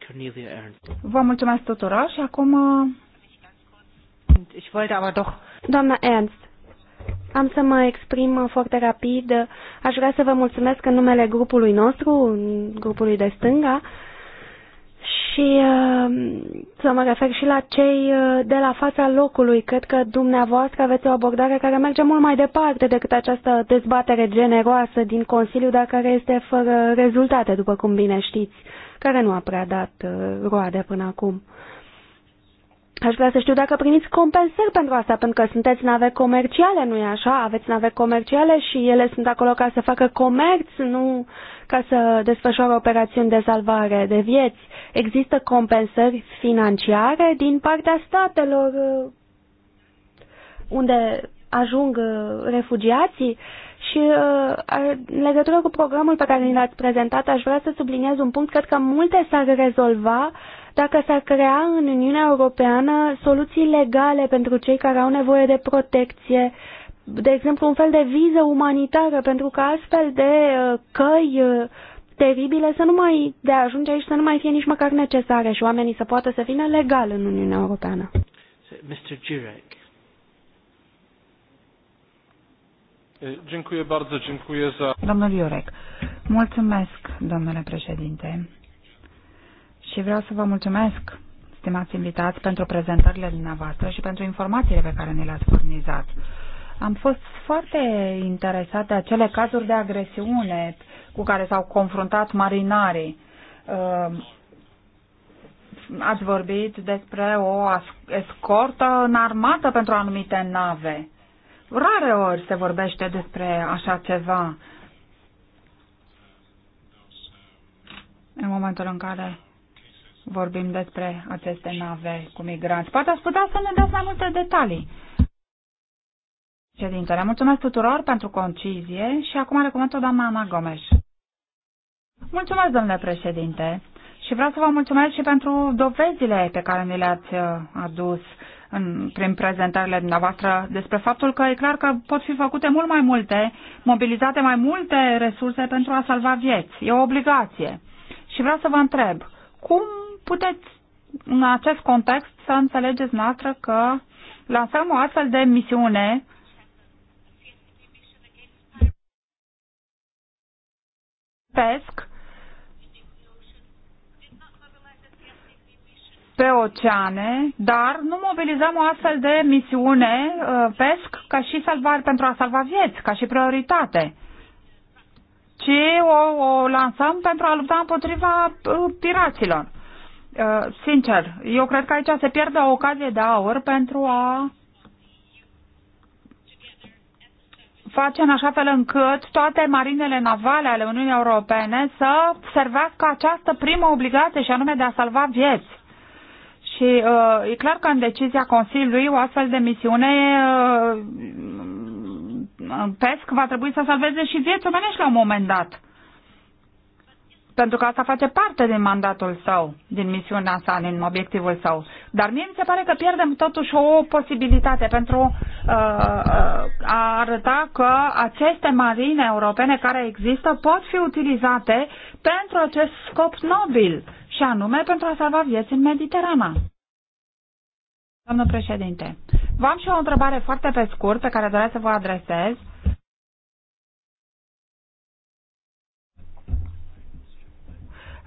Speaker 1: Cornelia Ernst.
Speaker 3: Vă mulțumesc tuturor și acum... Uh, ich Doamna Ernst, am să mă exprim foarte rapid. Aș vrea să vă mulțumesc în numele grupului nostru, grupului de stânga, uh, și uh, să mă refer și la cei uh, de la fața locului. Cred că dumneavoastră aveți o abordare care merge mult mai departe decât această dezbatere generoasă din Consiliu, dar care este fără rezultate, după cum bine știți, care nu a prea dat uh, roade până acum. Aș vrea să știu dacă primiți compensări pentru asta, pentru că sunteți nave comerciale, nu-i așa? Aveți nave comerciale și ele sunt acolo ca să facă comerț, nu ca să desfășoare operațiuni de salvare de vieți. Există compensări financiare din partea statelor uh, unde ajung uh, refugiații și uh, în legătură cu programul pe care l-ați prezentat, aș vrea să subliniez un punct, cred că multe s-ar rezolva uh, dacă s-ar crea în Uniunea Europeană soluții legale pentru cei care au nevoie de protecție, de exemplu un fel de viză umanitară, pentru că astfel de uh, căi uh, teribile să nu mai de ajunge aici să nu mai fie nici măcar necesare și oamenii să poată să vină legal în Uniunea Europeană.
Speaker 1: Mr. Jurek. Dziękuję bardzo, dziękuję za...
Speaker 2: Domnul Jurek, mulțumesc, domnule președinte și vreau să vă mulțumesc, stimați invitați, pentru prezentările dumneavoastră și pentru informațiile pe care ne le-ați furnizat. Am fost foarte interesat de acele cazuri de agresiune cu care s-au confruntat marinarii. Ehm, ați vorbit despre o escortă în armată pentru anumite nave. Rare ori se vorbește despre așa ceva. În momentul în care vorbim despre aceste nave cu migranți. Poate ați putea să ne dați mai multe detalii. Președintele, mulțumesc tuturor pentru concizie și acum recomand o doamna Ana Gomes. Mulțumesc, domnule președinte, și vreau să vă mulțumesc și pentru dovezile pe care ni le-ați uh, adus în, prin prezentările dumneavoastră despre faptul că e clar că pot fi făcute mult mai multe, mobilizate mai multe resurse pentru a salva vieți. E o obligație. Și vreau să vă întreb, cum Puteți în acest context să înțelegeți noastră că lansăm o astfel de misiune pesc pe oceane, dar nu mobilizăm o astfel de misiune uh, pesc ca și salvare, pentru a salva vieți, ca și prioritate, ci o, o lansăm pentru a lupta împotriva uh, piraților. Uh, sincer, eu cred că aici se pierde o ocazie de aur pentru a face în așa fel încât toate marinele navale ale Uniunii Europene să servească această primă obligație și anume de a salva vieți. Și uh, e clar că în decizia Consiliului o astfel de misiune uh, PESC va trebui să salveze și vieți omenești la un moment dat pentru că asta face parte din mandatul său, din misiunea sa, din obiectivul său. Dar mie mi se pare că pierdem totuși o posibilitate pentru uh, uh, a arăta că aceste marine europene care există pot fi utilizate pentru acest scop nobil și anume pentru a salva vieți în Mediterana. Doamnă președinte, v-am și o întrebare foarte pe scurt pe care doresc să vă adresez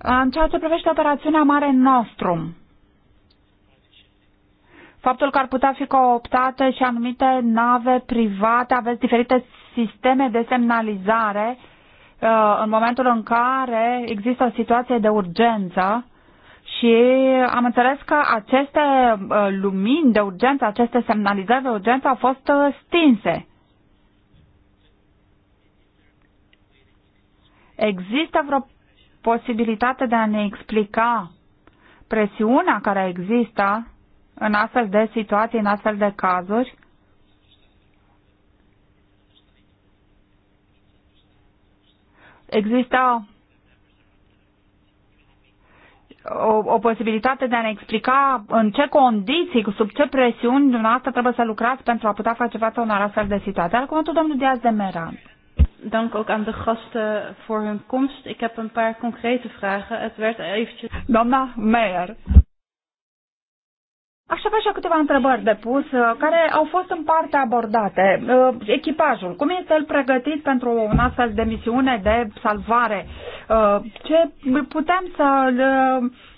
Speaker 2: În ceea ce privește operațiunea Mare Nostrum, faptul că ar putea fi cooptate și anumite nave private, aveți diferite sisteme de semnalizare uh, în momentul în care există o situație de urgență și am înțeles că aceste uh, lumini de urgență, aceste semnalizări de urgență au fost uh, stinse. Există vreo posibilitate de a ne explica presiunea care există în astfel de situații, în astfel de cazuri? Există o, o posibilitate de a ne explica în ce condiții, sub ce presiuni dumneavoastră trebuie să lucrați pentru a putea face față unor astfel de situații. Al cuvântul domnul Diaz de Meran dank ook aan de gasten voor hun komst. Ik heb een paar concrete vragen. Het werd eventjes... Doamna Meijer. Aș avea așa câteva întrebări de pus, uh, care au fost în parte abordate. Uh, echipajul, cum este el pregătit pentru un astfel de misiune de salvare? Uh, ce putem să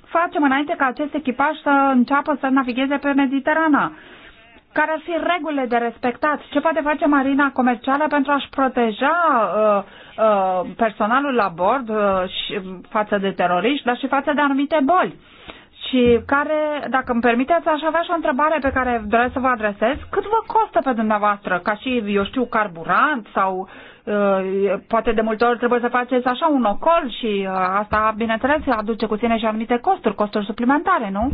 Speaker 2: facem înainte ca acest echipaj să înceapă să navigheze pe Mediterana? care ar fi regulile de respectat? Ce poate face marina comercială pentru a-și proteja uh, uh, personalul la bord uh, și, față de teroriști, dar și față de anumite boli? Și care, dacă îmi permiteți, aș avea și o întrebare pe care doresc să vă adresez. Cât vă costă pe dumneavoastră, ca și, eu știu, carburant sau uh, poate de multe ori trebuie să faceți așa un ocol și uh, asta, bineînțeles, aduce cu sine și anumite costuri, costuri suplimentare, nu?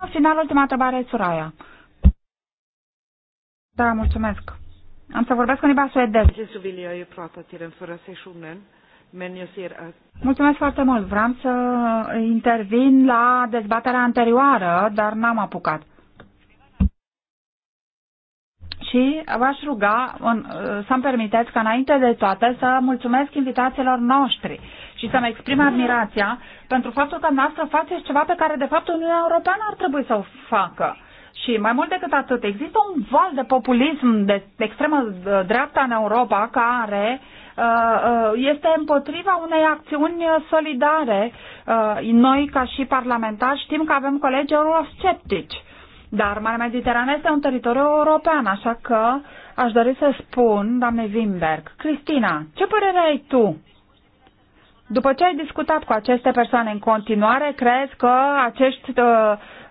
Speaker 2: În final, ultima întrebare, Suraya. Da, mulțumesc. Am să vorbesc cu limba Edel.
Speaker 1: Deci, uh,
Speaker 2: mulțumesc foarte mult. Vreau să intervin la dezbaterea anterioară, dar n-am apucat. Și v-aș ruga uh, să-mi permiteți ca înainte de toate să mulțumesc invitațiilor noștri și să-mi exprim admirația pentru faptul că noastră faceți ceva pe care de fapt Uniunea Europeană ar trebui să o facă. Și mai mult decât atât, există un val de populism de extremă uh, dreapta în Europa care uh, uh, este împotriva unei acțiuni solidare. Noi, ca și parlamentari, știm că avem colegi eurosceptici. Dar Marea Mediterană este un teritoriu european, așa că aș dori să spun, doamne Wimberg, Cristina, ce părere ai tu după ce ai discutat cu aceste persoane în continuare, crezi că acești uh,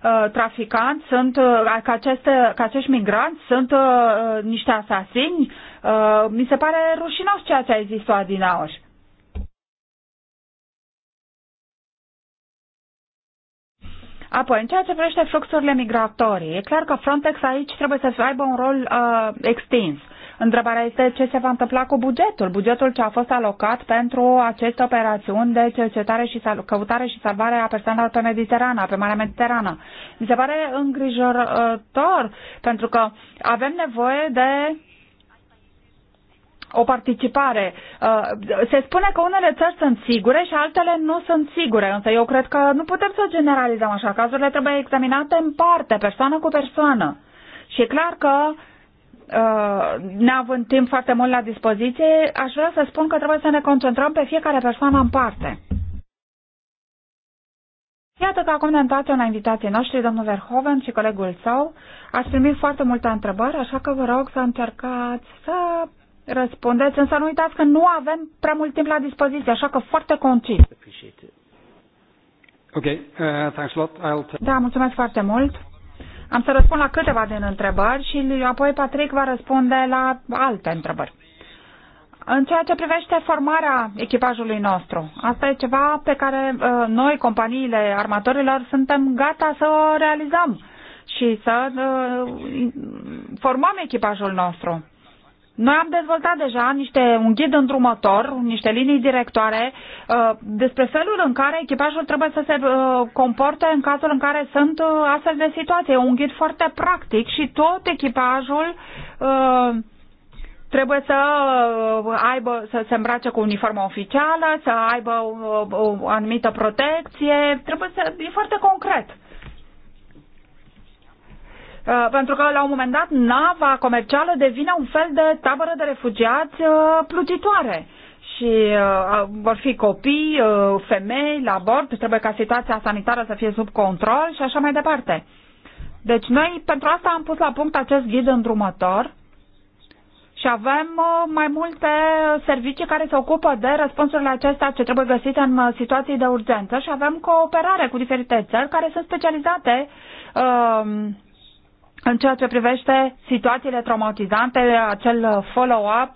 Speaker 2: uh, traficanți sunt, uh, că, aceste, că acești migranți sunt uh, uh, niște asasini? Uh, mi se pare rușinos ceea ce ai zis tu, Adinaur. Apoi, în ceea ce privește fluxurile migratorii, e clar că Frontex aici trebuie să aibă un rol uh, extins. Uh, Întrebarea este ce se va întâmpla cu bugetul, bugetul ce a fost alocat pentru aceste operațiuni de cercetare și căutare și salvare a persoanelor pe Mediterana, pe Marea Mediterană. Mi se pare îngrijorător pentru că avem nevoie de o participare. Uh, se spune că unele țări sunt sigure și altele nu sunt sigure, însă eu cred că nu putem să generalizăm așa. Cazurile trebuie examinate în parte, persoană cu persoană. Și e clar că uh, Uh, neavând timp foarte mult la dispoziție, aș vrea să spun că trebuie să ne concentrăm pe fiecare persoană în parte. Iată că acum ne întoarcem la invitații noștri, domnul Verhoven și colegul său. Ați primit foarte multe întrebări, așa că vă rog să încercați să răspundeți, însă nu uitați că nu avem prea mult timp la dispoziție, așa că foarte concis.
Speaker 1: Ok, uh, thanks a lot. I'll
Speaker 2: da, mulțumesc foarte mult. Am să răspund la câteva din întrebări și apoi Patrick va răspunde la alte întrebări. În ceea ce privește formarea echipajului nostru, asta e ceva pe care uh, noi, companiile armatorilor, suntem gata să o realizăm și să uh, formăm echipajul nostru. Noi am dezvoltat deja niște, un ghid îndrumător, niște linii directoare uh, despre felul în care echipajul trebuie să se uh, comporte în cazul în care sunt uh, astfel de situații. E un ghid foarte practic și tot echipajul uh, trebuie să uh, aibă, să se îmbrace cu uniforma oficială, să aibă uh, o, o anumită protecție, trebuie să, e foarte concret. Uh, pentru că la un moment dat nava comercială devine un fel de tabără de refugiați uh, plugitoare și uh, vor fi copii, uh, femei la bord, trebuie ca situația sanitară să fie sub control și așa mai departe. Deci noi pentru asta am pus la punct acest ghid îndrumător și avem uh, mai multe servicii care se ocupă de răspunsurile acestea ce trebuie găsite în uh, situații de urgență și avem cooperare cu diferite țări care sunt specializate uh, în ceea ce privește situațiile traumatizante, acel follow-up,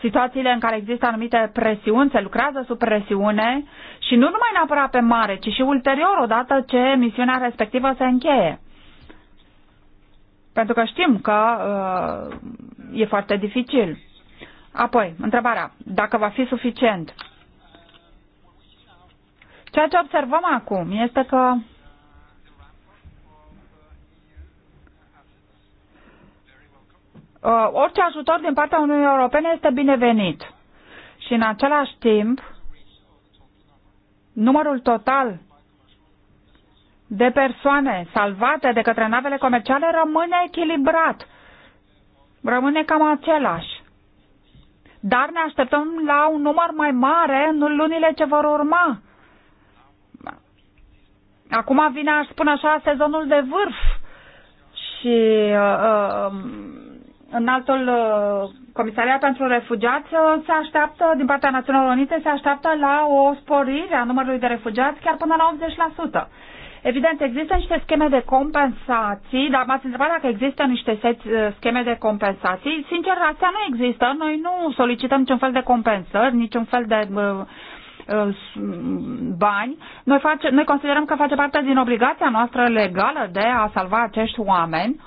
Speaker 2: situațiile în care există anumite presiuni, se lucrează sub presiune și nu numai neapărat pe mare, ci și ulterior, odată ce misiunea respectivă se încheie. Pentru că știm că uh, e foarte dificil. Apoi, întrebarea, dacă va fi suficient. Ceea ce observăm acum este că uh, orice ajutor din partea Uniunii Europene este binevenit. Și în același timp, numărul total de persoane salvate de către navele comerciale rămâne echilibrat, rămâne cam același. Dar ne așteptăm la un număr mai mare în lunile ce vor urma. Acum vine, aș spune așa, sezonul de vârf și uh, uh înaltul uh, comisariat pentru refugiați uh, se așteaptă, din partea Națiunilor Unite, se așteaptă la o sporire a numărului de refugiați chiar până la 80%. Evident, există niște scheme de compensații, dar m-ați întrebat dacă există niște uh, scheme de compensații. Sincer, astea nu există. Noi nu solicităm niciun fel de compensări, niciun fel de bani. Noi, face, noi considerăm că face parte din obligația noastră legală de a salva acești oameni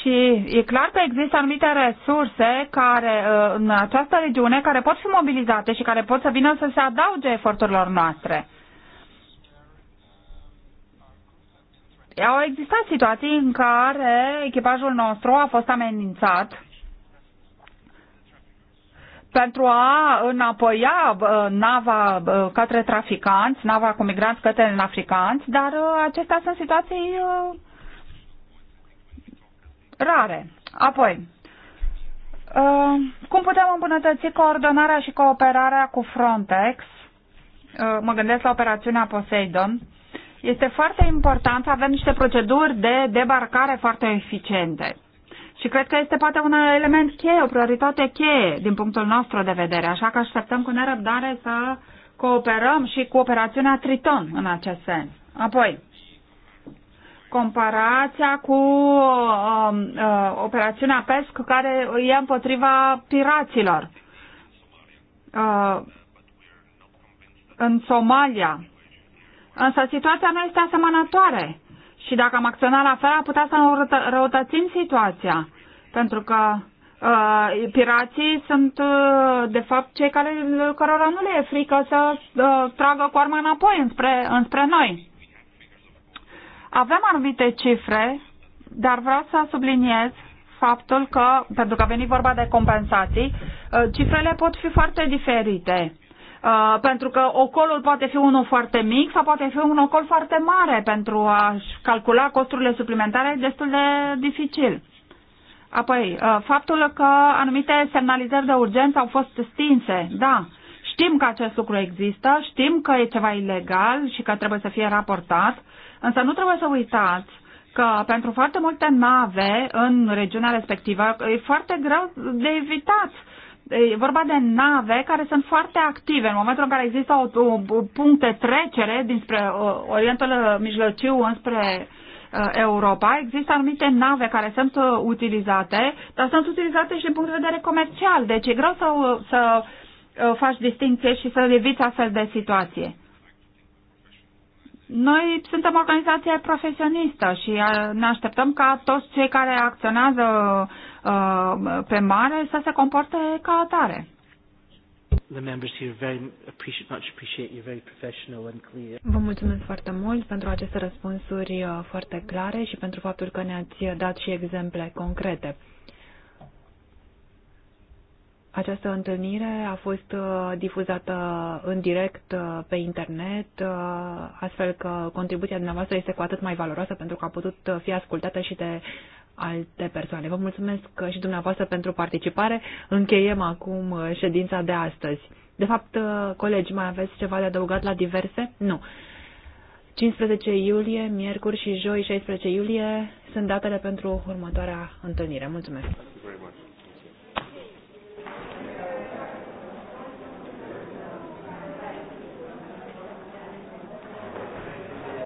Speaker 2: Și e clar că există anumite resurse care uh, în această regiune care pot fi mobilizate și care pot să vină să se adauge eforturilor noastre. Au existat situații în care echipajul nostru a fost amenințat pentru a înapoia uh, nava uh, către traficanți, nava cu migranți către africanți, dar acestea sunt situații rare. Apoi, uh, cum putem îmbunătăți coordonarea și cooperarea cu Frontex? Uh, mă gândesc la operațiunea Poseidon. Este foarte important să avem niște proceduri de debarcare foarte eficiente. Și cred că este poate un element cheie, o prioritate cheie din punctul nostru de vedere, așa că așteptăm cu nerăbdare să cooperăm și cu operațiunea Triton în acest sens. Apoi, comparația cu um, uh, operațiunea PESC care e împotriva piraților uh, în Somalia. Însă situația nu este asemănătoare și dacă am acționat la fel, am putea să răutățim situația, pentru că uh, pirații sunt, uh, de fapt, cei care, cărora nu le e frică să uh, tragă cu arma înapoi înspre, înspre noi. Avem anumite cifre, dar vreau să subliniez faptul că, pentru că a venit vorba de compensații, uh, cifrele pot fi foarte diferite. Uh, pentru că ocolul poate fi unul foarte mic sau poate fi un ocol foarte mare pentru a calcula costurile suplimentare e destul de dificil. Apoi, uh, faptul că anumite semnalizări de urgență au fost stinse, da, știm că acest lucru există, știm că e ceva ilegal și că trebuie să fie raportat, Însă nu trebuie să uitați că pentru foarte multe nave în regiunea respectivă e foarte greu de evitat. E vorba de nave care sunt foarte active. În momentul în care există o, o, o punct de trecere dinspre o, uh, Orientul Mijlociu înspre uh, Europa, există anumite nave care sunt uh, utilizate, dar sunt utilizate și din punct de vedere comercial. Deci e greu să, să faci distinție și să eviți astfel de situație. Noi suntem organizație profesionistă și uh, ne așteptăm ca toți cei care acționează uh, pe mare să se comporte ca atare.
Speaker 1: Vă mulțumesc
Speaker 2: foarte mult pentru aceste răspunsuri uh, foarte clare și pentru faptul că ne-ați dat și exemple concrete. Această întâlnire a fost uh, difuzată în direct uh, pe internet, uh, astfel că contribuția dumneavoastră este cu atât mai valoroasă pentru că a putut fi ascultată și de alte persoane. Vă mulțumesc și dumneavoastră pentru participare. Încheiem acum ședința de astăzi. De fapt, colegi, mai aveți ceva de adăugat la diverse? Nu. 15 iulie, miercuri și joi 16 iulie sunt datele pentru următoarea întâlnire.
Speaker 1: Mulțumesc!